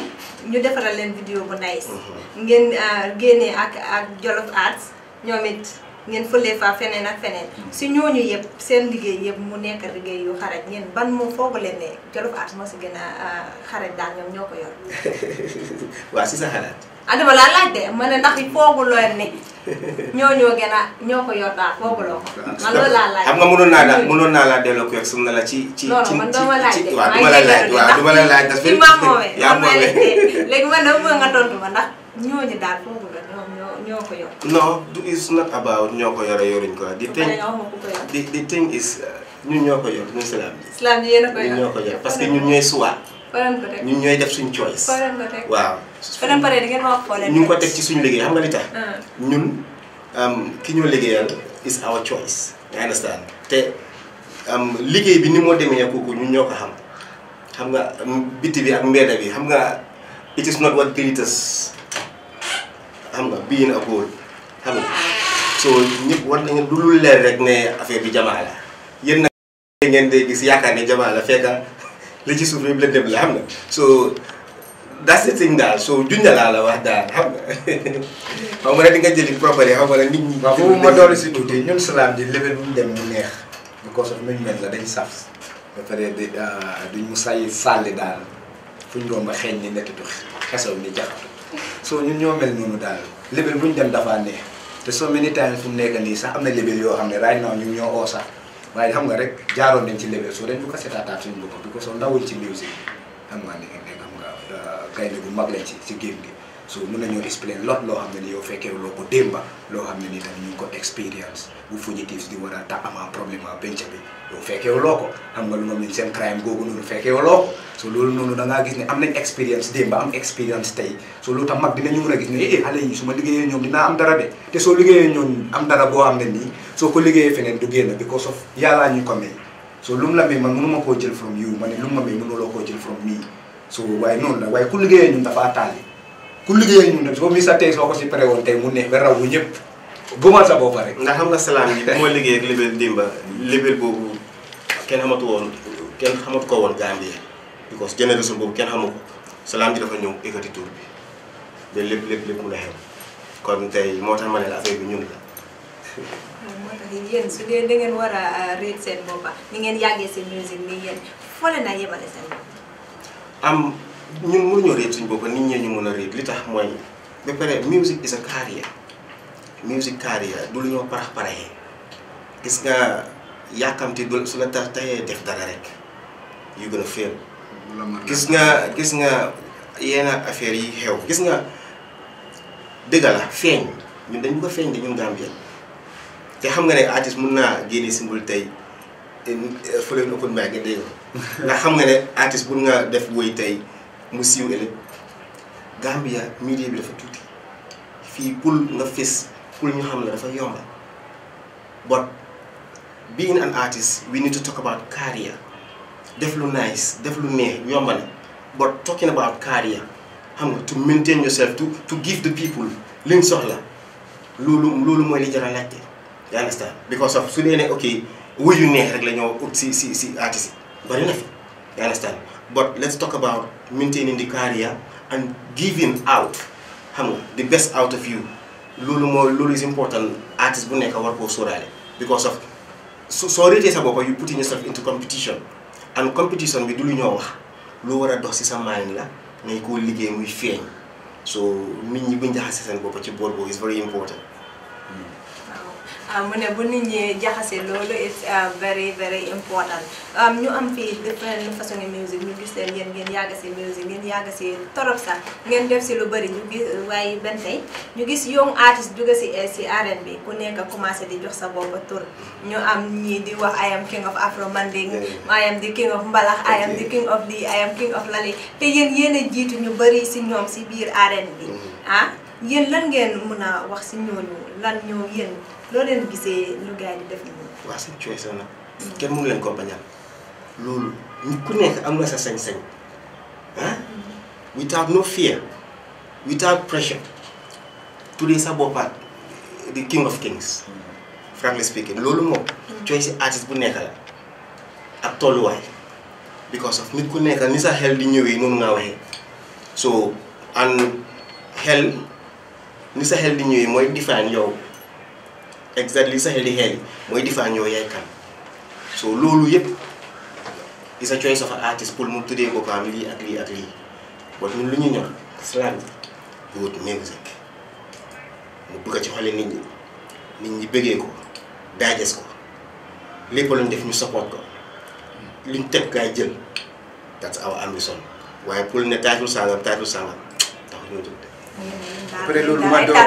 ñu defaral leen vidéo bu nice. Mm-hmm. ngeen uh, génnee ak ak Jollof Arts ñoom it. ngeen fëlee fa fenen ak fenen si ñooñu yëpp seen liggéey yëpp mu nekk liggéey yu xarañ ngeen ban mo foogu leen ne Jolof Art mo ci gëna xarañ daal ñom ñoko yor wa ci sa xalaat adama ah, la laaj de ma ne ndax foogu loo ne ñooñu gëna ñoko yor daal foogu lo ko ah, man loolu laa laaj xam nga mënon na la mënon na la delloo ko sum na la ci ci ci man dama laaj de waaw duma la laaj waaw duma la laaj da daf yaa moomee léegi man mo nga tontu ma ndax ñooñu daal foogu ñoo ko yor. non not about ñoo ko yore yoruñ ko di. tey di thing is uh, ñun ñoo ko yor ñun islam bi. ñoo ko yor parce que ñun ñooy suwaat. ñu ñooy def suñu choice. waaw. faram pare ñu ngi ko teg ci suñu liggéey xam nga li tax. Ah. ñun um, ki ñoo liggéeyal is our choice. you understand te um, liggéey bi ni moo demee kooku ñu ñoo ko xam xam nga um, bitti bi ak mbedda bi xam nga it is not what greatest xam nga biin ak wóol xam nga soo ñëpp war nañu du lu leer rek ne affaire bi jamaa la yéen nag ngeen day gis yaakaar ne jamaa la fekk li ci suuf yëpp la dem la xam soo that's the thing daal la xam ne di nga jëli propre xaw ma nit ñi. waaw ma doolu si tuuti ñun salaam di level bu ñu dem mu neex because of nuñ mel la dañ saf ba pare ah, duñ mu say sàlli daal fuñ romb xeeñ ni nettitu xesaw ni jaxatu soo ñun ñoo mel noonu daal label bu ñu dem dafa neex te so many times fu mu nekk nii sax am na label yoo xam ne right now ñun ñoo oo sax waaye xam nga rek jaaroon nañ ci label soo dañ bu ko seetaataat suñu boppam bi ko soo ndawuñ ci musique xam nga ne nekk xam nga uh, gaynde bu mag lañ ci ci game gi so mun nañoo explain lot loo xam ne ni yow fekkee loo ko démba loo xam ne ni ñu ko expérience bu fugitives di war a ta amaa problème a penc bi yow fekkee loo ko xam nga lu ma min seen crime googu fekkee loo ko so noonu da ngaa gis ne am nañ expérience démba am expérience tey so loolu tam mag dinañu mun a gis ne eh xale yi su ma am dara de te soo liggéeyee ñoom am dara boo xam ne nii soo ko feneen du génn because of yàllaa ñu ko may so lu mu la may man mënuma koo jël from you ma ne lu mu ma may mënuloo koo jël from me so waaye noonu la waaye ku liggéeyee ñun dafa tàlli ku liggéey ak ñun nag foofu mi sa tey soo ko si pare woon tey mu neex ba raw bu ñëpp gëmal sa bopp rek. ndax xam nga salaan bi bu ma liggéey ak libel dimba libel boobu kenn xamatu woon kenn xamatu ko woon Gambie because génération boobu kenn xamu ko salaan bi dafa ñëw ékkati tur bi ba lépp lépp lépp mu xew kon tey moo tax ma ne la bi ñun la. moo tax yéen su dee da ngeen war a réer seen bopp ni ngeen yàggee seen musique ni yéen foo leen a ñun mënuñoo réet suñ bopp nit ñee ñu mën a réet li tax mooy ba pare music is a career music career du lu ñoo parax paraxee gis nga yàkkamti du su la taxee def dara rek yu gën a féem gis nga gis nga yenn affaire yi xew gis nga dëgga la feeñ ñun dañu ba feeñ dañun Gambien te xam nga ne artiste mun naa génne simbul tey fële open mic nga dégg ndax xam nga ne artiste mun nga def woy tey mu siiw ëllëg Gambia milieu bi dafa tuuti fii pour nga fis pour ñu xam la dafa yomba but being an artist we need to talk about career def lu nice def lu neex yomba na but talking about career xam nga to maintain yourself to give the people liñ soxla loolu loolu mooy li jar a laajte you understand because of su dee ne ok wuyu neex rek la ñoo ut si si si artiste yi bari na fi you understand but let's talk about maintaining the career and giving out xam nga the best out of you loolu moo loolu is important artiste bu nekk war koo sóoraale because of su soo réetee sa bopp you putting yourself into competition and competition bi du lu ñoo wax lu war a dox si sa mind la ngay koo liggéey muy feeñ so nit ñi buñ jaxase seen bopp ci bool boobu is very important hmm. Ah, mune bu nit ñi jaxase lolu it's ah, very very important ah, ñu am fi different façon music ñu gis leen yéen ngeen yaga si music ngeen yaga si torop sax ngeen def ci lu bari ñu gis waaye ben tay ñu gis young artist dugg si eh, si R&B ku nekk commencé di jox sa bopp tour ñu am ñi di wax I am king of afro manding I am the king of mbalax I am the king of the, I am king of lali te yeen yene jitu ñu bari si ñom si biir R&B mm-hmm. ah yen lan ngeen mën wax si ñooñu lan ñoo yen loo leen kenn mënu leen ko loolu nit ku nekk am na sa sañ-sañ ah. without no fear without pressure sa boppaat the mm-hmm. loolu moom. Mm-hmm. bu nekk la ak tolluwaay because of nit ku nekk ni sa xel di ñëw yi nga waxee so and ni sa xel di mooy define yow. exactly sa heeli heeli mooy defaan ñoo yaay kan so loolu yëpp is a choice of an artist pour mu tuddee ko am lii ak lii ak lii bon ñun lu ñu ñor slang dugga music mu bëgg a ci xole nit ñi bëggee ko daajes ko lépp def ñu support ko luñ teg gaay jël that's our ambition waaye pour ne taajul sangam taajul sangam taxu ñoo jóg de après loolu ma doole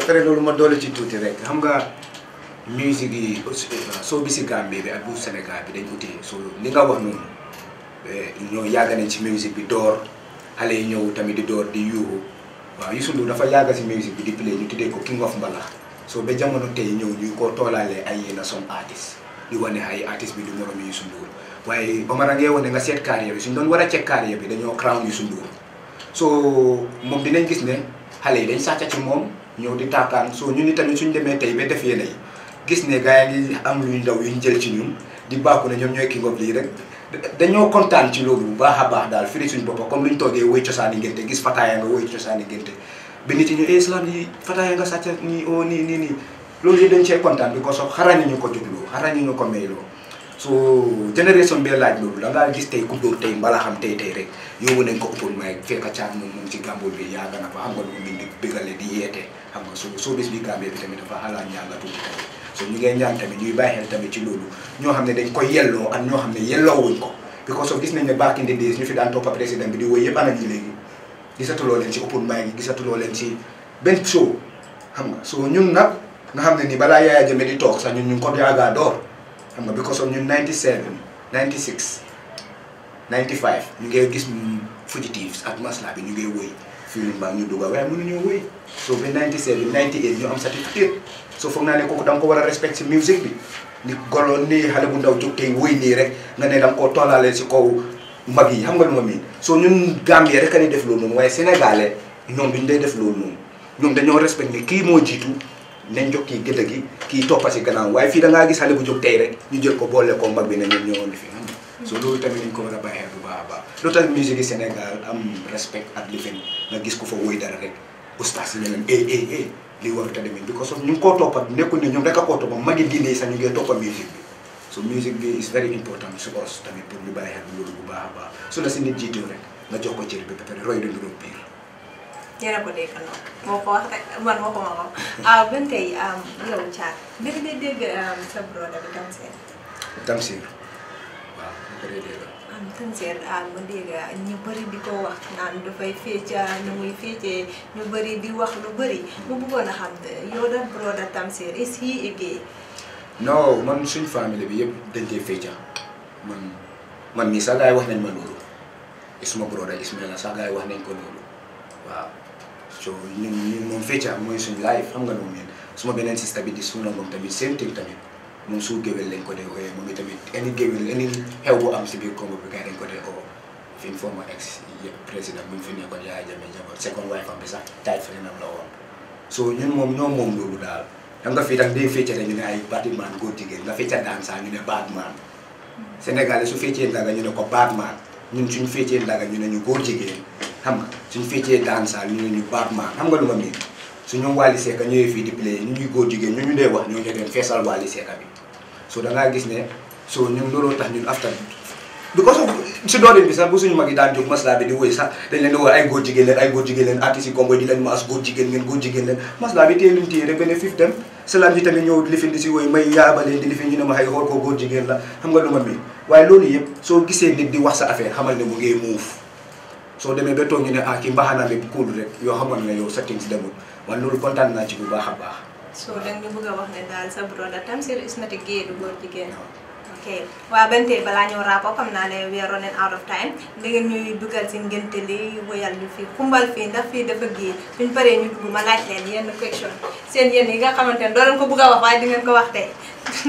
après ma doole ci tuuti rek xam nga musique yi soo bi si Gambie bi ak bu Sénégal bi dañ utee soo li nga wax noonu eh, ñoo yàgg nañ ci musique bi door xale yi ñëw tamit di door di yuuxu waaw Youssou Ndour dafa yàgg si musique bi di play ñu tuddee ko king of mbalax soo ba jamono tey ñëw ñu koo toolaale ay yenn som artiste di wane ay artiste bi du moroom Youssou Ndour waaye Omar a ngee wane nga seet carrière bi suñ doon war a ceeg carrière bi dañoo crown so moom dinañ gis ne xale yi dañ sàcca ci moom ñëw di taakaan soo ñu ni tamit suñ demee tey ba def yenn yi gis ne gars yi ngi am luy ndaw ñu jël ci ñun di bàkku ne ñoom ñooy ki ngob lii rek dañoo kontaan ci loolu bu baax a baax daal firi suñ boppa comme luñ toogee woy cosaani ngénte gis fataaya nga woy cosaani ngénte bi nit ñu eh, islam yi fataaya nga sàcca nii o oh, nii nii nii loolu yi dañ cee kontaan bi ko sof xarañu ñu ko jubloo xarañu ñu ko mayloo so génération bee laaj loolu da ngaa gis tey ku dóor tey mbala xam tey tey rek yóbbu nañ ko ëppoon may fekk caag moom mu ngi ci gàmbool bi yàgg na fa xam nga lu mu di bégale di yeete xam nga so soo bés tamit dafa xalaat tamit so ñu ñoo xam ne dañ koy yelloo ak ñoo xam ne yelloowuñ ko because gis nañ ne back in the days ñu fi daan toppa président bi di leen ci benn show xam ñun nag nga xam ne ni balaa yaay Yaya Jammeh di toog sax ñun ñu ngi ko yaagaa door xam nga because of ñun 97 96 95 ñu ngi gis fugitives ak masla bi ñu ngi wëy film baa ñu dugg waaye mënuñoo wëy so ba 97 98 ñu am certificate so foog naa ne kooku da ko war a respect si musique bi ni goloon nii xale bu ndaw jóg te wëy nii rek nga ne da nga koo tollaale si kaw mbag yi xam nga lu ma miin so ñun Gambie rek a ni def loolu noonu waaye sénégalais ñoom duñ day def loolu noonu ñoom dañoo nañ jox kii gëdd gi kii toppa si gannaaw waaye fii da ngaa gis xale bu jóg tey rek ñu jël ko boole ko mag bi ne ñoom a bàyyee bu baax a gis ko fa woy dara rek oustaz ne leen eh eh, eh a koo toppat nekkul ne ñoom rek a koo toppa magi diine yi sax ñu ngee toppa musique bi so musique bi is very important su loolu si nit jiitoo rek nga jox ko cër ba pare roy dunduroo biir jërëjëf bu dégg noonu moo ko wax rek man moo ko ma wax ah ban tey yow Thiat mbir mi dégg sa broda bi Tamsir. Tamsir waaw mbir mi dégg. am Tamsir ah ma dégg ñu bëri di ko wax naan dafay féecaa nu muy féecee ñu bëri di wax lu bëri mu bëggoon a xam yow da broda Tamsir est-ce que yii gay. non man suñ famille bi yëpp dañ cee féecaa man man mii sax gars yi wax nañ ma loolu. is ma broda Ismaila sax gars yi wax nañ ko loolu waaw. coow ñun ñun moom fecca mooy suñu live xam nga moom yéen suma beneen sista bi di suuna moom tamit same thing tamit moom suur géwél lañ ko dee ooyee moom itamit biir Congo bi gars dañ oo fi mu former bu ñu fi nekkoon Yaya Jammeh jabar second wife am bi so ñun moom ñoo moom loolu daal xam nga fii tam day fecca dañu ne ay batman góor jigéen nga fecca daan saa ñu ne batman hmm. Sénégalais su feccee ndaga ñu ne ko batman ñun suñu feccee ndaga ñu ne ñu góor jigéen xam nga suñu feccee daan saa ñu ne ñu baat maa xam nga lu ma miin suñu ñu ñuy góor jigéen ñu ñu dee wax ñoo ñu leen feesal Wally bi soo dangaa gis ne soo ñun looloo tax ñun after bi ko si doolin si woy may yaaba leen di lifin ñu ne la xam nga lu ma waaye loolu yëpp soo gisee nit di wax sa affaire xamal ne mu ngee muuf soo demee ba toog ñu ne ah ki mbaxana bi kuul rek yoo xamoon ne yow settings demul waaye loolu kontaan naa ci bu baax a baax. soo da nga bëgg a wax ne daal sa broda Tamsir is not a gay du góor jigéen. ok wa bantee balaa ñëw rapport comme naa we are running out of time nga ngeen ñuy duggal ci ngénte li woyal ñu fi kumbal fi ndax fi dafa gi suñ paré ñu dugg ma laaj leen yenn question seen yenn yi nga xamantene do doo leen ko bëgga a wax way di ngeen ko wax té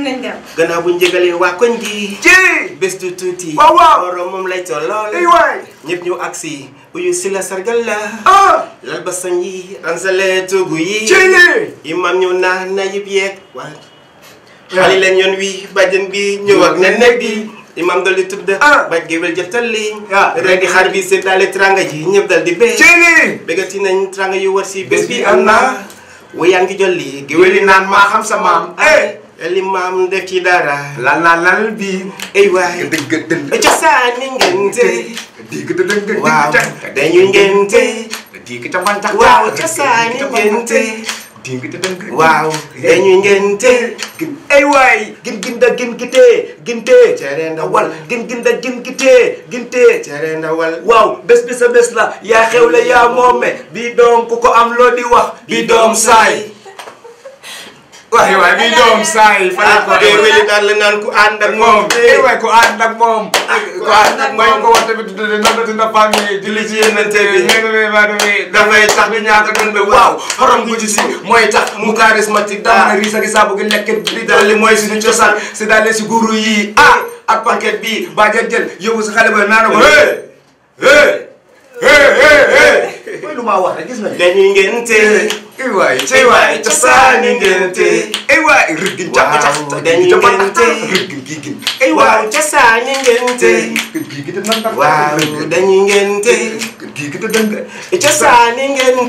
nañ dem bu njëgalee wa koñ gi ci best to tuti waaw waaw lay tollool ay waay ñu aksi uyu si la sargal la ah! lal ba yi ransale tugg yi ci imam ñu na na yib yeeg xali leen yoon wi bàjjen bi ñu ak ne nek di imam ah. ya. dal di ah baj géwél jeftal li rek di xar bi séddaale tranga ji ñep dal di bee céni bégati nañ tranga yu war ci bes bi amna wo yang ngi jolli géwél yi naan maa xam sa eh el imam de ci dara la la la bi ay waay dëgg ci sa ni ngente dëgg dëgg waaw dañu ngente dëgg ta bantax waaw sa ni ngente di nga te waaw dañuy ngente gin ay waay gin gin da gin gitee gintee cere ndawal gin gin da gin gitee gintee cere ndawal waaw bés bi sa bés la yaa xew la yaa moome bi doom ku ko am loo di wax bi doom saay waaye waaye bii doom saa yi fay ko dee wéli daan la naan ku ànd ak moom waaye ku ànd ak moom ah, ku ànd ak moom ko wax tamit tudde na dina famille di li ci yéenante bi ñene me dafay la waaw xorom bu ci si mooy tax mu charismatique dama ah. riis ak saabu gi lekket li dalli mooy suñu cosaan si dalli si yi ah ak paquet bi ba jël jël yow si xale ba naa na ko mooy lu ma wax rek gis nga. dañuy ngénte. ay waay ay waay cosaani ngénte. ay waay rëgg jàpp jàpp dañuy ngénte rëgg gi gi. ay waay cosaani ngénte.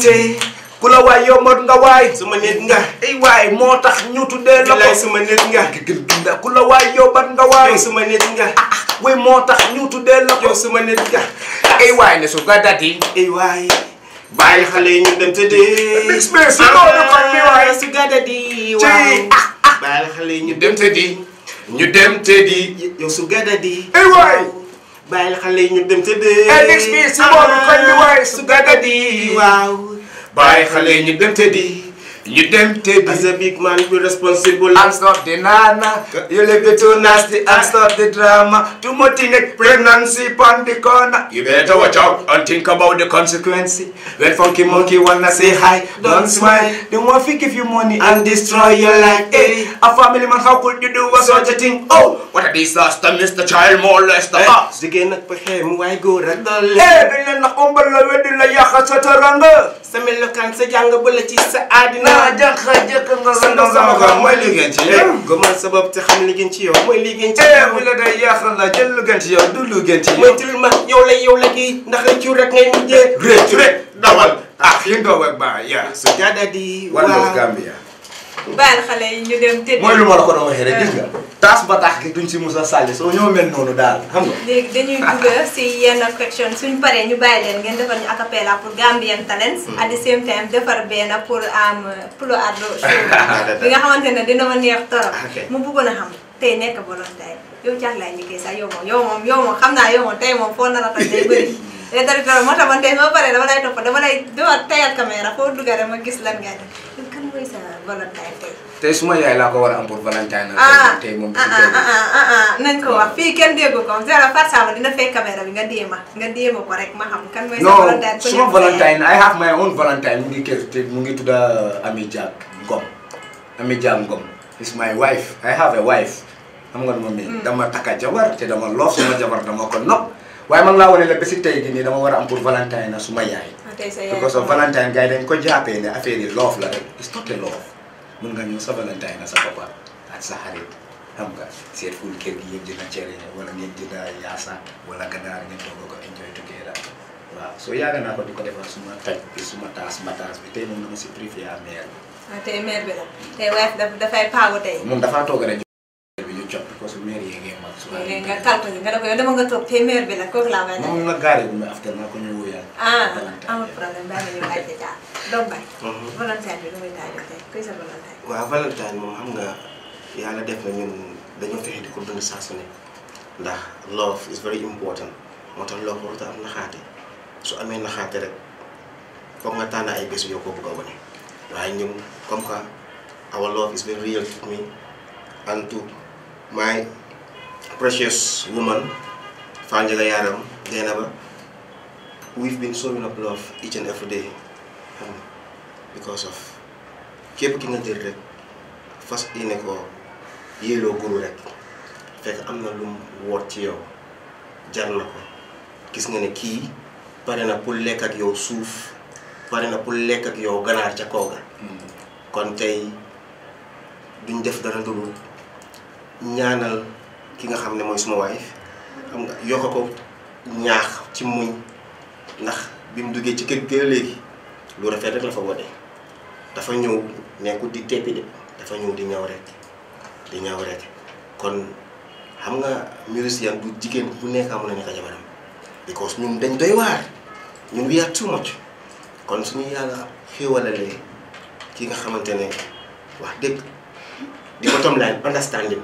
gi ku la waay yow mot nga waay. sama nit nga. ay waay moo tax ñu tuddee la ko. sama nit nga. ku la waay yow bat nga waay. sama nit nga. Ah, ah, way moo tax ñu tuddee la ko. sama nit nga. Ah. ay waay ne su gàddati. ay waay. bàyyi xale yi ñu dem tëddee. bés bés yi loolu kon mi su gàddati. waay bàyyi xale yi ñu dem tëddee. dem tëddee. yow su gàddati. ay waay. bàyyi xale yi ñu dem tëddee. waaw. bàyyi xale ñu dënte di You them take As a big man, be responsible and stop the nana. You live the too nasty and stop the drama. Too much in it, pregnancy on the corner. You better watch out and think about the consequence. When funky monkey wanna say hi, don't smile. The want to give you money and destroy your life. Hey, a family man, how could you do a such a thing? Oh, what a disaster, Mr. Child Molester. Ah, for him. why go radol? Eh, dila na kumbala, dila yaka sa taranga. Sa milokan sa janga bulachi sa adina. jëkk jëkk nga nga sama ko mooy li gën sa bopp te xam li gën ci yow mooy li gën ci yow la day yaasal la jël lu gën ci yow du lu gën ci yow mooy ci lu ma yow la yow la kii ndax la rek ngay mujjee réccu rek dawal ah yi yaa su jaada di waaw Gambia baal xale yi ñu dem tëdd. mooy lu ma ko doon waxee rek gis nga. Eh. taas ba tax gi duñ si Moussa Sall soo ñoo mel noonu daal xam nga. léegi dañuy dugg si yenn question suñ paree ñu bàyyi leen ngeen defar ñu acapella pour Gambian Talents. Hmm. at the same time defar benn pour am um, Pulo Ardo bi nga xamante ne dina ma neex torop. mu bëggoon xam tey nekk volontaire yow jaaxle laay liggéey sax yow moom yow moom yow moom xam naa yo moom tey moom foo nar a tas day bëri. te eh, moo tax ma gis lan koy sa Valentine tey. suma yaay laa ko war a am pour Valentine. a na ah, moom ah, ah, nañ ko wax fii kenn déggu ko zéro par saba dina fay caméra bi nga déema nga déema ko rek ma xam kan mooy sa Valentine non suma Valentine I have my own Valentine mu ngi kër te mu ngi tudda Ami Diak Ngom Ami Diak Ngom is my wife I have a wife xam nga nu ma mel. Mm. dama takka jabar te dama loof suma jabar dama ko nopp. waaye man laa wane la bési tey gi nii dama war a am pour valentine na su ma yaay. because ah, of valentine gars dañ ko jàppee ne affaire yi loof la rek it's not a loof sa valentine na sa papa sa xarit nga seet ful kër gi yëpp dina cere wala ngeen dina yaasa wala ganaar ngeen togg ko enjoy soo yaaga naa ko di ko defal suma taj bi suma taas ma taas bi tey moom dama si préféré à maire bi. ah tey maire bi la tey waaye dafay paagu tey. moom dafaa toog rek nga calculé nga ne ko yow nga toog téeméer bi nag kooku laa may. moom la gaari bi mais after naa ko ñu wóyaat. ah amul problème bi lu muy taal moom xam nga yàlla def na ñun dañoo fexe di ko dund saa su ne ndax love is very important moo tax love warut am naxaate su amee naxaate rek foog nga tànn ay bés yoo ko bëgg a waaye ñun comme que our love is very real to me and to precious woman, Fanjala Yaram, Denaba, we've been showing up love each and every day um, because of képp ki nga jël rek fas yéene ko yéeloo guru rek fekk am na lum mu ci yow jar na ko gis nga ne kii pare na pour lekk ak yow suuf pare na pour lekk ak yow ganaar ca kaw hmm. kon tey duñ def dara dul ñaanal ki nga xamne ne suma wife xam nga yoko ko ñaax ci muñ ndax bimu duggé ci kër gëlé légui lu rafet rek la fa wone dafa ñëw di tépi de dafa ñëw di ñaw rek di ñaw rek kon xam nga musicien du jigen bu nekk amul na nekk because ñun dañ doy war ñun we are too much kon suñu yàlla xéewalalee ki nga xamante ne wax dëgg di ko tom line understanding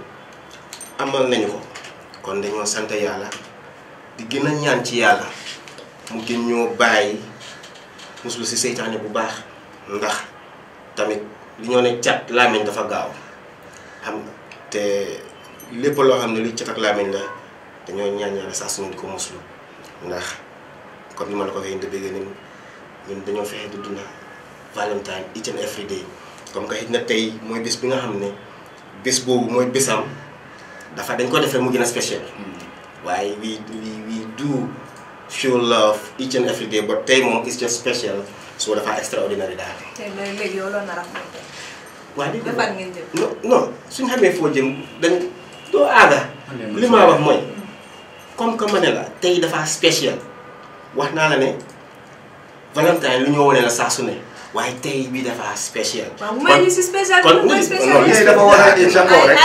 amal nañu ko kon dañoo sant yàlla di gën a ñaan ci yàlla mu gën ñoo bàyyi muslu si seytaane bu baax ndax tamit li ñoo ne cat làmmiñ dafa gaaw xam nga te lépp loo xam ne li cat ak làmmiñ la dañoo ñaan yàlla saa suñu di ko muslu ndax comme ni ma la ko waxee dëgg yàlla ñun dañoo fexe di dund Valentine each and every day comme que xëy na tey mooy bés bi nga xam ne bés boobu mooy bésam. dafa dañ ko defee mu gën a spécial. waaye we we we do show love each and every day but tey moom is just special so dafa extraordinary daal. tey loolu xamee foo jëm dañ doo aada. li ma wax mooy. comme que ma ne la tey dafa spécial wax naa la ne Valentine lu ñoo wane la saa su ne. waaye tey bii dafa spécial. waaw mu mel ni si spécial kon kon tey dafa a jàppoo rek.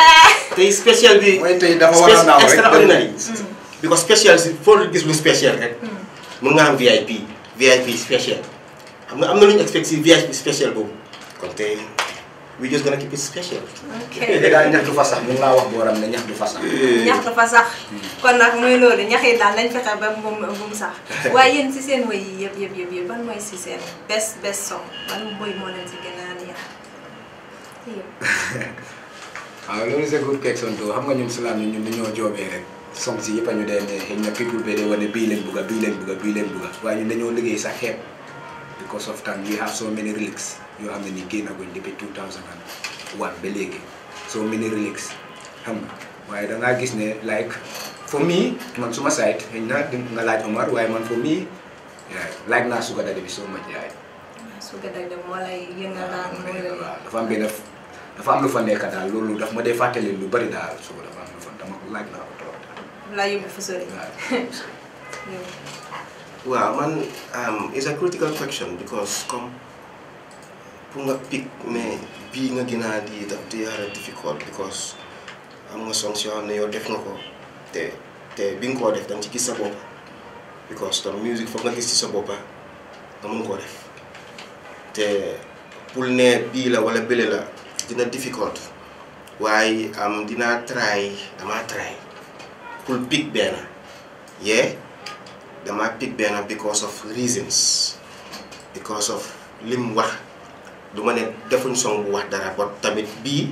tey spécial bi. mooy tey dafa war a naaw rek extraordinaire bi ko spécial si foo gis lu spécial rek. Mm. mun nga am VIP. VIP spécial xam nga am na lu ñu expect si VIP spécial boobu kon tey. we just gonna keep it special. Okay. daal ñaxtu fasax mu laa wax booram ne ñaxtu fasax. ñaxtu iya. fasax. kon nag muy loolu ñax yi daal nañ ba mu mu sax waaye yéen si seen woy iya, yi iya, yëpp yëpp yëpp yëpp ban mooy si seen best best song ban boy moo leen si gën a neex waaw loolu c'est good question too xam kan nga ñun nyum yi ñun dañoo joobee rek song si yëpp a ñu dee na people beri day wane bii leen bugga bii leen bugga bii leen bugga waaye ñun liggéey because of time we have so many relics yoo xam ne ni génnaguñ depuis 2001 ba léegi so many relics waaye dangaa gis ne like for me man suma side na nga laaj Omar waaye man for me like naa Sugar Daddy bi so much yaay. Sugar Daddy dafa am benn dafa am lu fa nekk daal loolu daf ma dee fàttali lu bari daal so dafa am lu fa dama ko laaj naa waaw man um, it's a critical question because comme. nga pick mais being a Gennady that they are difficult because am nga songs yoo xam ne yow def nga ko te te bi nga koo def danga ci gis sa bopp because tam music foog nga gis ci sa bopp nga mun koo def te pour ne bii la wala bële la dina difficult waaye am dinaa try damaa try pour pick benn yee damaa pick benn because of reasons because of lim wax du ma ne defuñ song bu wax dara ba tamit bii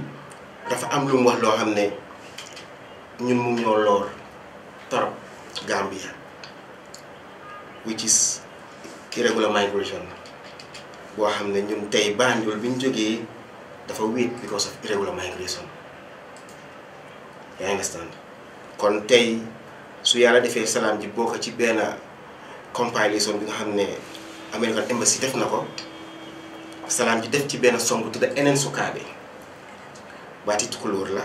dafa am lu mu wax loo xam ne ñun mu ñoo lool trop Gambia which is irregular migration boo xam ne ñun tey Banjul bi ñu jógee dafa wéet because of irregular migration yaa understand kon tey su yàlla defee salaam ji bokk ci benn compilation bi nga xam ne American Embassy def na ko salaam ji def ci benn song tudda eneen sukaabe baati tukulóor la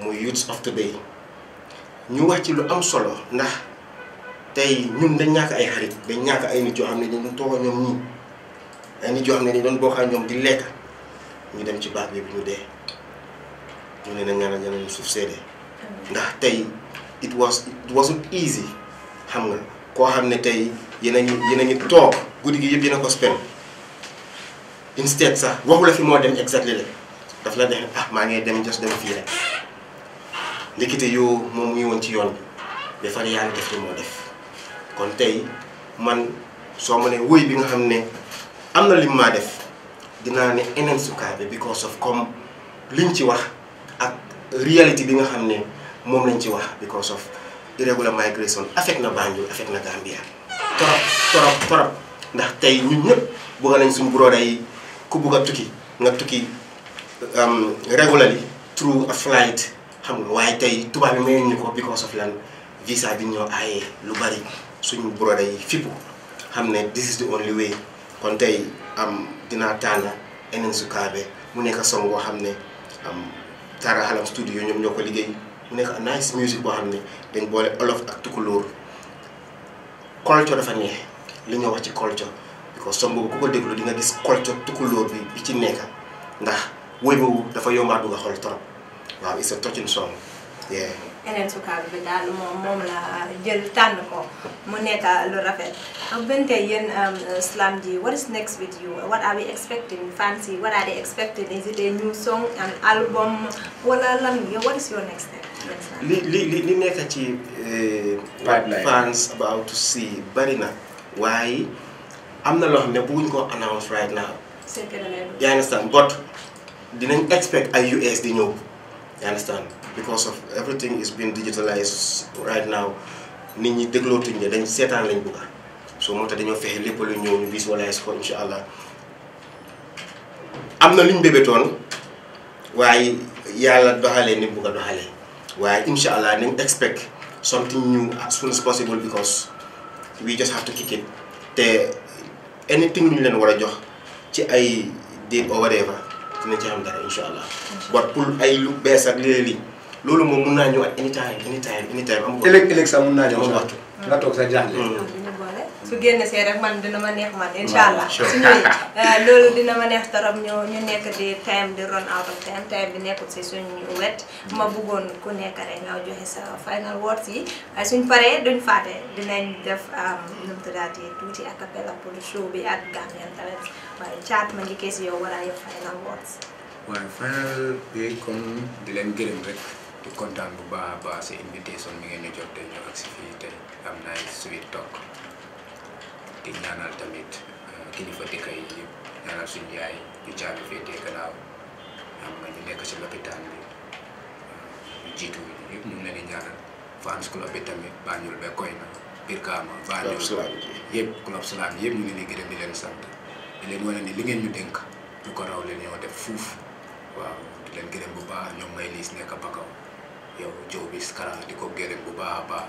muy youths of today ñu wax ci lu am solo ndax tey ñun dañ ñàkk ay xarit dañ ñàkk ay nit yoo xam ne dañ toog ñoom ñii ay nit yoo xam dañ doon bokk ñoom di lekk ñu dem ci baax bi ñu dee ñu ne na ñaanal ñaanal suuf seede ndax tey it was it wasn't easy xam nga koo xam ne tey yéen a ngi yéen a ngi toog guddi gi yëpp yéen a ko spend instead sax waxu la fi moo dem exactly la daf la dem ah maa ngi dem jos dem fii rek ndekete yoo moom mu woon ci yoon bi dafa yàlla def li moo def kon tey man soo ma ne wóy bi nga xam ne am na lim maa def dinaa ne eneen sukaa bi because of comme liñ ci wax ak réalité bi nga xam ne moom lañ ci wax because of irregular migration affect na Banjul affect na Gambia torop torop torop ndax tey ñun ñëpp bëgg nañ suñu broda yi ku bugg a tukki nga tukki regularly through a flight xam nga waaye tey tubaab bi mayuñu ñu ko because of lan visa bi ñoo aayee lu bari suñu broda yi fippu xam ne this is the only way kon tey am dinaa tànn eneen sukaabe mu nekk song boo xam ne am Tara Halam studio ñoom ñoo ko liggéey mu nekk nice music boo xam ne dañ boole olof ak tukulóor culture dafa neex li ñoo wax ci culture son boobu ku ko déglu di nga gis culture tukulóor bi bi ci nekk ndax woy boobu dafa yombaa dugg xol trop waaw it's a touching song yeah. yeneen sukaaru bi daal moom moom la euh, jël tànn ko mu nekk euh, lu rafet bente yéen euh, slam ji what is next with you what are we expecting fans yi what are they expecting is it a new song an album wala lan what is your next li li li nekk ci fans about to see bari na waaye am na loo xam ne ko announce right now. you understand but dinañ expect ay US di ñëw you understand because of everything is being digitalized right now nit ñi déglootuñ ne dañ seetaan lañ bëgg so moo tax dañoo fexe lépp lu ñëw ñu visualize ko insha allah am na luñ bébétoon waaye yàlla doxalee ni mu bëgg a doxalee waaye insha allah nañ expect something new as soon as possible because we just have to kick it te anything lu ñu leen war a jox ci ay déet au whatever dinañ ci xam dara incha allah. wat pour ay lu bees ak léeg-léeg loolu moom mun naa ñëwaat anytime anytime anytime am. ëllëg ëllëg sax mun naa ñëw waxtu. nga toog sa jàng. Hmm. su génn see rek man dina ma neex man incha allah loolu dina ma neex torop ñu ñu nekk di time di run out of time time bi nekkul si suñu wet ma bëggoon ku nekk rek nga joxe sa final words yi suñ paree duñ faate dinañ def nu mu tuddaat yi tuuti a cappella show bi ak Gambian Talents waaye caat ma ngi kees yow wala yow final words waaw final bi comme di leen gërëm rek di kontaan bu baax a baax si invitation mi ngeen ñu jot te ñu ak si fii tey am naa di ñaanal tamit euh, kilifa dëkk yi yëpp ñaanal suñu yaay ñu caabi féetee gannaaw am nga ñu nekk si lopitaan bi euh, ñu jiitu yëpp ñu ngi leen ñaanal fans club bi tamit Banjul ba koy na Brikama Banjul yëpp club Salam yëpp ñu ngi leen di di leen sant di leen wane ni li ngeen ñu dénk ñu ko raw leen ñoo def fuuf waaw di leen gërëm bu baax ñoom may liis nekk bakaw yow jow bis di ko gërëm bu baax a baax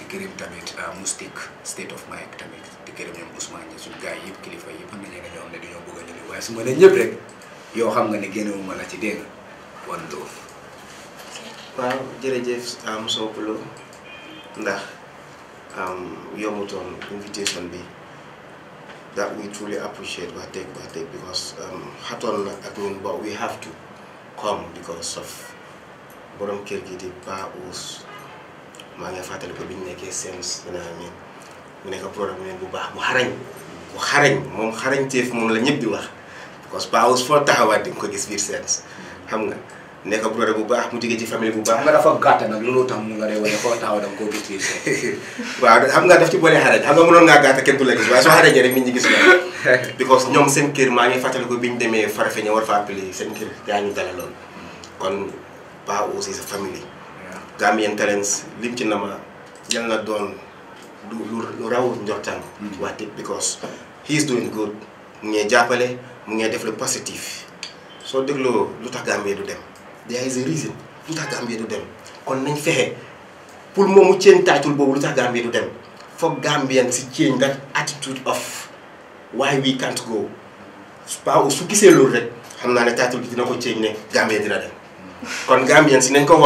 dikirim tamit uh, mustik state of mind tamit dikirim yang ñoom Ousmane ñi suñu gars yi yëpp kilifa yëpp am na ñeneen ñoo xam ne dañoo bëgg a ñëw waaye su ma ne ñëpp rek yoo xam nga ne génnewu ma la ci dégg waaw jërëjëf am Soplo ndax yombutoon invitation bi that we truly appreciate wax dëgg wax because xatoon na ak ñun but we have to come because of borom kër gi di Ba maa ngi fàttali ko bi nekké nekkee CMS danaa amin mu nekk programme bu baax bu xarañ ko xarañ mom xarañ xarañteef mom la ñepp di wax because que Pao foo taxawaat di ko gis bir CMS xam nga nekk programme bu baax mu diggé ci famille bu baax. nga dafa gatté nak loolu tam mu la réew foo taxaw da ko gis biir CMS. waaw xam nga daf ci bolé xarañ xam nga mënon nga gatté kenn du la gis wa so xarañ rek nit ñi gis la because ñom seen kër maa ngi fàttali ko bi démé farafé ñu war fa appeler seen kër yaa ñu dalaloon kon Pao aussi sa famille Gambian Talents lim ci nama yal na doon lu lu raw njortam hmm. waat it because he is doing good mu ngee jàppale mu ngee def lu positif soo degloo lu tax Gambie du dem there is a reason lu tax Gambie du dem kon nañ fexe pour moomu change title boobu lu tax Gambie du foog Gambian si change that attitude of why we can't go su gisee loolu rek xam naa ne title bi dina ko change ne Gambie dina dem hmm. kon Gambian si nañ ko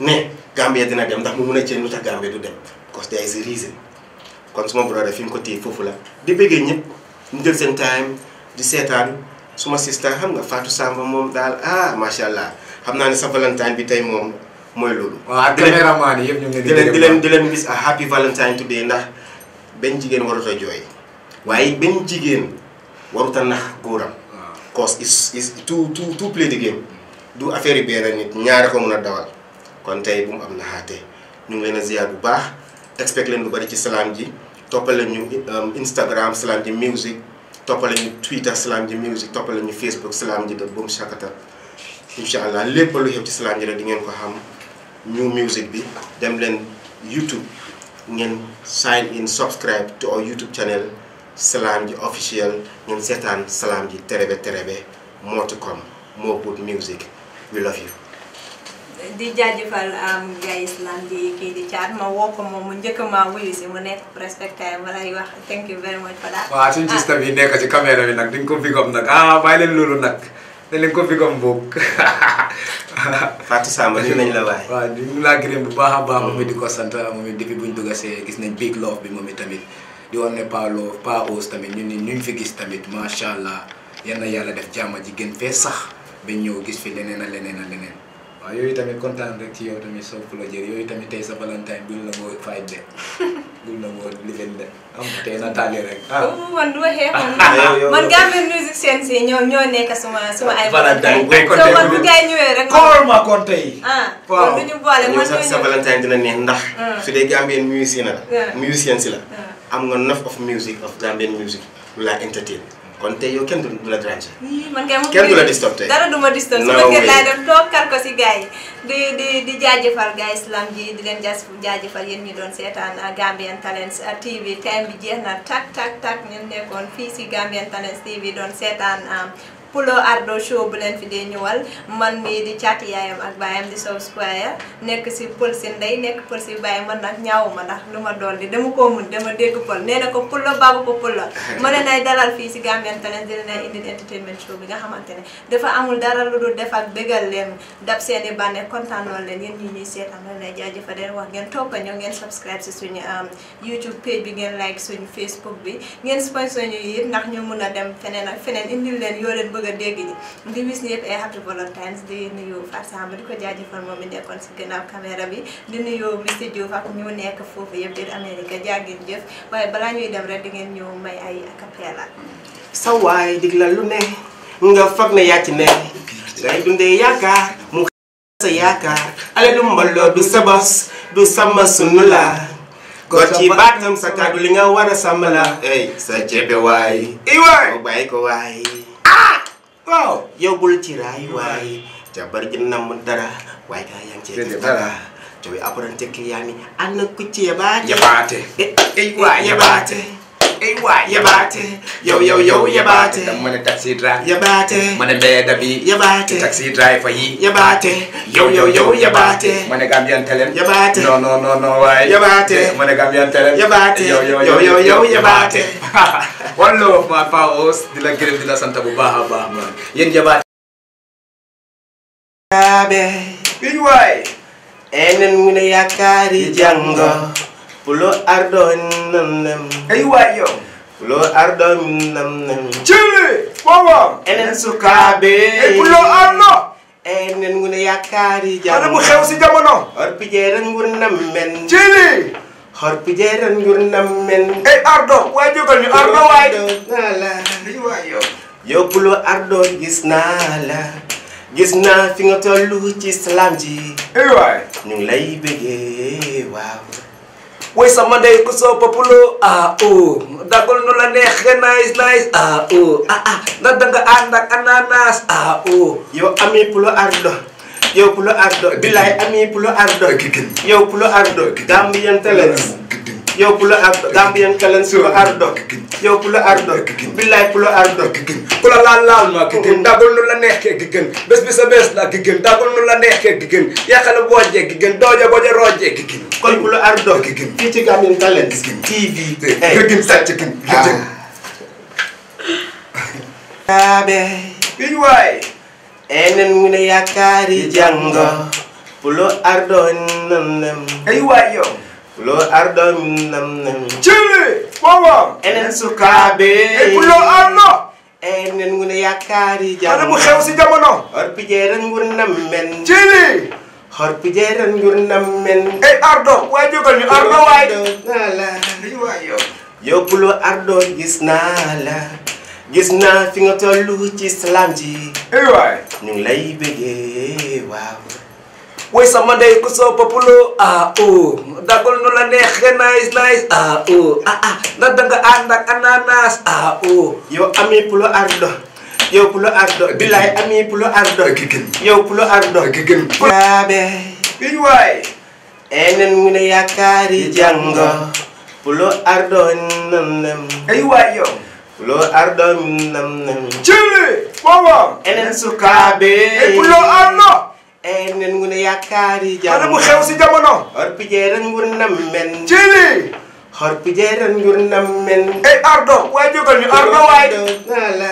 ne Gambia dina dem ndax mu mun a cee lu tax Gambia du dem because there is a reason kon suma brother fi nga ko téye foofu la di bëggee ñëpp ñu jël seen time di seetaan suma sister xam nga Fatou Samba moom daal ah macha allah xam naa ne sa valentine bi tey moom mooy loolu. waaw caméraman yëpp ñu ngi di leen di leen di leen a ah, happy valentine today ndax benn jigéen warut a jooy waaye benn jigéen warut a nax góoram. cause is is tout tout play the game du affaire yi benn nit ñaare ko mun a dawal. kon tey bu mu am naxaate ñu ngi leen a ziar bu baax expect leen lu bari ci Salam Ji toppale ñu um, Instagram Salam Ji music toppale ñu Twitter Salam Ji music toppale ñu Facebook Salam Ji de Boom Shakatal incha allah lépp lu xew ci Salam Ji di ngeen ko xam ñu music bi dem leen YouTube ngeen sign in subscribe to our YouTube channel Salam Ji official ngeen seetaan Salam Ji terebe tere moo ci kom moo good music we love you. di am um, guys lan di ki di chat ma wo ko moom mu njëkk wuyu si mu nekk respecté wala yi wax thank you very much for that. waaw ci stam yi nek ci caméra bi nak ding ko figom nak ah bay len lolu nak ne len ko figom bok Fatou sama ñu nañ la waay. wa di la gërëm bu baaxa baax. moom di ko sant moom it depuis buñ dugg gis nañ big love bi moom mi tamit di woon ne pas love pa ose tamit ñu ni ñu fi gis tamit sha allah yalla na def jàmm ji gën fee sax ba ñëw gis fi leneen a leneen leneen. waaw yooyu tamit kontaan rek ci yow yooyu tamit tey sa valentine bul na ngoo fay de bul na ngoo liggéey de am tey nataali ah. ma xeexoon man Gambian Music Sen si ñoo ñoo nekk suma suma ay. valentine bu ko man bu gars yi ñëwee rek. kóol ma kon ah, man sax sa valentine dina neex ndax. Ah. su dee Gambian musicien la. musicien si la. am nga neuf of music of Gambian music la entertain. kon tey yow kenn du la déranger. man kay kenn du la disturb tey dara du ma disturb. su ma gën dem toog kar ko si gars yi. di di di jaajëfal gars islam ji di leen jaajëfal yéen ñi doon seetaan uh, Gambian Talents uh, TV time bi jeex na tak tak tak ñun nekkoon fii si Gambian Talents TV doon seetaan. Um, Pulo Ardo show bu leen fi dee ñëwal man mii di caati yaayam ak baayam di Sow Square nekk si pël si ndey nekk pël si baay man nag ñaawuma ndax lu ma doon di dama koo mun dama dégg pël nee na ko Pulo ko Pulo ma ne si Gambian Talents bi nga xamante ne dafa amul dara lu dul def ak bégal leen dab seen i bànne kontaanoo leen yéen ñi ñuy seetaan la lay jaajëfal leen wax ngeen toog ñoo ngeen subscribe si suñu um, YouTube page bi ngeen like suñu Facebook bi ngeen sponsor ñu it ndax ñu mun a dem feneen bëgg a dégg ji di wis ñëpp ay happy Valentine's di nuyu Farsamba di ko jaajëfal moom mi nekkoon si gannaaw caméra bi di nuyu monsieur Diouf ak ñu nekk foofu yëpp biir Amérique jaagin jëf waaye balaa ñuy dem rek di ngeen ñu may ay acapella sa waay dig la lu ne nga foog ne yaa ne ngay dundee yaakaar mu sa yaakaar ale du mbaloo du sa bos du sama sunu la ko ci baatam sa kàddu li nga war a sàmm la. hey sa ceebe waay. i waay bàyyi ko waay. Ah! waaw yow bul ci raay waay jabar ji namm dara waaye gaa yaa ngi cee def dara te wi apprenti ki yaa ni ana ku ci eh, eh, yabaate yabaate ay waay ay waay yabaate yow yow yow yabaate dama ne taxi driver yabaate ma ne mbedd bi yabaate taxi driver yi yabaate yow Gambian Talents yabaate non non non non waay yabaate ma ne Gambian Talents yabaate yow yow yow yow yabaate wallo ma paos di la gërëm di la sant bu baax a baax ma yéen yabaate abe biñ waay enen mu ne yaakaari Pulo ardo nam nam. Hey, why yo? Pulo ardo nam nam. Chili, wawa. Enen sukabe. Hey, eh, pulo ardo. Enen guna yakari jam. Ada bukan si jamono. guna men. Chili. Chile. Orpijeran guna men. Hey, eh, ardo, why yo kan? Ardo, why? Nala. Hey, why yo? Yo pulo ardo gis nala. Gis na fi nga tollu ci salam ji. Hey, why? Ñu lay bege waaw. woy sama ndey ku soo populo ah oh dagul nu la neex nga nice nice ah oh ah ah ndax danga ànd ak ananas ah oh yow ami pulo ardo yow pulo ardo bilaay ami pulo ardo yow pulo ardo gambian talents yow pulo ardo gambian kalen suko ardo yow pulo ardo billaay pulo ardo ku la laal laal ma ki gën dagul nu la neexee ki gën bés bi sa bés la ki dagul nu la neexee ki gën yàqale boojee ki gën dooje boje roojee ki gën kon pulo ardo ki gën fii ci gambian kalen tv ki gën sàcc ki gën kaabe ah. kiñ waay enen mu ne yaakaari jàngo pulo ardo nan nem ay waay yow lo ardo nam nam chili wawa enen sukabe e eh, pulo arno enen ngune yakari jam ana mu xew ci jamono hor pijeran ngur nam men chili hor pijeran ngur nam men e ardo way jogal kan ni ardo way la yo yo pulo ardo gis nala gis na fi nga tollu ci salam ji e eh, way ñu lay bëggé waaw way sama ndey ku soo populo ah oh dagul nu la neexee nice nice ah oh ah ah ndax danga ànd ak ananas ah oh yow ami pulo ardo yow pulo ardo bilaay ami pulo ardo gigin yow pulo ardo gigin yaabe biñ waay enen mu ne yaakaari jàngo pulo ardo nam nam ay waay yow pulo ardo nam nam cili booba enen sukaabe pulo ardo enen ngune yakkaari jam ana mo xew si jamono horpijeeren gurdam men jili horpijeeren gurdam men ey ardo way jogal ñu ardo waay nala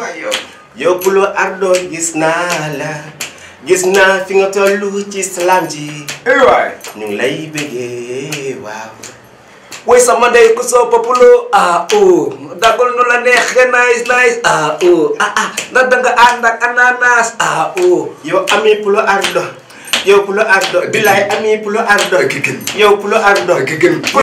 waay yobbulu ardo gis naa la gis naa fi nga tollu ci islam ji ey waay ñu lay bëggee waaw woy sama ndey ku soo populo ah oh dagol nu la neexe nice nice ah oh ah ah ndax danga ànd ak ananas ah oh yow ami pulo ardo yow pulo ardo bilaay ami pulo ardo yow pulo ardo